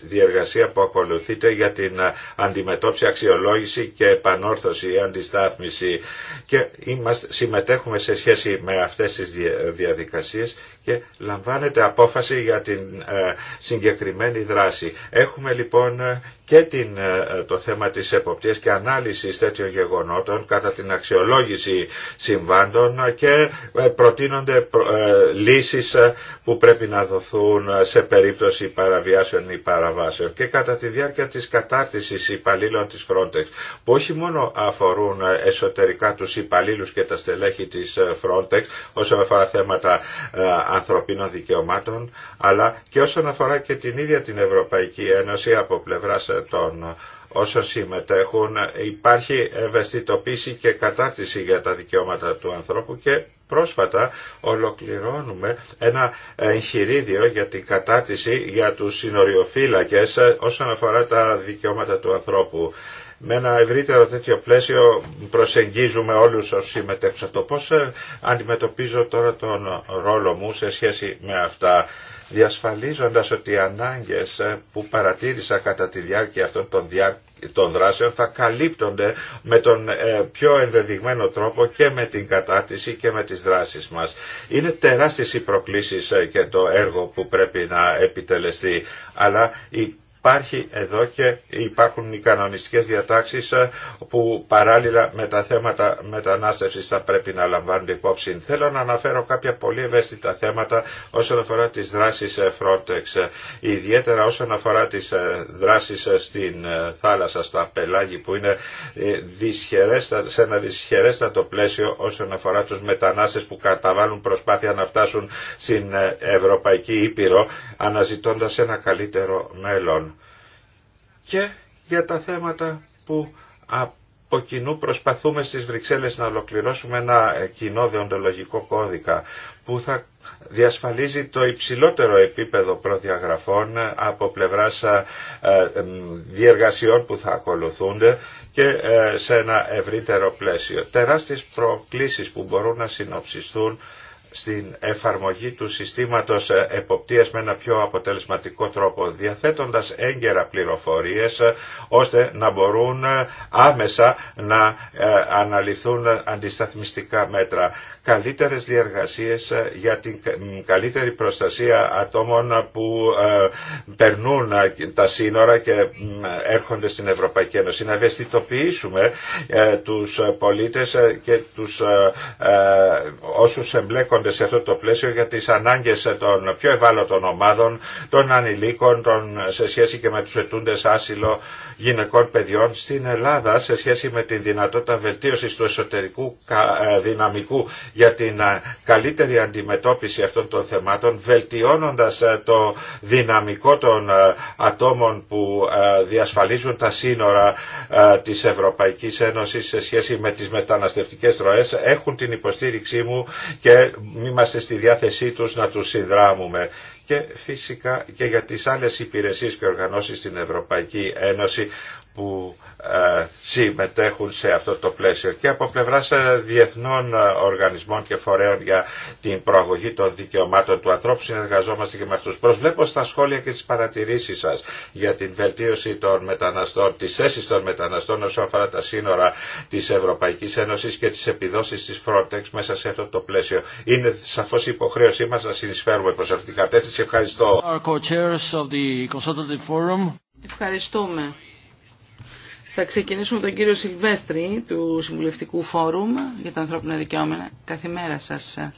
διεργασία ακολουθείτε για την ε, αντιμετώπιση, αξιολόγηση και επανόρθωση αντιστάθμιση και είμαστε, συμμετέχουμε σε σχέση με αυτές τις διαδικασίες και λαμβάνεται απόφαση για την ε, συγκεκριμένη δράση. Έχουμε λοιπόν ε, και την, ε, το θέμα της εποπτείας και ανάλυσης τέτοιων γεγονότων κατά την αξιολόγηση συμβάντων και προτείνονται λύσεις που πρέπει να δοθούν σε περίπτωση παραβιάσεων ή παραβάσεων και κατά τη διάρκεια της κατάρτισης υπαλλήλων της Frontex που όχι μόνο αφορούν εσωτερικά τους υπαλλήλους και τα στελέχη της Frontex όσον αφορά θέματα ανθρωπίνων δικαιωμάτων αλλά και όσον αφορά και την ίδια την Ευρωπαϊκή Ένωση από πλευράς ε, των όσων συμμετέχουν υπάρχει ευαισθητοποίηση και κατάρτιση για τα δικαιώματα του ανθρώπου και πρόσφατα ολοκληρώνουμε ένα εγχειρίδιο για την κατάρτιση για τους συνοριοφύλακες ε, όσον αφορά τα δικαιώματα του ανθρώπου με ένα ευρύτερο τέτοιο πλαίσιο προσεγγίζουμε όλους όσοι συμμετέχουν σε αυτό. Πώς ε, αντιμετωπίζω τώρα τον ρόλο μου σε σχέση με αυτά διασφαλίζοντας ότι οι ανάγκες ε, που παρατήρησα κατά τη διάρκεια αυτών των, των δράσεων θα καλύπτονται με τον ε, πιο ενδεδειγμένο τρόπο και με την κατάρτιση και με τις δράσεις μας. Είναι τεράστιες οι προκλήσεις και το έργο που πρέπει να επιτελεστεί, αλλά η Υπάρχει εδώ και υπάρχουν οι κανονιστικές διατάξεις ε, που παράλληλα με τα θέματα μετανάστευσης θα πρέπει να λαμβάνουν υπόψη. Θέλω να αναφέρω κάποια πολύ ευαίσθητα θέματα όσον αφορά τις δράσεις ε, Frontex, ιδιαίτερα όσον αφορά τις ε, δράσεις στην θάλασσα, στα πελάγη που είναι σε ένα δυσχερέστατο πλαίσιο όσον αφορά τους μετανάστες που καταβάλουν προσπάθεια να φτάσουν στην Ευρωπαϊκή Ήπειρο αναζητώντας ένα καλύτερο μέλλον και για τα θέματα που από κοινού προσπαθούμε στις Βρυξέλλες να ολοκληρώσουμε ένα ε, κοινό δεοντολογικό κώδικα που θα διασφαλίζει το υψηλότερο επίπεδο προδιαγραφών ε, από πλευράς ε, διεργασιών που θα ακολουθούνται και σε ένα ευρύτερο πλαίσιο. Τεράστιες προκλήσεις που μπορούν να συνοψιστούν στην εφαρμογή του συστήματος ε, εποπτείας με ένα πιο αποτελεσματικό τρόπο, διαθέτοντας έγκαιρα πληροφορίες ε, ώστε να μπορούν ε, άμεσα να αναλυθούν αντισταθμιστικά μέτρα. Καλύτερες διεργασίες για την καλύτερη προστασία ατόμων που περνούν τα σύνορα και έρχονται στην Ευρωπαϊκή Ένωση. Να ευαισθητοποιήσουμε τους πολίτες και τους όσους εμπλέκονται σε αυτό το πλαίσιο για τις ανάγκες των πιο ευάλωτων ομάδων, των ανηλίκων, των, σε σχέση και με τους ετούντες άσυλο γυναικών παιδιών στην Ελλάδα σε σχέση με την δυνατότητα βελτίωσης του εσωτερικού ε, δυναμικού για την ε, καλύτερη αντιμετώπιση αυτών των θεμάτων, βελτιώνοντας ε, το δυναμικό των ατόμων που διασφαλίζουν τα σύνορα της Ευρωπαϊκής Ένωσης σε σχέση με τις μεταναστευτικές ροές, έχουν την υποστήριξή μου και είμαστε στη διάθεσή τους να τους συνδράμουμε και φυσικά και για τις άλλες υπηρεσίες και οργανώσεις στην Ευρωπαϊκή Ένωση που ε, συμμετέχουν σε αυτό το πλαίσιο και από πλευράς ε, διεθνών ε, οργανισμών και φορέων για την προαγωγή των δικαιωμάτων του ανθρώπου συνεργαζόμαστε και με αυτούς. Προσβλέπω στα σχόλια και τις παρατηρήσεις σας για την βελτίωση των μεταναστών, τις θέσεις των μεταναστών όσον αφορά τα σύνορα της Ευρωπαϊκής Ένωσης και τις επιδόσεις της Frontex μέσα σε αυτό το πλαίσιο. Είναι σαφώς υποχρέωσή μας να συνεισφέρουμε προς αυτή την κατεύθυνση. Ευχαριστώ. Ευχαριστούμε θα ξεκινήσουμε τον κύριο Σιλβέστρη του Συμβουλευτικού Φόρουμ για τα ανθρώπινα δικαιώματα. Καθημέρα σας ε,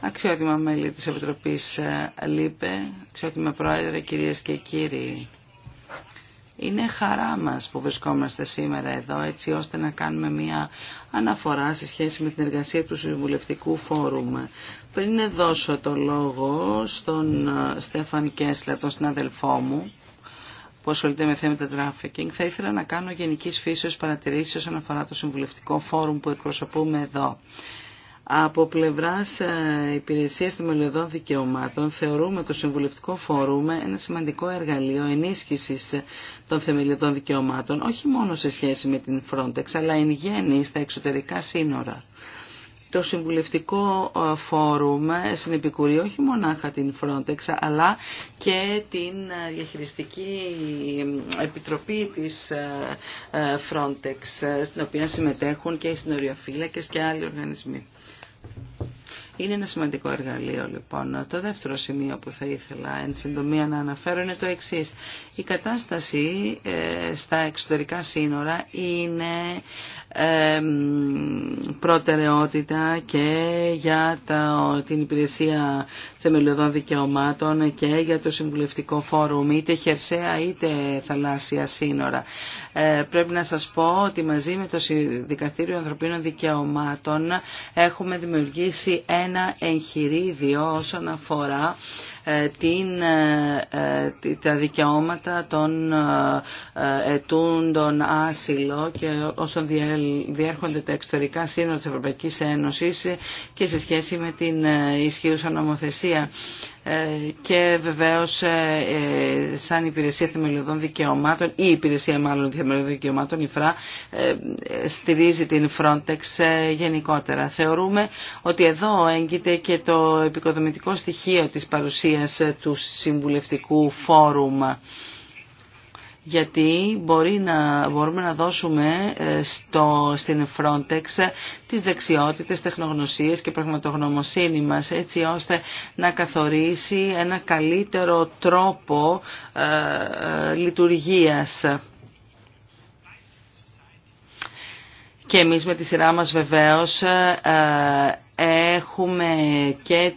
αξιότιμα μέλη της Επιτροπής ε, ΛΥΠΕ, αξιότιμα πρόεδρε, κυρίες και κύριοι. Είναι χαρά μας που βρισκόμαστε σήμερα εδώ έτσι ώστε να κάνουμε μια αναφορά σε σχέση με την εργασία του Συμβουλευτικού Φόρουμ. Πριν δώσω το λόγο στον ε, Στέφαν Κέσλα, τον συναδελφό μου, που ασχολείται με θέματα τράφικινγκ, θα ήθελα να κάνω γενική φύσεω παρατηρήσεις όσον αφορά το Συμβουλευτικό Φόρουμ που εκπροσωπούμε εδώ. Από πλευράς ε, υπηρεσίας θεμελιωδών δικαιωμάτων θεωρούμε το Συμβουλευτικό Φόρουμ ένα σημαντικό εργαλείο ενίσχυσης των θεμελιωδών δικαιωμάτων, όχι μόνο σε σχέση με την Frontex, αλλά εν γέννη στα εξωτερικά σύνορα το συμβουλευτικό ε, φόρουμ συνεπικουρεί όχι μονάχα την Frontex αλλά και την ε, διαχειριστική επιτροπή της ε, Frontex στην οποία συμμετέχουν και οι συνοριοφύλακες και άλλοι οργανισμοί. Είναι ένα σημαντικό εργαλείο λοιπόν. Το δεύτερο σημείο που θα ήθελα εν συντομία να αναφέρω είναι το εξής. Η κατάσταση ε, στα εξωτερικά σύνορα είναι προτεραιότητα και για την υπηρεσία θεμελιωδών δικαιωμάτων και για το συμβουλευτικό φόρουμ είτε χερσαία είτε θαλάσσια σύνορα. Ε, πρέπει να σας πω ότι μαζί με το Δικαστήριο Ανθρωπίνων Δικαιωμάτων έχουμε δημιουργήσει ένα εγχειρίδιο όσον αφορά ε, την, ε, τα δικαιώματα των ετούντων άσυλο και όσων διέρχονται τα εξωτερικά σύνορα της Ευρωπαϊκής Ένωσης και σε σχέση με την ισχύουσα νομοθεσία. Ε, και βεβαίως ε, ε, σαν υπηρεσία θεμελιωδών δικαιωμάτων ή υπηρεσία μάλλον θεμελιωδών δικαιωμάτων η ΦΡΑ στηρίζει την Frontex γενικότερα. Θεωρούμε ότι εδώ έγκυται και το επικοδομητικό στοιχείο της παρουσίας του Συμβουλευτικού Φόρουμ γιατί μπορεί μπορούμε να δώσουμε ε, στο, στην Frontex τις δεξιότητες, τεχνογνωσίες και πραγματογνωμοσύνη μας έτσι ώστε να καθορίσει ένα καλύτερο τρόπο ε, ε λειτουργίας. Και εμείς με τη σειρά μας βεβαίως ε, έχουμε και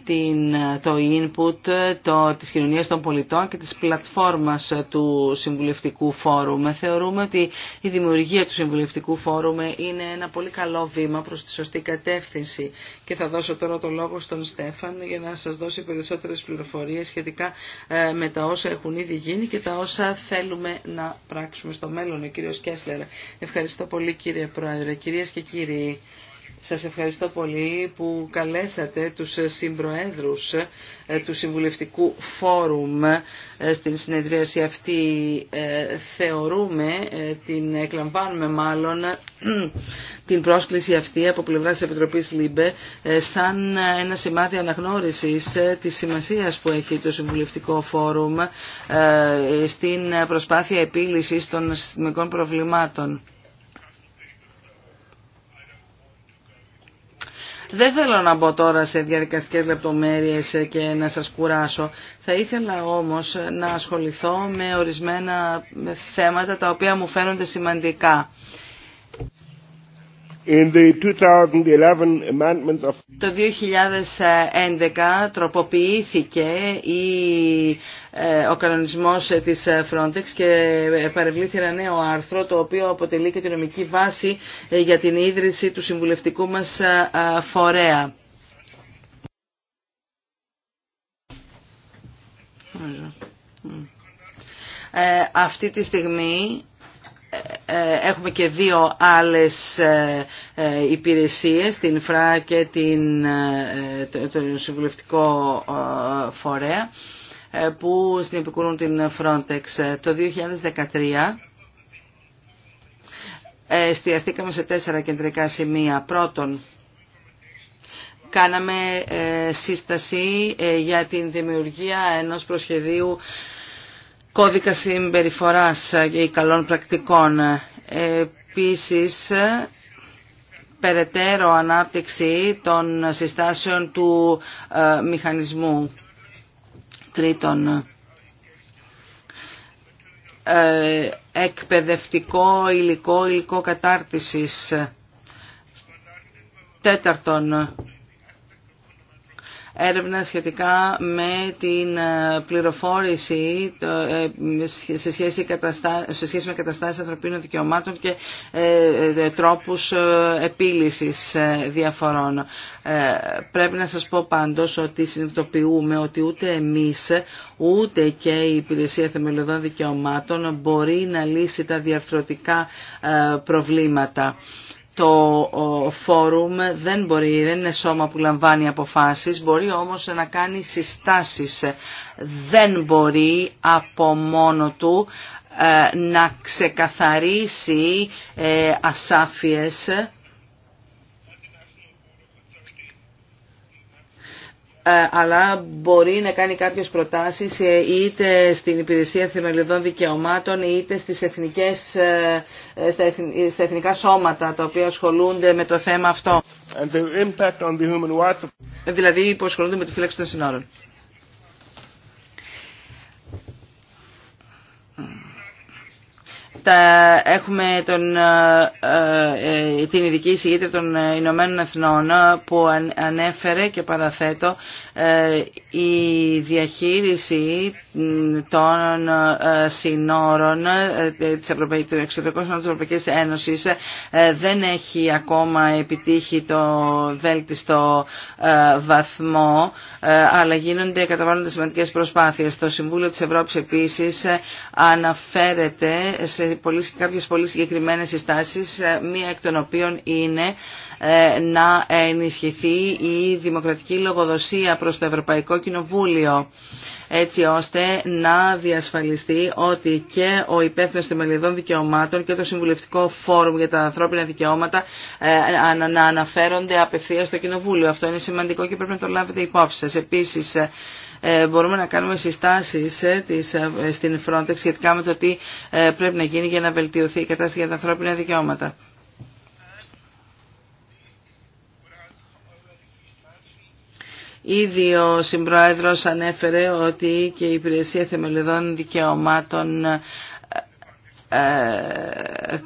το input το, της κοινωνίας των πολιτών και της πλατφόρμας του Συμβουλευτικού Φόρουμ. Θεωρούμε ότι η δημιουργία του Συμβουλευτικού Φόρουμ είναι ένα πολύ καλό βήμα προς τη σωστή κατεύθυνση και θα δώσω τώρα το λόγο στον Στέφαν για να σας δώσει περισσότερες πληροφορίες σχετικά ε, με τα όσα έχουν ήδη γίνει και τα όσα θέλουμε να πράξουμε στο μέλλον. κύριος Κέσλερ. Ευχαριστώ πολύ κύριε Πρόεδρε. Κυρίες και κύριοι, σας ευχαριστώ πολύ που καλέσατε τους συμπροέδρους ε, του Συμβουλευτικού Φόρουμ ε, στην συνεδρίαση αυτή. Ε, θεωρούμε, την εκλαμβάνουμε μάλλον, την πρόσκληση αυτή από πλευρά της Επιτροπής ΛΥΜΠΕ σαν ένα σημάδι αναγνώρισης της σημασίας που έχει το Συμβουλευτικό Φόρουμ στην προσπάθεια επίλυσης των συστημικών προβλημάτων. Δεν θέλω να μπω τώρα σε διαδικαστικές λεπτομέρειες και να σας κουράσω. Θα ήθελα όμως να ασχοληθώ με ορισμένα θέματα τα οποία μου φαίνονται σημαντικά. Το 2011 τροποποιήθηκε η, ε, ο κανονισμός της Frontex και παρευλήθη ένα νέο άρθρο το οποίο αποτελεί και τη νομική βάση ε, για την ίδρυση του συμβουλευτικού μας ε, φορέα. Ε, αυτή τη στιγμή ε, ε, έχουμε και δύο άλλες ε, υπηρεσίες, την ΦΡΑ και την, το, Συμβουλευτικό Φορέα, που συνεπικούν την Frontex. Το 2013 εστιαστήκαμε σε τέσσερα κεντρικά σημεία. Πρώτον, κάναμε σύσταση για την δημιουργία ενός προσχεδίου κώδικα συμπεριφοράς και καλών πρακτικών. Επίσης, περαιτέρω ανάπτυξη των συστάσεων του ε, μηχανισμού. Τρίτον, ε, εκπαιδευτικό υλικό, υλικό κατάρτισης. Τέταρτον, έρευνα σχετικά με την ε, πληροφόρηση ε, σε σχέση, με καταστάσεις ανθρωπίνων δικαιωμάτων και ε, τρόπους επίλυσης διαφορών. Πρέπει να σας πω πάντως ότι συνειδητοποιούμε ότι ούτε εμείς ούτε και η Υπηρεσία Θεμελιωδών Δικαιωμάτων μπορεί να λύσει τα διαρθρωτικά προβλήματα το φόρουμ δεν μπορεί, δεν είναι σώμα που λαμβάνει αποφάσεις, μπορεί όμως να κάνει συστάσεις. Δεν μπορεί από μόνο του ε, να ξεκαθαρίσει ε, ασάφιες Ε, αλλά μπορεί να κάνει κάποιες προτάσεις ε, είτε στην Υπηρεσία Θεμελιωδών Δικαιωμάτων είτε στις εθνικές, ε, στα, εθνικά σώματα τα οποία ασχολούνται με το θέμα αυτό. Δηλαδή που ασχολούνται με τη φύλαξη των συνόρων. τα, έχουμε τον, ε, ε, ε, την ειδική εισηγήτρια των Ηνωμένων Εθνών που ανέφερε και παραθέτω ε, η διαχείριση των ε, ε, συνόρων της Ευρωπαϊκής, της Ευρωπαϊκής Ένωσης δεν έχει ακόμα επιτύχει το βέλτιστο βαθμό αλλά γίνονται καταβάλλονται σημαντικές προσπάθειες. Το Συμβούλιο της Ευρώπης επίσης αναφέρεται σε πολύ, κάποιες πολύ συγκεκριμένες συστάσεις μία εκ των οποίων είναι ε, να ενισχυθεί η δημοκρατική λογοδοσία προς το Ευρωπαϊκό Κοινοβούλιο έτσι ώστε να διασφαλιστεί ότι και ο υπεύθυνο μελιδών δικαιωμάτων και το Συμβουλευτικό Φόρουμ για τα Ανθρώπινα Δικαιώματα ε, να αναφέρονται απευθεία στο Κοινοβούλιο. Αυτό είναι σημαντικό και πρέπει να το λάβετε υπόψη σα. Επίση, ε, μπορούμε να κάνουμε συστάσεις στην Frontex σχετικά με το τι πρέπει να γίνει για να βελτιωθεί η κατάσταση για τα ανθρώπινα δικαιώματα. Ήδη ο Συμπρόεδρος ανέφερε ότι και η Υπηρεσία Θεμελιδών Δικαιωμάτων ε, ε,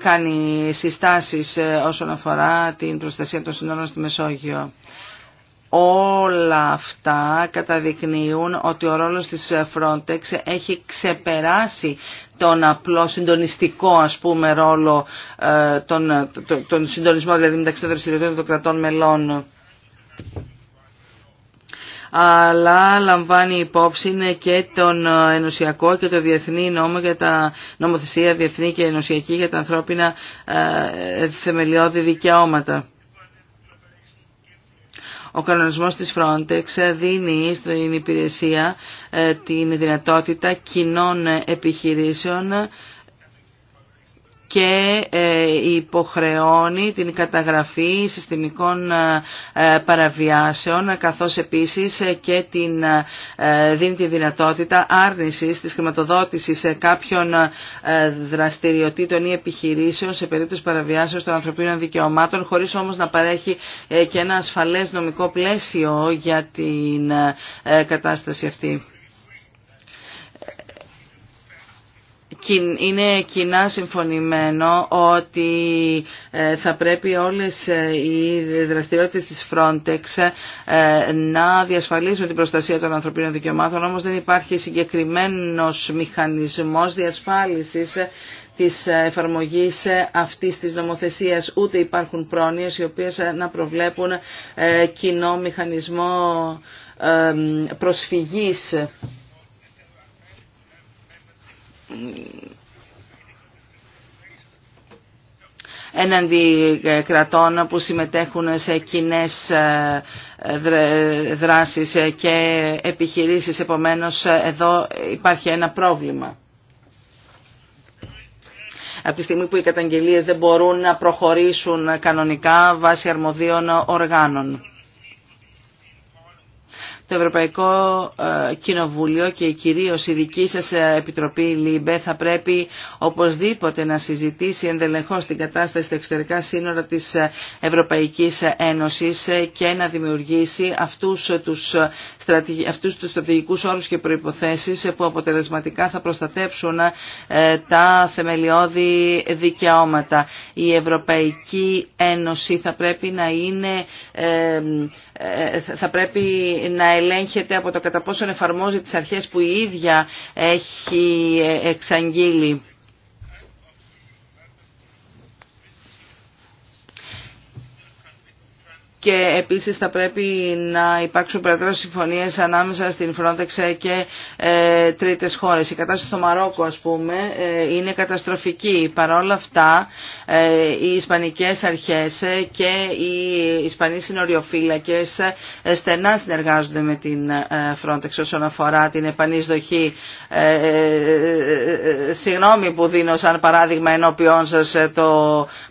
κάνει συστάσεις ε, όσον αφορά την προστασία των συνόρων στη Μεσόγειο. Όλα αυτά καταδεικνύουν ότι ο ρόλος της Frontex έχει ξεπεράσει τον απλό συντονιστικό ας πούμε ρόλο, τον, τον συντονισμό δηλαδή μεταξύ των δραστηριοτήτων των κρατών μελών αλλά λαμβάνει υπόψη και τον ε, ενωσιακό και το διεθνή νόμο για τα νομοθεσία διεθνή και ενωσιακή για τα ανθρώπινα ε, θεμελιώδη δικαιώματα. Ο κανονισμός της Frontex δίνει στην υπηρεσία ε, την δυνατότητα κοινών επιχειρήσεων και ε, υποχρεώνει την καταγραφή συστημικών ε, ε, παραβιάσεων καθώς επίσης και την, δίνει τη δυνατότητα άρνησης της χρηματοδότησης κάποιων δραστηριοτήτων ή επιχειρήσεων σε περίπτωση παραβιάσεων των ανθρωπίνων δικαιωμάτων χωρίς όμως να παρέχει και ένα ασφαλές νομικό πλαίσιο για την κατάσταση αυτή. είναι κοινά συμφωνημένο ότι ε, θα πρέπει όλες ε, οι δραστηριότητες της Frontex ε, να διασφαλίσουν την προστασία των ανθρωπίνων δικαιωμάτων, όμως δεν υπάρχει συγκεκριμένος μηχανισμός διασφάλισης της εφαρμογής αυτής της νομοθεσίας ούτε υπάρχουν πρόνοιες οι οποίες να προβλέπουν κοινό μηχανισμό προσφυγής έναντι ε, κρατών που συμμετέχουν σε κοινέ ε, δράσεις ε, και επιχειρήσεις. Επομένως, εδώ υπάρχει ένα πρόβλημα. Από τη στιγμή που οι καταγγελίες δεν μπορούν να προχωρήσουν κανονικά βάσει αρμοδίων οργάνων το Ευρωπαϊκό ε, Κοινοβούλιο και κυρίως η δική σας ε, Επιτροπή ΛΥΜΠΕ θα πρέπει οπωσδήποτε να συζητήσει ενδελεχώς την κατάσταση στα εξωτερικά σύνορα της ε, Ευρωπαϊκής Ένωσης και να δημιουργήσει αυτούς τους, στρατηγικού αυτούς τους στρατηγικούς όρους και προϋποθέσεις που αποτελεσματικά θα προστατέψουν τα θεμελιώδη δικαιώματα. Η Ευρωπαϊκή Ένωση θα πρέπει να είναι ε, θα πρέπει να ελέγχεται από το κατά πόσον εφαρμόζει τις αρχές που η ίδια έχει εξαγγείλει. και επίσης θα πρέπει να υπάρξουν περαιτέρω συμφωνίες ανάμεσα στην Frontex και ε, τρίτες χώρες. Η κατάσταση στο Μαρόκο ας πούμε ε, είναι καταστροφική. Παρ' όλα αυτά ε, οι Ισπανικές αρχές και οι Ισπανοί συνοριοφύλακες στενά συνεργάζονται με την Frontex όσον αφορά την επανεισδοχή. Συγγνώμη που δίνω σαν παράδειγμα ενώπιόν σας το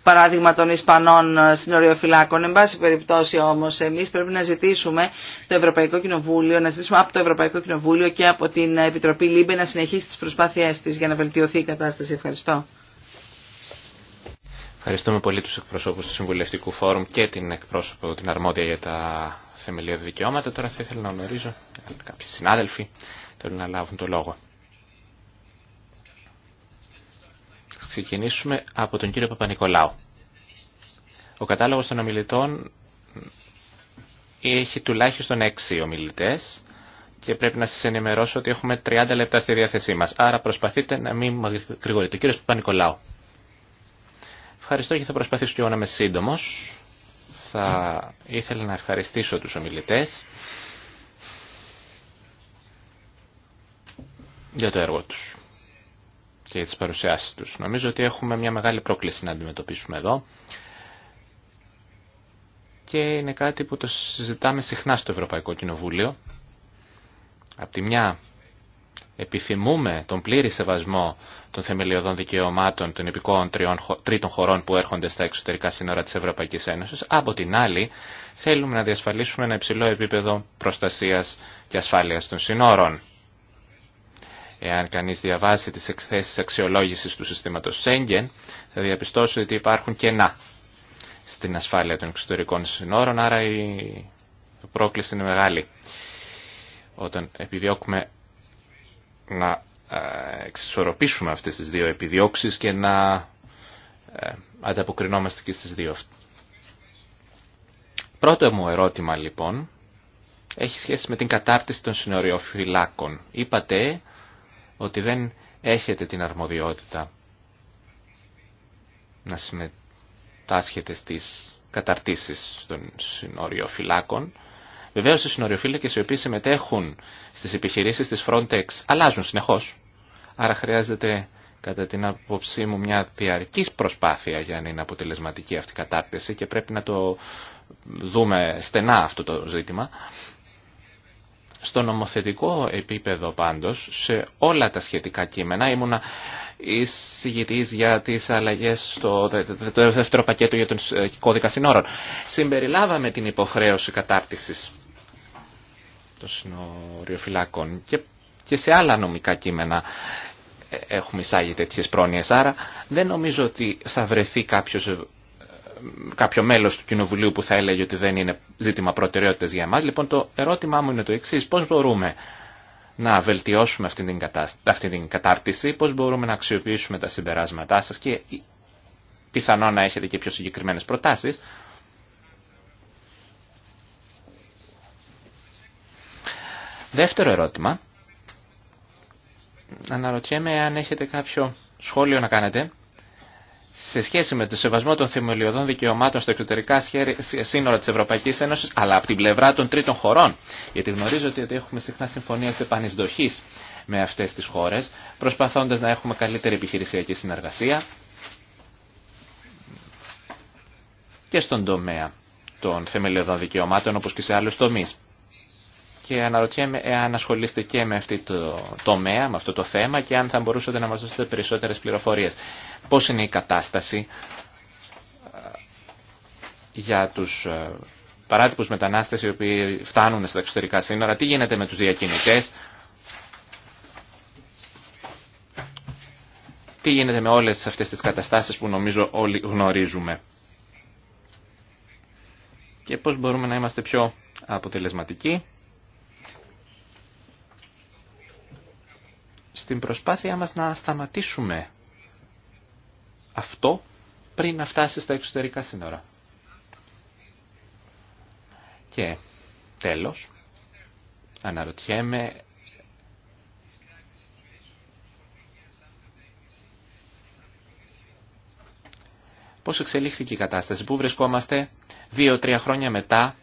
παράδειγμα των Ισπανών συνοριοφυλάκων. Εν πάση περιπτώσει περιπτώσει όμως. Εμείς πρέπει να ζητήσουμε το Ευρωπαϊκό Κοινοβούλιο, να ζητήσουμε από το Ευρωπαϊκό Κοινοβούλιο και από την Επιτροπή Λίμπε να συνεχίσει τις προσπάθειές της για να βελτιωθεί η κατάσταση. Ευχαριστώ. Ευχαριστούμε πολύ του εκπροσώπους του Συμβουλευτικού Φόρουμ και την εκπρόσωπο, την αρμόδια για τα θεμελιώδη δικαιώματα. Τώρα θα ήθελα να γνωρίζω αν κάποιοι συνάδελφοι θέλουν να λάβουν το λόγο. ξεκινήσουμε από τον κύριο Ο κατάλογος των ομιλητών έχει τουλάχιστον 6 ομιλητές και πρέπει να σας ενημερώσω ότι έχουμε 30 λεπτά στη διάθεσή μας. Άρα προσπαθείτε να μην γρηγορείτε. Κύριος Παπα-Νικολάου. Ευχαριστώ και θα προσπαθήσω και εγώ να είμαι σύντομο. Θα ήθελα να ευχαριστήσω τους ομιλητές για το έργο τους και για τις παρουσιάσεις τους. Νομίζω ότι έχουμε μια μεγάλη πρόκληση να αντιμετωπίσουμε εδώ και είναι κάτι που το συζητάμε συχνά στο Ευρωπαϊκό Κοινοβούλιο. Απ' τη μια επιθυμούμε τον πλήρη σεβασμό των θεμελιωδών δικαιωμάτων των επικών τρίτων χωρών που έρχονται στα εξωτερικά σύνορα της Ευρωπαϊκής Ένωσης. Από την άλλη, θέλουμε να διασφαλίσουμε ένα υψηλό επίπεδο προστασίας και ασφάλειας των σύνορων. Εάν κανείς διαβάσει τις εκθέσεις αξιολόγησης του συστήματος Σέγγεν, θα διαπιστώσει ότι υπάρχουν κενά στην ασφάλεια των εξωτερικών συνόρων, άρα η πρόκληση είναι μεγάλη. Όταν επιδιώκουμε να ε, εξισορροπήσουμε αυτές τις δύο επιδιώξεις και να ε, ανταποκρινόμαστε και στις δύο Πρώτο μου ερώτημα λοιπόν έχει σχέση με την κατάρτιση των συνοριοφυλάκων. Είπατε ότι δεν έχετε την αρμοδιότητα να συμμετέχετε τάσχεται στις καταρτήσεις των συνοριοφυλάκων. Βεβαίως οι συνοριοφύλακες οι οποίοι συμμετέχουν στις επιχειρήσεις της Frontex αλλάζουν συνεχώς. Άρα χρειάζεται κατά την άποψή μου μια διαρκής προσπάθεια για να είναι αποτελεσματική αυτή η κατάρτιση και πρέπει να το δούμε στενά αυτό το ζήτημα. Στο νομοθετικό επίπεδο πάντως, σε όλα τα σχετικά κείμενα, ήμουνα εισηγητής για τις αλλαγές στο δεύτερο πακέτο για τον ε, κώδικα συνόρων. Συμπεριλάβαμε την υποχρέωση κατάρτισης των συνοριοφυλάκων και, και σε άλλα νομικά κείμενα ε, έχουμε εισάγει τέτοιες πρόνοιες. Άρα δεν νομίζω ότι θα βρεθεί κάποιος κάποιο μέλος του Κοινοβουλίου που θα έλεγε ότι δεν είναι ζήτημα προτεραιότητας για εμάς. Λοιπόν, το ερώτημά μου είναι το εξής. Πώς μπορούμε να βελτιώσουμε αυτή την, αυτή την κατάρτιση, πώς μπορούμε να αξιοποιήσουμε τα συμπεράσματά σας και πιθανόν να έχετε και πιο συγκεκριμένες προτάσεις. Δεύτερο ερώτημα. Αναρωτιέμαι αν έχετε κάποιο σχόλιο να κάνετε σε σχέση με το σεβασμό των θεμελιωδών δικαιωμάτων στα εξωτερικά σύνορα της Ευρωπαϊκής Ένωσης, αλλά από την πλευρά των τρίτων χωρών, γιατί γνωρίζω ότι έχουμε συχνά συμφωνίες επανεισδοχής με αυτές τις χώρες, προσπαθώντας να έχουμε καλύτερη επιχειρησιακή συνεργασία και στον τομέα των θεμελιωδών δικαιωμάτων, όπως και σε άλλους τομείς και αναρωτιέμαι εάν ασχολείστε και με αυτή το τομέα, με αυτό το θέμα και αν θα μπορούσατε να μας δώσετε περισσότερες πληροφορίες. Πώς είναι η κατάσταση ε, για τους ε, παράτυπους μετανάστες οι οποίοι φτάνουν στα εξωτερικά σύνορα, τι γίνεται με τους διακινητές, τι γίνεται με όλες αυτές τις καταστάσεις που νομίζω όλοι γνωρίζουμε και πώς μπορούμε να είμαστε πιο αποτελεσματικοί στην προσπάθειά μας να σταματήσουμε αυτό πριν να φτάσει στα εξωτερικά σύνορα. Και τέλος, αναρωτιέμαι πώς εξελίχθηκε η κατάσταση, πού βρισκόμαστε δύο-τρία χρόνια μετά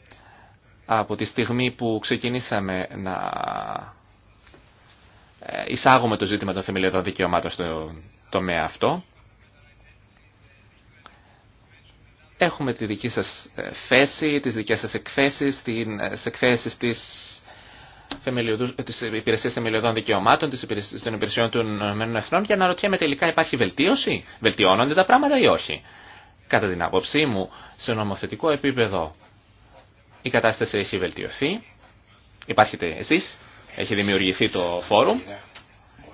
από τη στιγμή που ξεκινήσαμε να ε, εισάγουμε το ζήτημα των θεμελιωδών δικαιωμάτων στο τομέα αυτό. Έχουμε τη δική σας ε, θέση, τις δικές σας εκθέσεις, ε, τις εκθέσεις της, της Υπηρεσίας Θεμελιωδών Δικαιωμάτων, της υπηρεσίας, των Υπηρεσιών των Ηνωμένων Εθνών για να ρωτιέμαι τελικά υπάρχει βελτίωση, βελτιώνονται τα πράγματα ή όχι. Κατά την άποψή μου, σε νομοθετικό επίπεδο η κατάσταση έχει βελτιωθεί. Υπάρχετε εσείς έχει δημιουργηθεί το φόρουμ.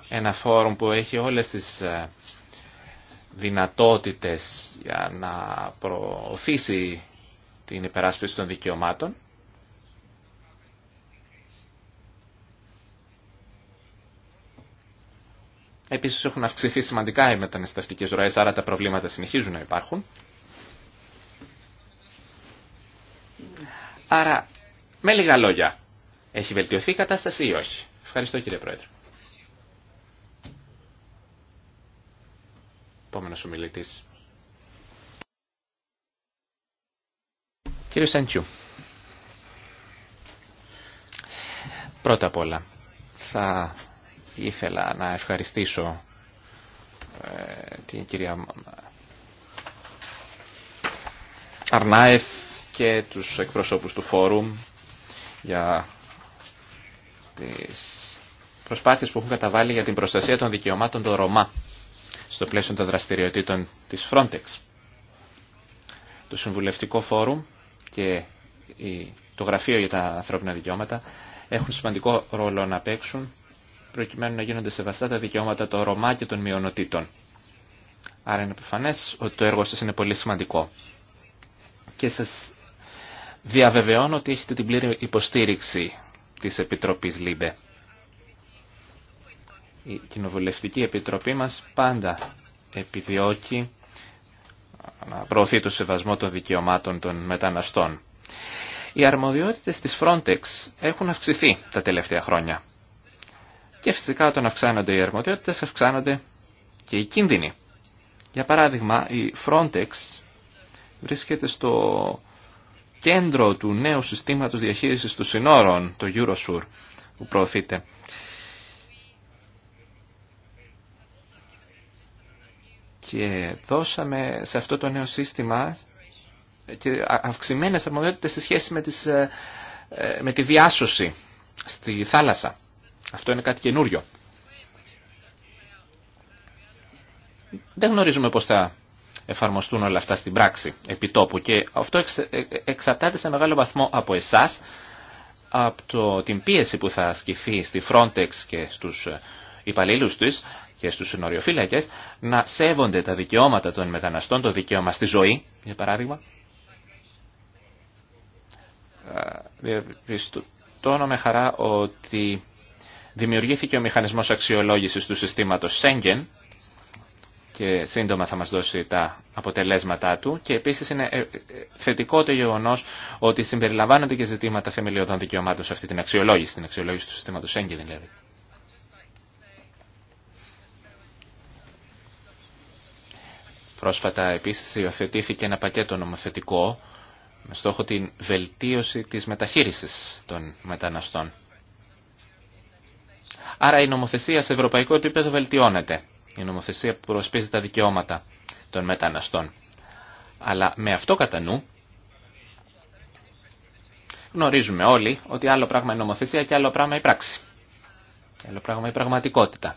Ένα φόρουμ που έχει όλες τις ε, δυνατότητες για να προωθήσει την υπεράσπιση των δικαιωμάτων. Επίσης έχουν αυξηθεί σημαντικά οι μεταναστευτικές ροές, άρα τα προβλήματα συνεχίζουν να υπάρχουν. Άρα, με λίγα λόγια, έχει βελτιωθεί η κατάσταση ή όχι. Ευχαριστώ κύριε Πρόεδρε. Επόμενος ομιλητής. Κύριε Σαντιού. Πρώτα απ' όλα θα ήθελα να ευχαριστήσω ε, την κυρία Αρνάεφ και τους εκπροσώπους του Φόρουμ για τις προσπάθειες που έχουν καταβάλει για την προστασία των δικαιωμάτων των Ρωμά στο πλαίσιο των δραστηριοτήτων της Frontex. Το Συμβουλευτικό Φόρουμ και το Γραφείο για τα Ανθρώπινα Δικαιώματα έχουν σημαντικό ρόλο να παίξουν προκειμένου να γίνονται σεβαστά τα δικαιώματα των Ρωμά και των μειονοτήτων. Άρα είναι επιφανέ ότι το έργο σας είναι πολύ σημαντικό. Και σας διαβεβαιώνω ότι έχετε την πλήρη υποστήριξη της Επιτροπής ΛΥΜΠΕ. Η Κοινοβουλευτική Επιτροπή μας πάντα επιδιώκει να προωθεί το σεβασμό των δικαιωμάτων των μεταναστών. Οι αρμοδιότητες της Frontex έχουν αυξηθεί τα τελευταία χρόνια. Και φυσικά όταν αυξάνονται οι αρμοδιότητες αυξάνονται και οι κίνδυνοι. Για παράδειγμα η Frontex βρίσκεται στο κέντρο του νέου συστήματος διαχείρισης του συνόρων, το Eurosur, που προωθείται. Και δώσαμε σε αυτό το νέο σύστημα και αυξημένες αρμοδιότητες σε σχέση με, τις, ε, ε, με τη διάσωση στη θάλασσα. Αυτό είναι κάτι καινούριο. Δεν γνωρίζουμε πώς θα εφαρμοστούν όλα αυτά στην πράξη επιτόπου. Και αυτό ε, ε, εξαρτάται σε μεγάλο βαθμό από εσάς, από την πίεση που θα ασκηθεί στη Frontex και στους ε, υπαλλήλους της και στους συνοριοφύλακες να σέβονται τα δικαιώματα των μεταναστών, το δικαίωμα στη ζωή, για παράδειγμα. Πιστώνω με χαρά ότι δημιουργήθηκε ο μηχανισμός αξιολόγησης του συστήματος Schengen, και σύντομα θα μας δώσει τα αποτελέσματά του και επίσης είναι ε, ε, θετικό το γεγονός ότι συμπεριλαμβάνονται και ζητήματα θεμελιωδών δικαιωμάτων σε αυτή την αξιολόγηση, την αξιολόγηση του συστήματος Σέγγεν δηλαδή. Πρόσφατα επίσης υιοθετήθηκε ένα πακέτο νομοθετικό με στόχο την βελτίωση της μεταχείρισης των μεταναστών. Άρα η νομοθεσία σε ευρωπαϊκό επίπεδο βελτιώνεται η νομοθεσία που προσπίζει τα δικαιώματα των μεταναστών. Αλλά με αυτό κατά νου γνωρίζουμε όλοι ότι άλλο πράγμα είναι νομοθεσία και άλλο πράγμα η πράξη. άλλο πράγμα η πραγματικότητα.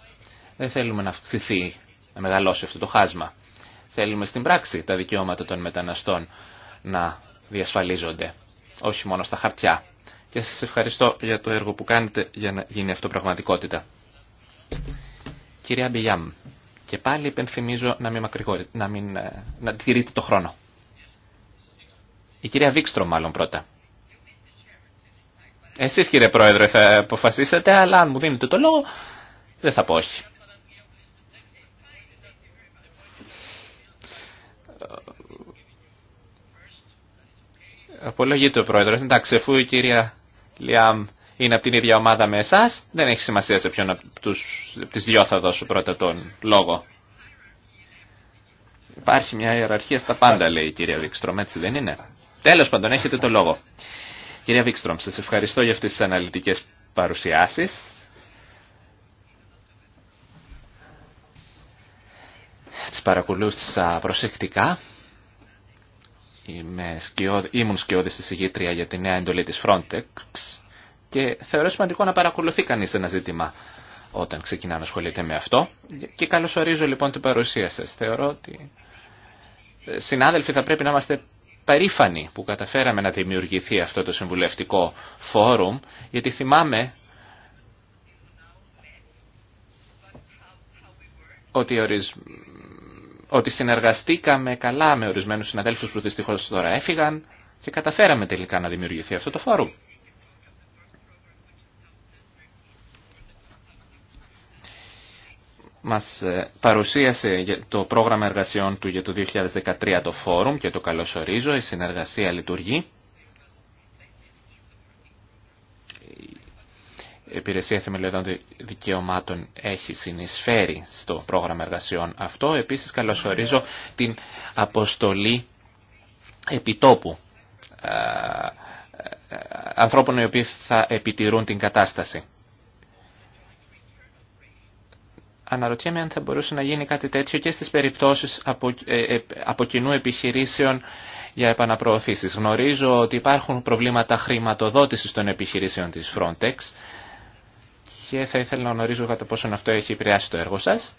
Δεν θέλουμε να αυξηθεί, να μεγαλώσει αυτό το χάσμα. Θέλουμε στην πράξη τα δικαιώματα των μεταναστών να διασφαλίζονται, όχι μόνο στα χαρτιά. Και σας ευχαριστώ για το έργο που κάνετε για να γίνει αυτό πραγματικότητα κυρία Μπιγιάμ. Και πάλι υπενθυμίζω να μην, να μην ε, να τηρείτε το χρόνο. Η κυρία Βίξτρο μάλλον πρώτα. Εσείς κύριε Πρόεδρε θα αποφασίσετε, αλλά αν μου δίνετε το λόγο δεν θα πω όχι. Ε, απολογείται ο Πρόεδρος. Εντάξει, αφού η κυρία Λιάμ είναι από την ίδια ομάδα με εσά, δεν έχει σημασία σε ποιον από, τους, τις δυο θα δώσω πρώτα τον λόγο. Υπάρχει μια ιεραρχία στα πάντα, λέει η κυρία Βίξτρομ, έτσι δεν είναι. Τέλο πάντων, έχετε το λόγο. Κυρία Βίξτρομ, σα ευχαριστώ για αυτέ τι αναλυτικέ παρουσιάσει. Τις παρακολούθησα προσεκτικά. σκιώδη, ήμουν σκιώδης στη για τη νέα εντολή της Frontex και θεωρώ σημαντικό να παρακολουθεί κανεί ένα ζήτημα όταν ξεκινά να ασχολείται με αυτό. Και ορίζω λοιπόν την παρουσία σα. Θεωρώ ότι ε, συνάδελφοι θα πρέπει να είμαστε περήφανοι που καταφέραμε να δημιουργηθεί αυτό το συμβουλευτικό φόρουμ, γιατί θυμάμαι ότι, ότι συνεργαστήκαμε καλά με ορισμένους συναδέλφους που δυστυχώς τώρα έφυγαν και καταφέραμε τελικά να δημιουργηθεί αυτό το φόρουμ. μας ε, παρουσίασε το πρόγραμμα εργασιών του για το 2013 το Φόρουμ και το καλωσορίζω, η συνεργασία λειτουργεί. Η Υπηρεσία Θεμελιωδών Δικαιωμάτων έχει συνεισφέρει στο πρόγραμμα εργασιών αυτό. Επίσης καλωσορίζω την αποστολή επιτόπου ε, ε, ανθρώπων οι οποίοι θα επιτηρούν την κατάσταση. Αναρωτιέμαι αν θα μπορούσε να γίνει κάτι τέτοιο και στις περιπτώσεις ε, ε, από, κοινού επιχειρήσεων για επαναπροωθήσεις. Γνωρίζω ότι υπάρχουν προβλήματα χρηματοδότησης των επιχειρήσεων της Frontex και θα ήθελα να γνωρίζω κατά πόσον αυτό έχει επηρεάσει το έργο σας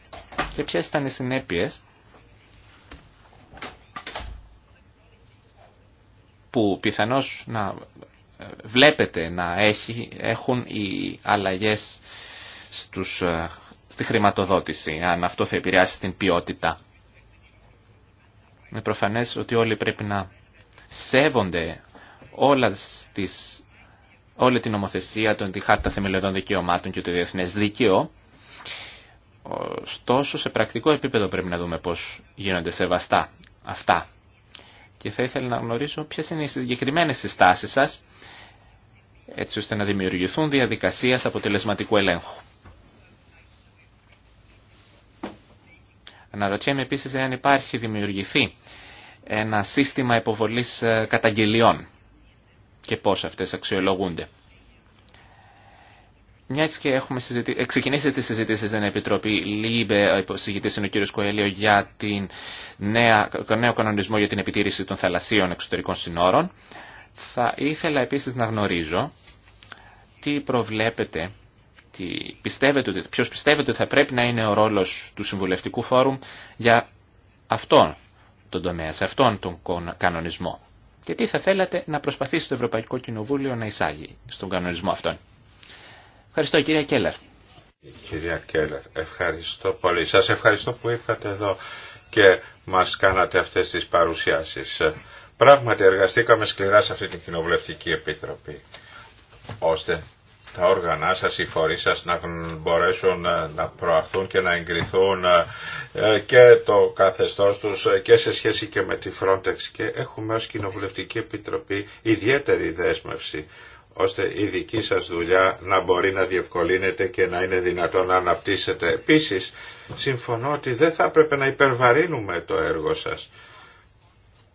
και ποιες ήταν οι συνέπειες που πιθανώς να ε, βλέπετε να έχει, έχουν οι αλλαγές στους στη χρηματοδότηση, αν αυτό θα επηρεάσει την ποιότητα. Είναι προφανές ότι όλοι πρέπει να σέβονται όλα τις, όλη την νομοθεσία, τον, τη χάρτα θεμελιωδών δικαιωμάτων και το διεθνές δίκαιο. Ωστόσο, σε πρακτικό επίπεδο πρέπει να δούμε πώς γίνονται σεβαστά αυτά. Και θα ήθελα να γνωρίσω ποιες είναι οι συγκεκριμένες συστάσεις σας, έτσι ώστε να δημιουργηθούν διαδικασίες αποτελεσματικού ελέγχου. Αναρωτιέμαι επίσης εάν υπάρχει δημιουργηθεί ένα σύστημα υποβολής ε, καταγγελιών και πώς αυτές αξιολογούνται. Μια και έχουμε ε, ξεκινήσει τις συζητήσει στην Επιτροπή ΛΥΜΠΕ, ο συγητή είναι ο κ. Κοέλιο, για την νέο κανονισμό για την επιτήρηση των θαλασσίων εξωτερικών συνόρων. Θα ήθελα επίση να γνωρίζω τι προβλέπετε ότι πιστεύετε ότι, ποιος πιστεύετε ότι θα πρέπει να είναι ο ρόλος του Συμβουλευτικού Φόρουμ για αυτόν τον τομέα, σε αυτόν τον κανονισμό. Και τι θα θέλατε να προσπαθήσει το Ευρωπαϊκό Κοινοβούλιο να εισάγει στον κανονισμό αυτόν. Ευχαριστώ κυρία Κέλλαρ. Κυρία Κέλλαρ, ευχαριστώ πολύ. Σας ευχαριστώ που ήρθατε εδώ και μας κάνατε αυτές τις παρουσιάσεις. Πράγματι εργαστήκαμε σκληρά σε αυτή την κοινοβουλευτική επιτροπή, ώστε τα όργανα σας, οι φορείς σας να μπορέσουν ε, να προαχθούν και να εγκριθούν ε, ε, και το καθεστώς τους και σε σχέση και με τη Frontex και έχουμε ως Κοινοβουλευτική Επιτροπή ιδιαίτερη δέσμευση ώστε η δική σας δουλειά να μπορεί να διευκολύνεται και να είναι δυνατόν να αναπτύσσεται. Επίσης, συμφωνώ ότι δεν θα έπρεπε να υπερβαρύνουμε το έργο σας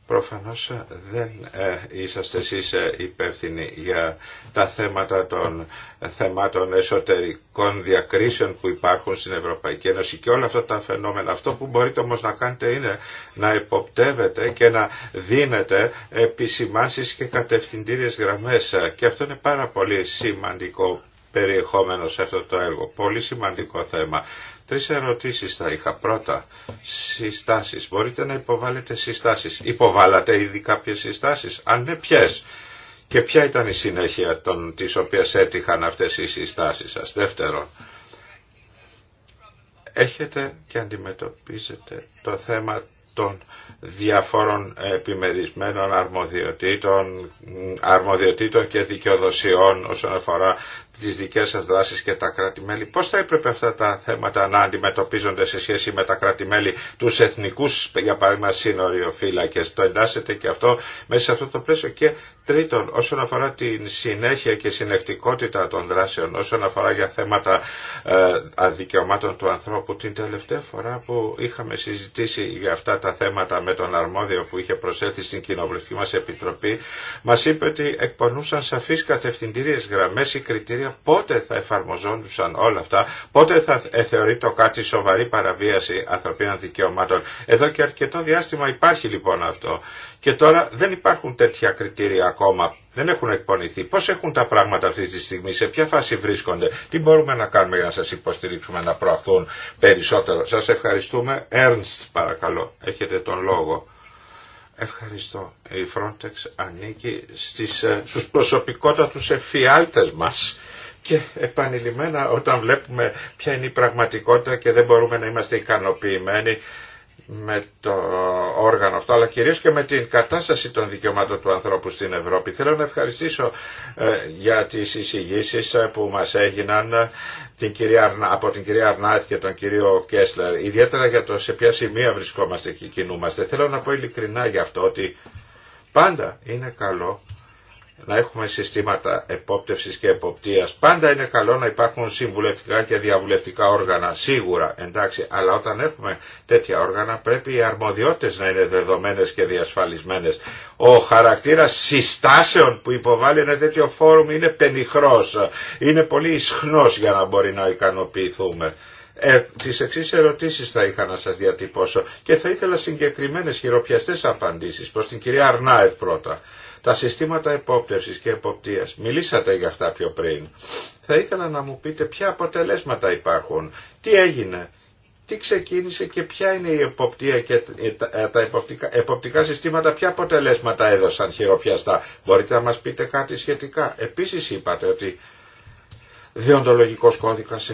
Προφανώς ε, δεν ε, είσαστε εσείς ε, υπεύθυνοι για τα θέματα των ε, θεμάτων εσωτερικών διακρίσεων που υπάρχουν στην Ευρωπαϊκή Ένωση και όλα αυτά τα φαινόμενα. Αυτό που μπορείτε όμως να κάνετε είναι να υποπτεύετε και να δίνετε επισημάνσεις και κατευθυντήριες γραμμές και αυτό είναι πάρα πολύ σημαντικό περιεχόμενο σε αυτό το έργο. Πολύ σημαντικό θέμα. Τρεις ερωτήσεις θα είχα. Πρώτα, συστάσεις. Μπορείτε να υποβάλλετε συστάσεις. υποβάλατε ήδη κάποιες συστάσεις. Αν ναι, ποιες. Και ποια ήταν η συνέχεια των, τις οποίες έτυχαν αυτές οι συστάσεις σας. Δεύτερον, έχετε και αντιμετωπίζετε το θέμα των διαφόρων επιμερισμένων αρμοδιοτήτων, αρμοδιοτήτων και δικαιοδοσιών όσον αφορά τις δικές σας δράσεις και τα κράτη-μέλη. Πώς θα έπρεπε αυτά τα θέματα να αντιμετωπίζονται σε σχέση με τα κράτη-μέλη, τους εθνικούς, για παράδειγμα, σύνοριοφύλακες. Το εντάσσετε και αυτό μέσα σε αυτό το πλαίσιο. Και τρίτον, όσον αφορά την συνέχεια και συνεκτικότητα των δράσεων, όσον αφορά για θέματα ε, αδικαιωμάτων του ανθρώπου, την τελευταία φορά που είχαμε συζητήσει για αυτά τα θέματα με τον αρμόδιο που είχε προσέλθει στην κοινοβουλευτική μας επιτροπή, μας είπε ότι εκπονούσαν σαφείς κατευθυντήριες γραμμές ή κριτήρια πότε θα εφαρμοζόντουσαν όλα αυτά, πότε θα θεωρεί το κάτι σοβαρή παραβίαση ανθρωπίνων δικαιωμάτων. Εδώ και αρκετό διάστημα υπάρχει λοιπόν αυτό. Και τώρα δεν υπάρχουν τέτοια κριτήρια ακόμα. Δεν έχουν εκπονηθεί. Πώ έχουν τα πράγματα αυτή τη στιγμή, σε ποια φάση βρίσκονται, τι μπορούμε να κάνουμε για να σα υποστηρίξουμε να προαχθούν περισσότερο. Σα ευχαριστούμε. Ernst, παρακαλώ, έχετε τον λόγο. Ευχαριστώ. Η Frontex ανήκει στις, ε, στους προσωπικότατους εφιάλτες μας και επανειλημμένα όταν βλέπουμε ποια είναι η πραγματικότητα και δεν μπορούμε να είμαστε ικανοποιημένοι με το όργανο αυτό αλλά κυρίως και με την κατάσταση των δικαιωμάτων του ανθρώπου στην Ευρώπη. Θέλω να ευχαριστήσω ε, για τις εισηγήσεις ε, που μας έγιναν ε, την κυρία, από την κυρία Αρνάτ και τον κύριο Κέσλερ ιδιαίτερα για το σε ποια σημεία βρισκόμαστε και κινούμαστε. Θέλω να πω ειλικρινά γι' αυτό ότι πάντα είναι καλό να έχουμε συστήματα επόπτευσης και εποπτείας. Πάντα είναι καλό να υπάρχουν συμβουλευτικά και διαβουλευτικά όργανα, σίγουρα, εντάξει, αλλά όταν έχουμε τέτοια όργανα πρέπει οι αρμοδιότητες να είναι δεδομένες και διασφαλισμένες. Ο χαρακτήρας συστάσεων που υποβάλλει ένα τέτοιο φόρουμ είναι πενιχρός, είναι πολύ ισχνός για να μπορεί να ικανοποιηθούμε. Ε, τις εξής ερωτήσεις θα είχα να σας διατυπώσω και θα ήθελα συγκεκριμένες χειροπιαστές απαντήσεις προς την κυρία Αρνάευ πρώτα. Τα συστήματα επόπτευσης και εποπτείας. Μιλήσατε για αυτά πιο πριν. Θα ήθελα να μου πείτε ποια αποτελέσματα υπάρχουν. Τι έγινε. Τι ξεκίνησε και ποια είναι η εποπτεία και τα ε, εποπτικά, συστήματα, ποια αποτελέσματα έδωσαν χειροπιαστά. Μπορείτε να μας πείτε κάτι σχετικά. Επίσης είπατε ότι διοντολογικός κώδικας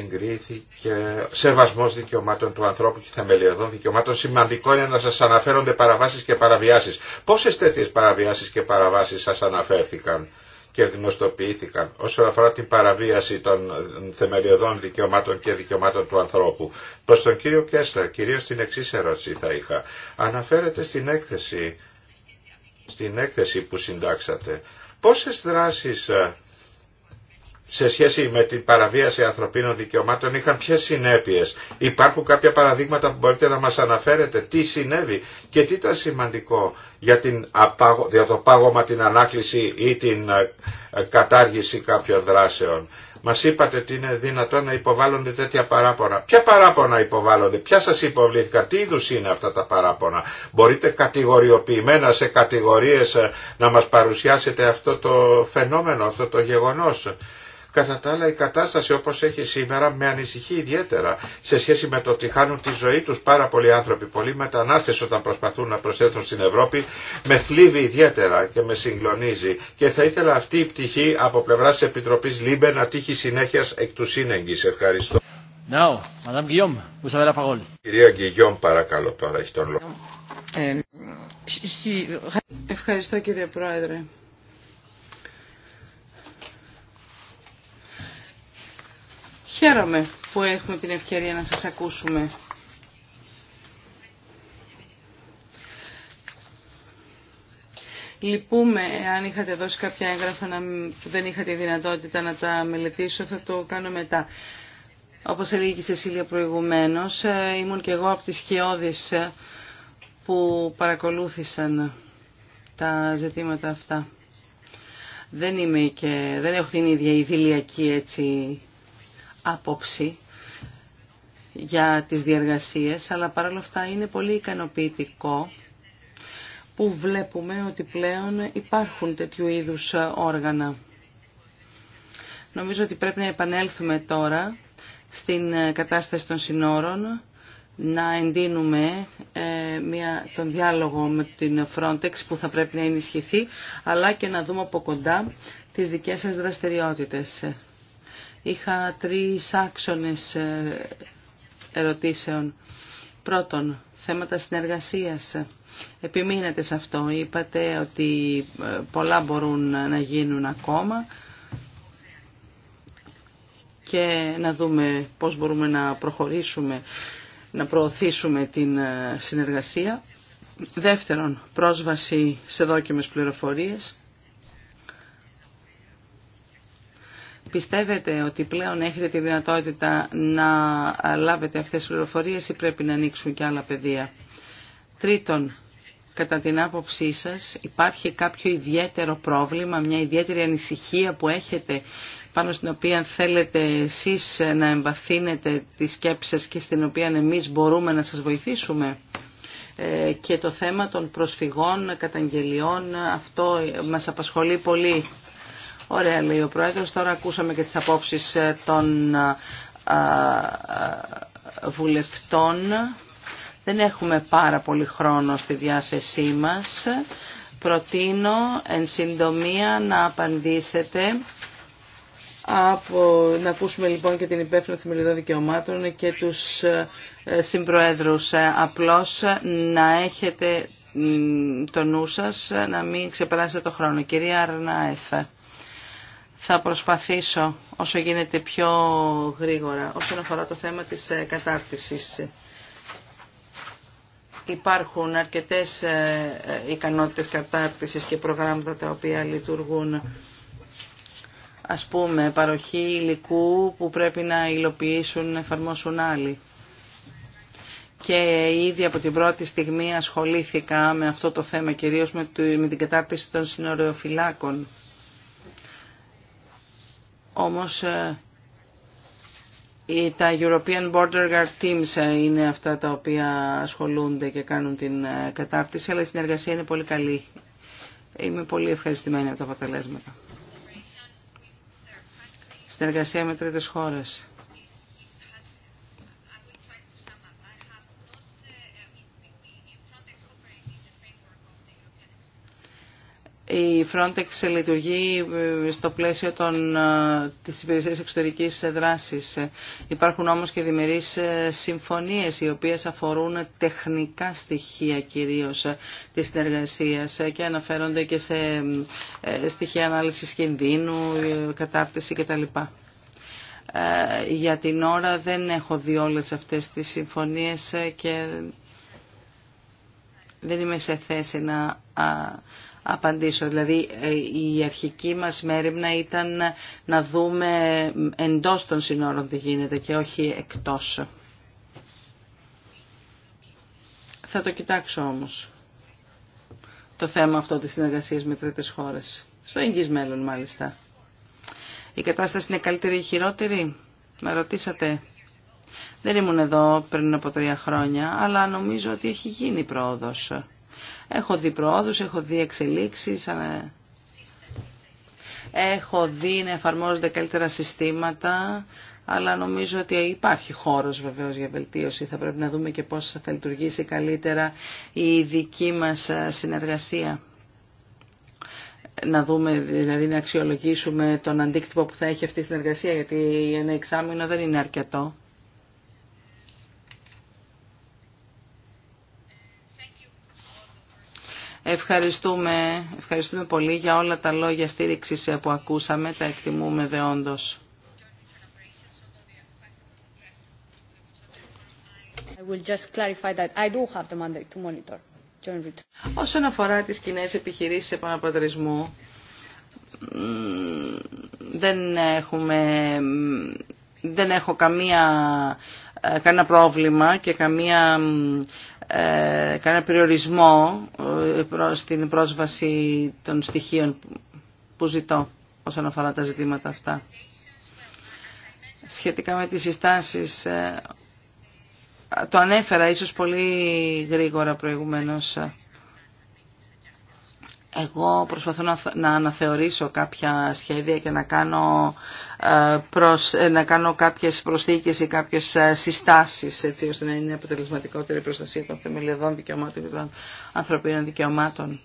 και σεβασμός δικαιωμάτων του ανθρώπου και θεμελιωδών δικαιωμάτων. Σημαντικό είναι να σας αναφέρονται παραβάσεις και παραβιάσεις. Πόσες τέτοιες παραβιάσεις και παραβάσεις σας αναφέρθηκαν και γνωστοποιήθηκαν όσον αφορά την παραβίαση των θεμελιωδών δικαιωμάτων και δικαιωμάτων του ανθρώπου. Προς τον κύριο Κέσλα, κυρίως την εξή ερώτηση θα είχα. Αναφέρεται στην έκθεση, στην έκθεση που συντάξατε. Πόσες δράσεις ε, σε σχέση με την παραβίαση ανθρωπίνων δικαιωμάτων είχαν ποιε συνέπειε. Υπάρχουν κάποια παραδείγματα που μπορείτε να μα αναφέρετε. Τι συνέβη και τι ήταν σημαντικό για, την, για το πάγωμα, την ανάκληση ή την ε, ε, κατάργηση κάποιων δράσεων. Μα είπατε ότι είναι δυνατόν να υποβάλλονται τέτοια παράπονα. Ποια παράπονα υποβάλλονται, ποια σα υποβλήθηκαν, τι είδου είναι αυτά τα παράπονα. Μπορείτε κατηγοριοποιημένα σε κατηγορίε ε, να μα παρουσιάσετε αυτό το φαινόμενο, αυτό το γεγονό. Κατά τα άλλα η κατάσταση όπω έχει σήμερα με ανησυχεί ιδιαίτερα σε σχέση με το ότι χάνουν τη ζωή του πάρα πολλοί άνθρωποι, πολλοί μετανάστε όταν προσπαθούν να προσέλθουν στην Ευρώπη, με θλίβει ιδιαίτερα και με συγκλονίζει. Και θα ήθελα αυτή η πτυχή από πλευρά τη Επιτροπή Λίμπε να τύχει συνέχεια εκ του σύνεγγυ. Ευχαριστώ. Now, Madame Guillaume, vous avez la parole. Κυρία Γκυγιόμ, παρακαλώ τώρα, έχει τον λόγο. Ε, ευχαριστώ κύριε Πρόεδρε. Χαίρομαι που έχουμε την ευκαιρία να σας ακούσουμε. Λυπούμε αν είχατε δώσει κάποια έγγραφα που δεν είχατε δυνατότητα να τα μελετήσω, θα το κάνω μετά. Όπως έλεγε και η Σεσίλια προηγουμένως, ε, ήμουν και εγώ από τις χειώδεις ε, που παρακολούθησαν τα ζητήματα αυτά. Δεν είμαι και δεν έχω την ίδια ιδηλιακή έτσι άποψη για τις διεργασίες, αλλά παρόλα αυτά είναι πολύ ικανοποιητικό που βλέπουμε ότι πλέον υπάρχουν τέτοιου είδους όργανα. Νομίζω ότι πρέπει να επανέλθουμε τώρα στην κατάσταση των συνόρων, να εντείνουμε ε, μια, τον διάλογο με την Frontex που θα πρέπει να ενισχυθεί, αλλά και να δούμε από κοντά τις δικές σας δραστηριότητες είχα τρεις άξονες ε, ερωτήσεων. Πρώτον, θέματα συνεργασίας. Επιμείνετε σε αυτό. Είπατε ότι ε, πολλά μπορούν να γίνουν ακόμα και να δούμε πώς μπορούμε να προχωρήσουμε, να προωθήσουμε την ε, συνεργασία. Δεύτερον, πρόσβαση σε δόκιμες πληροφορίες. Πιστεύετε ότι πλέον έχετε τη δυνατότητα να λάβετε αυτές τις πληροφορίες ή πρέπει να ανοίξουν και άλλα πεδία. Τρίτον, κατά την άποψή σας υπάρχει κάποιο ιδιαίτερο πρόβλημα, μια ιδιαίτερη ανησυχία που έχετε πάνω στην οποία θέλετε εσείς να εμβαθύνετε τη σκέψη σας και στην οποία εμείς μπορούμε να σας βοηθήσουμε ε, και το θέμα των προσφυγών, καταγγελιών, αυτό μας απασχολεί πολύ. Ωραία, λέει ο Πρόεδρος. Τώρα ακούσαμε και τις απόψεις ε, των ε, ε, βουλευτών. Δεν έχουμε πάρα πολύ χρόνο στη διάθεσή μας. Προτείνω εν συντομία να απαντήσετε από... Να ακούσουμε λοιπόν και την υπεύθυνο θεμελιωδών δικαιωμάτων και τους συμπροέδρους. Απλώς να έχετε το νου σας, να μην ξεπεράσετε το χρόνο. Κυρία Αρνάεφ θα προσπαθήσω όσο γίνεται πιο γρήγορα όσον αφορά το θέμα της ε, κατάρτισης. Υπάρχουν αρκετές ε, ε, ικανότητες κατάρτισης και προγράμματα τα οποία λειτουργούν ας πούμε παροχή υλικού που πρέπει να υλοποιήσουν, να εφαρμόσουν άλλοι. Και ήδη από την πρώτη στιγμή ασχολήθηκα με αυτό το θέμα, κυρίως με την κατάρτιση των συνοριοφυλάκων. Όμως ε, τα European Border Guard Teams ε, είναι αυτά τα οποία ασχολούνται και κάνουν την ε, κατάρτιση, αλλά η συνεργασία είναι πολύ καλή. Είμαι πολύ ευχαριστημένη από τα αποτελέσματα. Συνεργασία με τρίτες χώρες. Η Frontex λειτουργεί ε, στο πλαίσιο των, ε, της υπηρεσίας εξωτερικής δράσης. Υπάρχουν όμως και διμερείς ε, συμφωνίες οι οποίες αφορούν τεχνικά στοιχεία κυρίως της συνεργασίας και αναφέρονται και σε στοιχεία ανάλυσης κινδύνου, κατάρτιση κτλ για την ώρα δεν έχω δει όλες αυτές τις συμφωνίες και δεν είμαι σε θέση να απαντήσω. Δηλαδή ε, η αρχική μας μέρημνα ήταν να δούμε εντός των συνόρων τι γίνεται και όχι εκτός. Θα το κοιτάξω όμως το θέμα αυτό της συνεργασίας με τρίτες χώρες. Στο εγγύς μέλλον μάλιστα. Η κατάσταση είναι καλύτερη ή χειρότερη. Με ρωτήσατε. Δεν ήμουν εδώ πριν από τρία χρόνια, αλλά νομίζω ότι έχει γίνει πρόοδος. Έχω δει προόδους, έχω δει εξελίξεις, έχω δει να εφαρμόζονται καλύτερα συστήματα, αλλά νομίζω ότι υπάρχει χώρος βεβαίως για βελτίωση. Θα πρέπει να δούμε και πώς θα λειτουργήσει καλύτερα η δική μας συνεργασία να δούμε, δηλαδή να αξιολογήσουμε τον αντίκτυπο που θα έχει αυτή η συνεργασία, γιατί ένα εξάμεινο δεν είναι αρκετό. Ευχαριστούμε, ευχαριστούμε πολύ για όλα τα λόγια στήριξης που ακούσαμε, τα εκτιμούμε δεόντως. Όσον αφορά τις κοινέ επιχειρήσεις επαναπατρισμού, δεν έχουμε δεν έχω καμία ε, κανένα πρόβλημα και καμία, ε, κανένα περιορισμό στην ε, πρόσβαση των στοιχείων που ζητώ όσον αφορά τα ζητήματα αυτά. Σχετικά με τις συστάσεις, το ανέφερα ίσως πολύ γρήγορα προηγουμένως. Εγώ προσπαθώ να αναθεωρήσω κάποια σχέδια και να κάνω, ε, προς, ε, να κάνω κάποιες προσθήκες ή κάποιες ε, συστάσεις έτσι ώστε να είναι αποτελεσματικότερη η προστασία των θεμελιωδών δικαιωμάτων και των ανθρωπίνων δικαιωμάτων.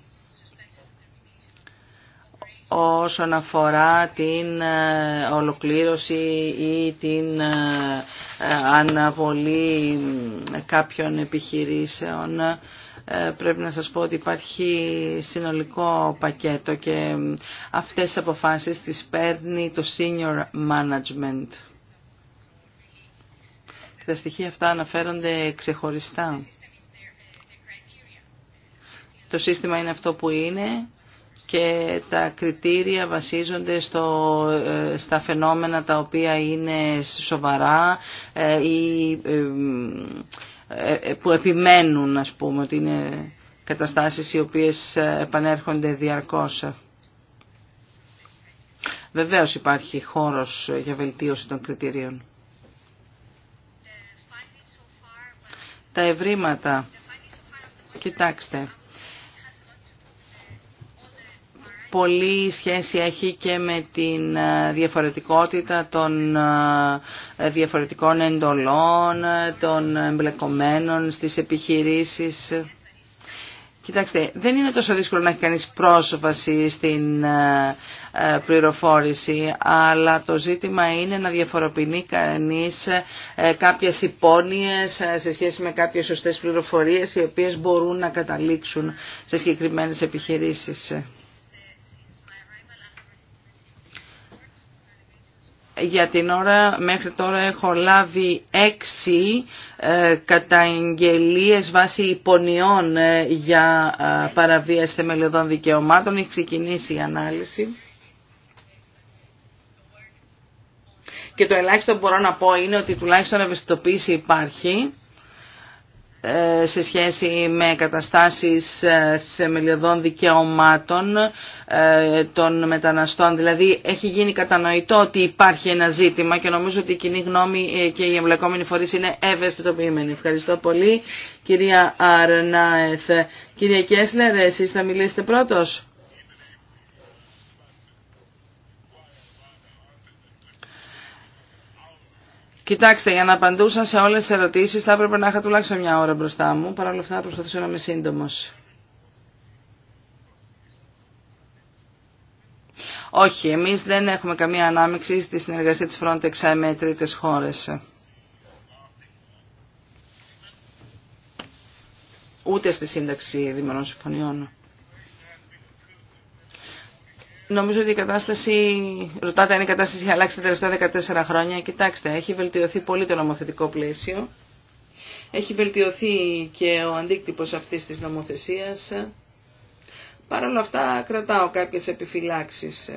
Όσον αφορά την ολοκλήρωση ή την αναβολή κάποιων επιχειρήσεων, ε, πρέπει να σας πω ότι υπάρχει συνολικό πακέτο και αυτές τις αποφάσεις τις παίρνει το senior management. τα στοιχεία αυτά αναφέρονται ξεχωριστά. Το σύστημα είναι αυτό που είναι και τα κριτήρια βασίζονται στο, ε, στα φαινόμενα τα οποία είναι σοβαρά ε, ή ε, ε, που επιμένουν ας πούμε ότι είναι καταστάσεις οι οποίες ε, επανέρχονται διαρκώς. Βεβαίως υπάρχει χώρος για βελτίωση των κριτηρίων. Τα ευρήματα, κοιτάξτε, πολύ σχέση έχει και με την ε, διαφορετικότητα των ε, διαφορετικών εντολών, ε, των εμπλεκομένων στις επιχειρήσεις. Κοιτάξτε, δεν είναι τόσο δύσκολο να έχει κανείς πρόσβαση στην πληροφόρηση, αλλά το ζήτημα είναι να διαφοροποιεί κανείς κάποιες υπόνοιες σε σχέση με κάποιες σωστές πληροφορίες οι οποίες μπορούν να καταλήξουν σε συγκεκριμένες επιχειρήσεις. για την ώρα μέχρι τώρα έχω λάβει έξι ε, καταγγελίες βάσει υπονοιών ε, για ε, παραβίαση θεμελιωδών δικαιωμάτων. Έχει ξεκινήσει η ανάλυση. Και το ελάχιστο που μπορώ να πω είναι ότι τουλάχιστον ευαισθητοποίηση υπάρχει ε, σε σχέση με καταστάσεις ε, θεμελιωδών δικαιωμάτων ε, των μεταναστών. Δηλαδή έχει γίνει κατανοητό ότι υπάρχει ένα ζήτημα και νομίζω ότι η κοινή γνώμη και οι εμπλεκόμενοι φορείς είναι ευαισθητοποιημένοι. Ευχαριστώ πολύ κυρία Αρνάεθ. Κυρία Κέσλερ, εσείς θα μιλήσετε πρώτος. Κοιτάξτε, για να απαντούσα σε όλες τις ερωτήσεις θα έπρεπε να είχα τουλάχιστον μια ώρα μπροστά μου. Παρ' όλα αυτά θα προσπαθήσω να είμαι σύντομος. Όχι, εμεί δεν έχουμε καμία ανάμειξη στη συνεργασία τη Frontex με τρίτε χώρε. Ούτε στη σύνταξη δημιουργών συμφωνιών. Νομίζω ότι η κατάσταση, ρωτάτε αν η κατάσταση έχει αλλάξει τα τελευταία 14 χρόνια. Κοιτάξτε, έχει βελτιωθεί πολύ το νομοθετικό πλαίσιο. Έχει βελτιωθεί και ο αντίκτυπος αυτής της νομοθεσίας. Παρ' όλα αυτά κρατάω κάποιες επιφυλάξεις.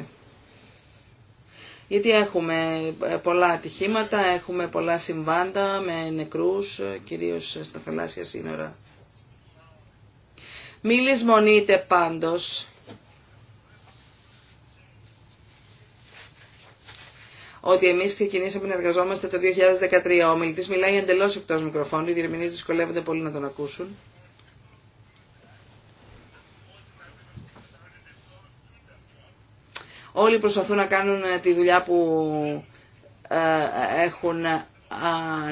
Γιατί έχουμε πολλά ατυχήματα, έχουμε πολλά συμβάντα με νεκρούς, κυρίως στα θαλάσσια σύνορα. Μη λησμονείτε πάντως ότι εμεί ξεκινήσαμε να εργαζόμαστε το 2013. Ο μιλητή μιλάει εντελώ εκτό μικροφώνου, οι διερμηνεί δυσκολεύονται πολύ να τον ακούσουν. Όλοι προσπαθούν να κάνουν ε, τη δουλειά που ε, έχουν ε,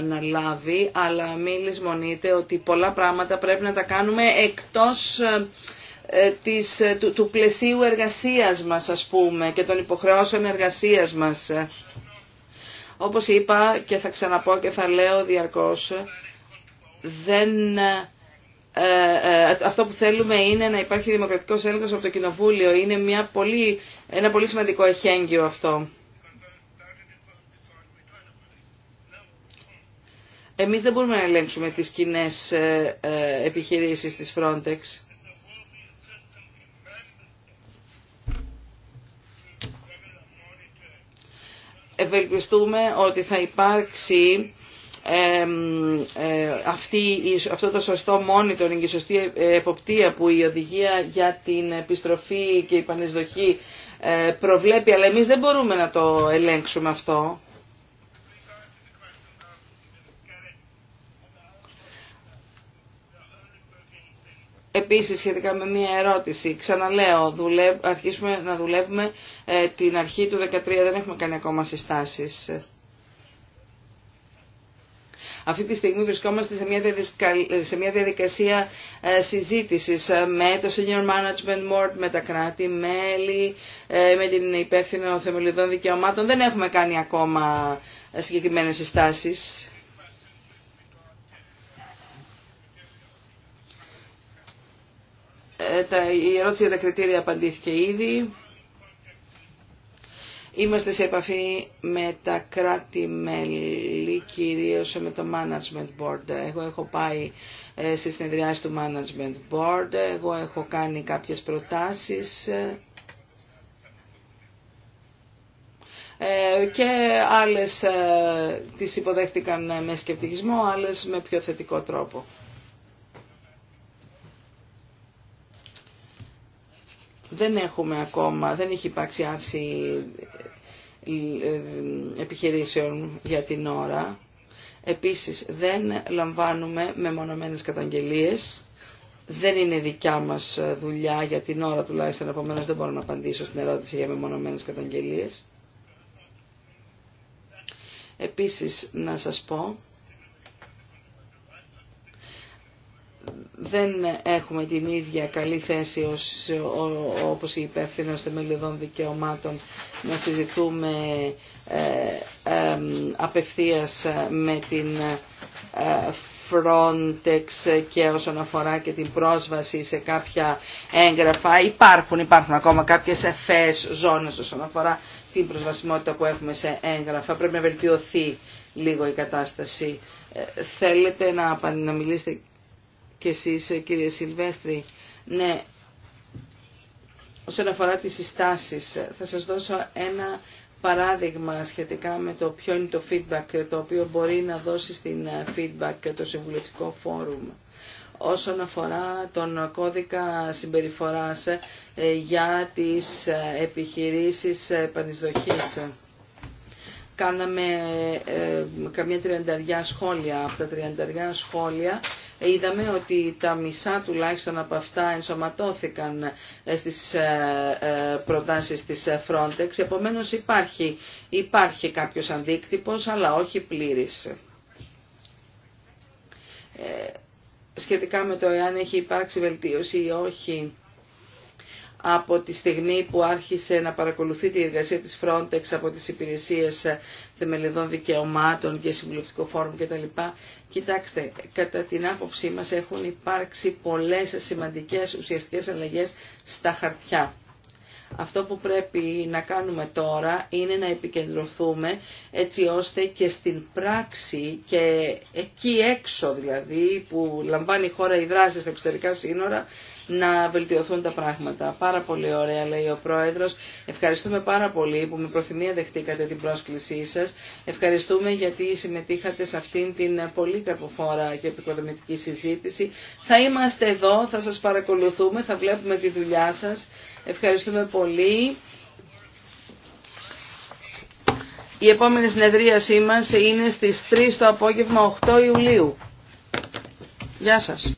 αναλάβει, αλλά μην λησμονείτε ότι πολλά πράγματα πρέπει να τα κάνουμε εκτός ε, της, ε, του, του πλαισίου εργασίας μας ας πούμε και των υποχρεώσεων εργασίας μας. Όπως είπα και θα ξαναπώ και θα λέω διαρκώς, δεν, ε, αυτό που θέλουμε είναι να υπάρχει δημοκρατικός έλεγχος από το Κοινοβούλιο. Είναι μια πολύ, ένα πολύ σημαντικό εχέγγυο αυτό. Εμείς δεν μπορούμε να ελέγξουμε τις κοινέ επιχειρήσεις της Frontex. ευελπιστούμε ότι θα υπάρξει ε, αυτή, αυτό το σωστό monitoring, η σωστή εποπτεία που η οδηγία για την επιστροφή και η πανεσδοχή ε, προβλέπει, αλλά εμείς δεν μπορούμε να το ελέγξουμε αυτό. επίσης σχετικά με μία ερώτηση. Ξαναλέω, δουλεύ, αρχίσουμε να δουλεύουμε ε, την αρχή του 2013, δεν έχουμε κάνει ακόμα συστάσεις. Αυτή τη στιγμή βρισκόμαστε σε μια διαδικασία ε, συζήτησης ε, με το Senior Management Board, με τα κράτη-μέλη, με την υπεύθυνο θεμελιωδών δικαιωμάτων. Δεν έχουμε κάνει ακόμα συγκεκριμένες συστάσεις. η ερώτηση για τα κριτήρια απαντήθηκε ήδη. Είμαστε σε επαφή με τα κράτη-μέλη, κυρίως με το Management Board. Εγώ έχω πάει ε, στις συνεδριάσεις του Management Board, εγώ έχω κάνει κάποιες προτάσεις ε, και άλλες ε, τις υποδέχτηκαν με σκεπτικισμό, άλλες με πιο θετικό τρόπο. δεν έχουμε ακόμα, δεν έχει υπάρξει άρση ε, ε, επιχειρήσεων για την ώρα. Επίσης δεν λαμβάνουμε μεμονωμένες καταγγελίες. Δεν είναι δικιά μας ε, δουλειά για την ώρα τουλάχιστον, επομένως δεν μπορώ να απαντήσω στην ερώτηση για μεμονωμένες καταγγελίες. Επίσης να σας πω δεν έχουμε την ίδια καλή θέση ως, όπως η υπεύθυνο θεμελιωδών δικαιωμάτων να συζητούμε ε, απευθείας με την ε, Frontex και όσον αφορά και την πρόσβαση σε κάποια έγγραφα υπάρχουν, υπάρχουν ακόμα κάποιες εφές ζώνες όσον αφορά την προσβασιμότητα που έχουμε σε έγγραφα. Πρέπει να βελτιωθεί λίγο η κατάσταση. Ε, θέλετε να, να μιλήσετε και εσείς κύριε Σιλβέστρη. Ναι, όσον αφορά τις συστάσεις, θα σας δώσω ένα παράδειγμα σχετικά με το ποιο είναι το feedback το οποίο μπορεί να δώσει στην ε, feedback το Συμβουλευτικό Φόρουμ όσον αφορά τον κώδικα συμπεριφοράς ε, για τις ε, επιχειρήσεις επανεισδοχής. Κάναμε καμιά τριανταριά σχόλια. Από τα τριανταριά σχόλια είδαμε ότι τα μισά τουλάχιστον από αυτά ενσωματώθηκαν ε, στις ε, ε, προτάσεις της Frontex. Επομένως υπάρχει, υπάρχει κάποιος αντίκτυπος, αλλά όχι πλήρης. Σχετικά με το εάν έχει υπάρξει βελτίωση ή όχι από τη στιγμή που άρχισε να παρακολουθεί τη εργασία της Frontex από τις υπηρεσίες θεμελιδών δικαιωμάτων και συμβουλευτικό φόρουμ κτλ. Κοιτάξτε, κατά την άποψή μας έχουν υπάρξει πολλές σημαντικές ουσιαστικές αλλαγές στα χαρτιά. Αυτό που πρέπει να κάνουμε τώρα είναι να επικεντρωθούμε έτσι ώστε και στην πράξη και εκεί έξω δηλαδή που λαμβάνει η χώρα η δράση στα εξωτερικά σύνορα να βελτιωθούν τα πράγματα. Πάρα πολύ ωραία λέει ο Πρόεδρο. Ευχαριστούμε πάρα πολύ που με προθυμία δεχτήκατε την πρόσκλησή σα. Ευχαριστούμε γιατί συμμετείχατε σε αυτήν την πολύ καρποφόρα και επικοδομητική συζήτηση. Θα είμαστε εδώ, θα σα παρακολουθούμε, θα βλέπουμε τη δουλειά σα. Ευχαριστούμε πολύ. Η επόμενη συνεδρίασή μας είναι στις 3 το απόγευμα 8 Ιουλίου. Γεια σας.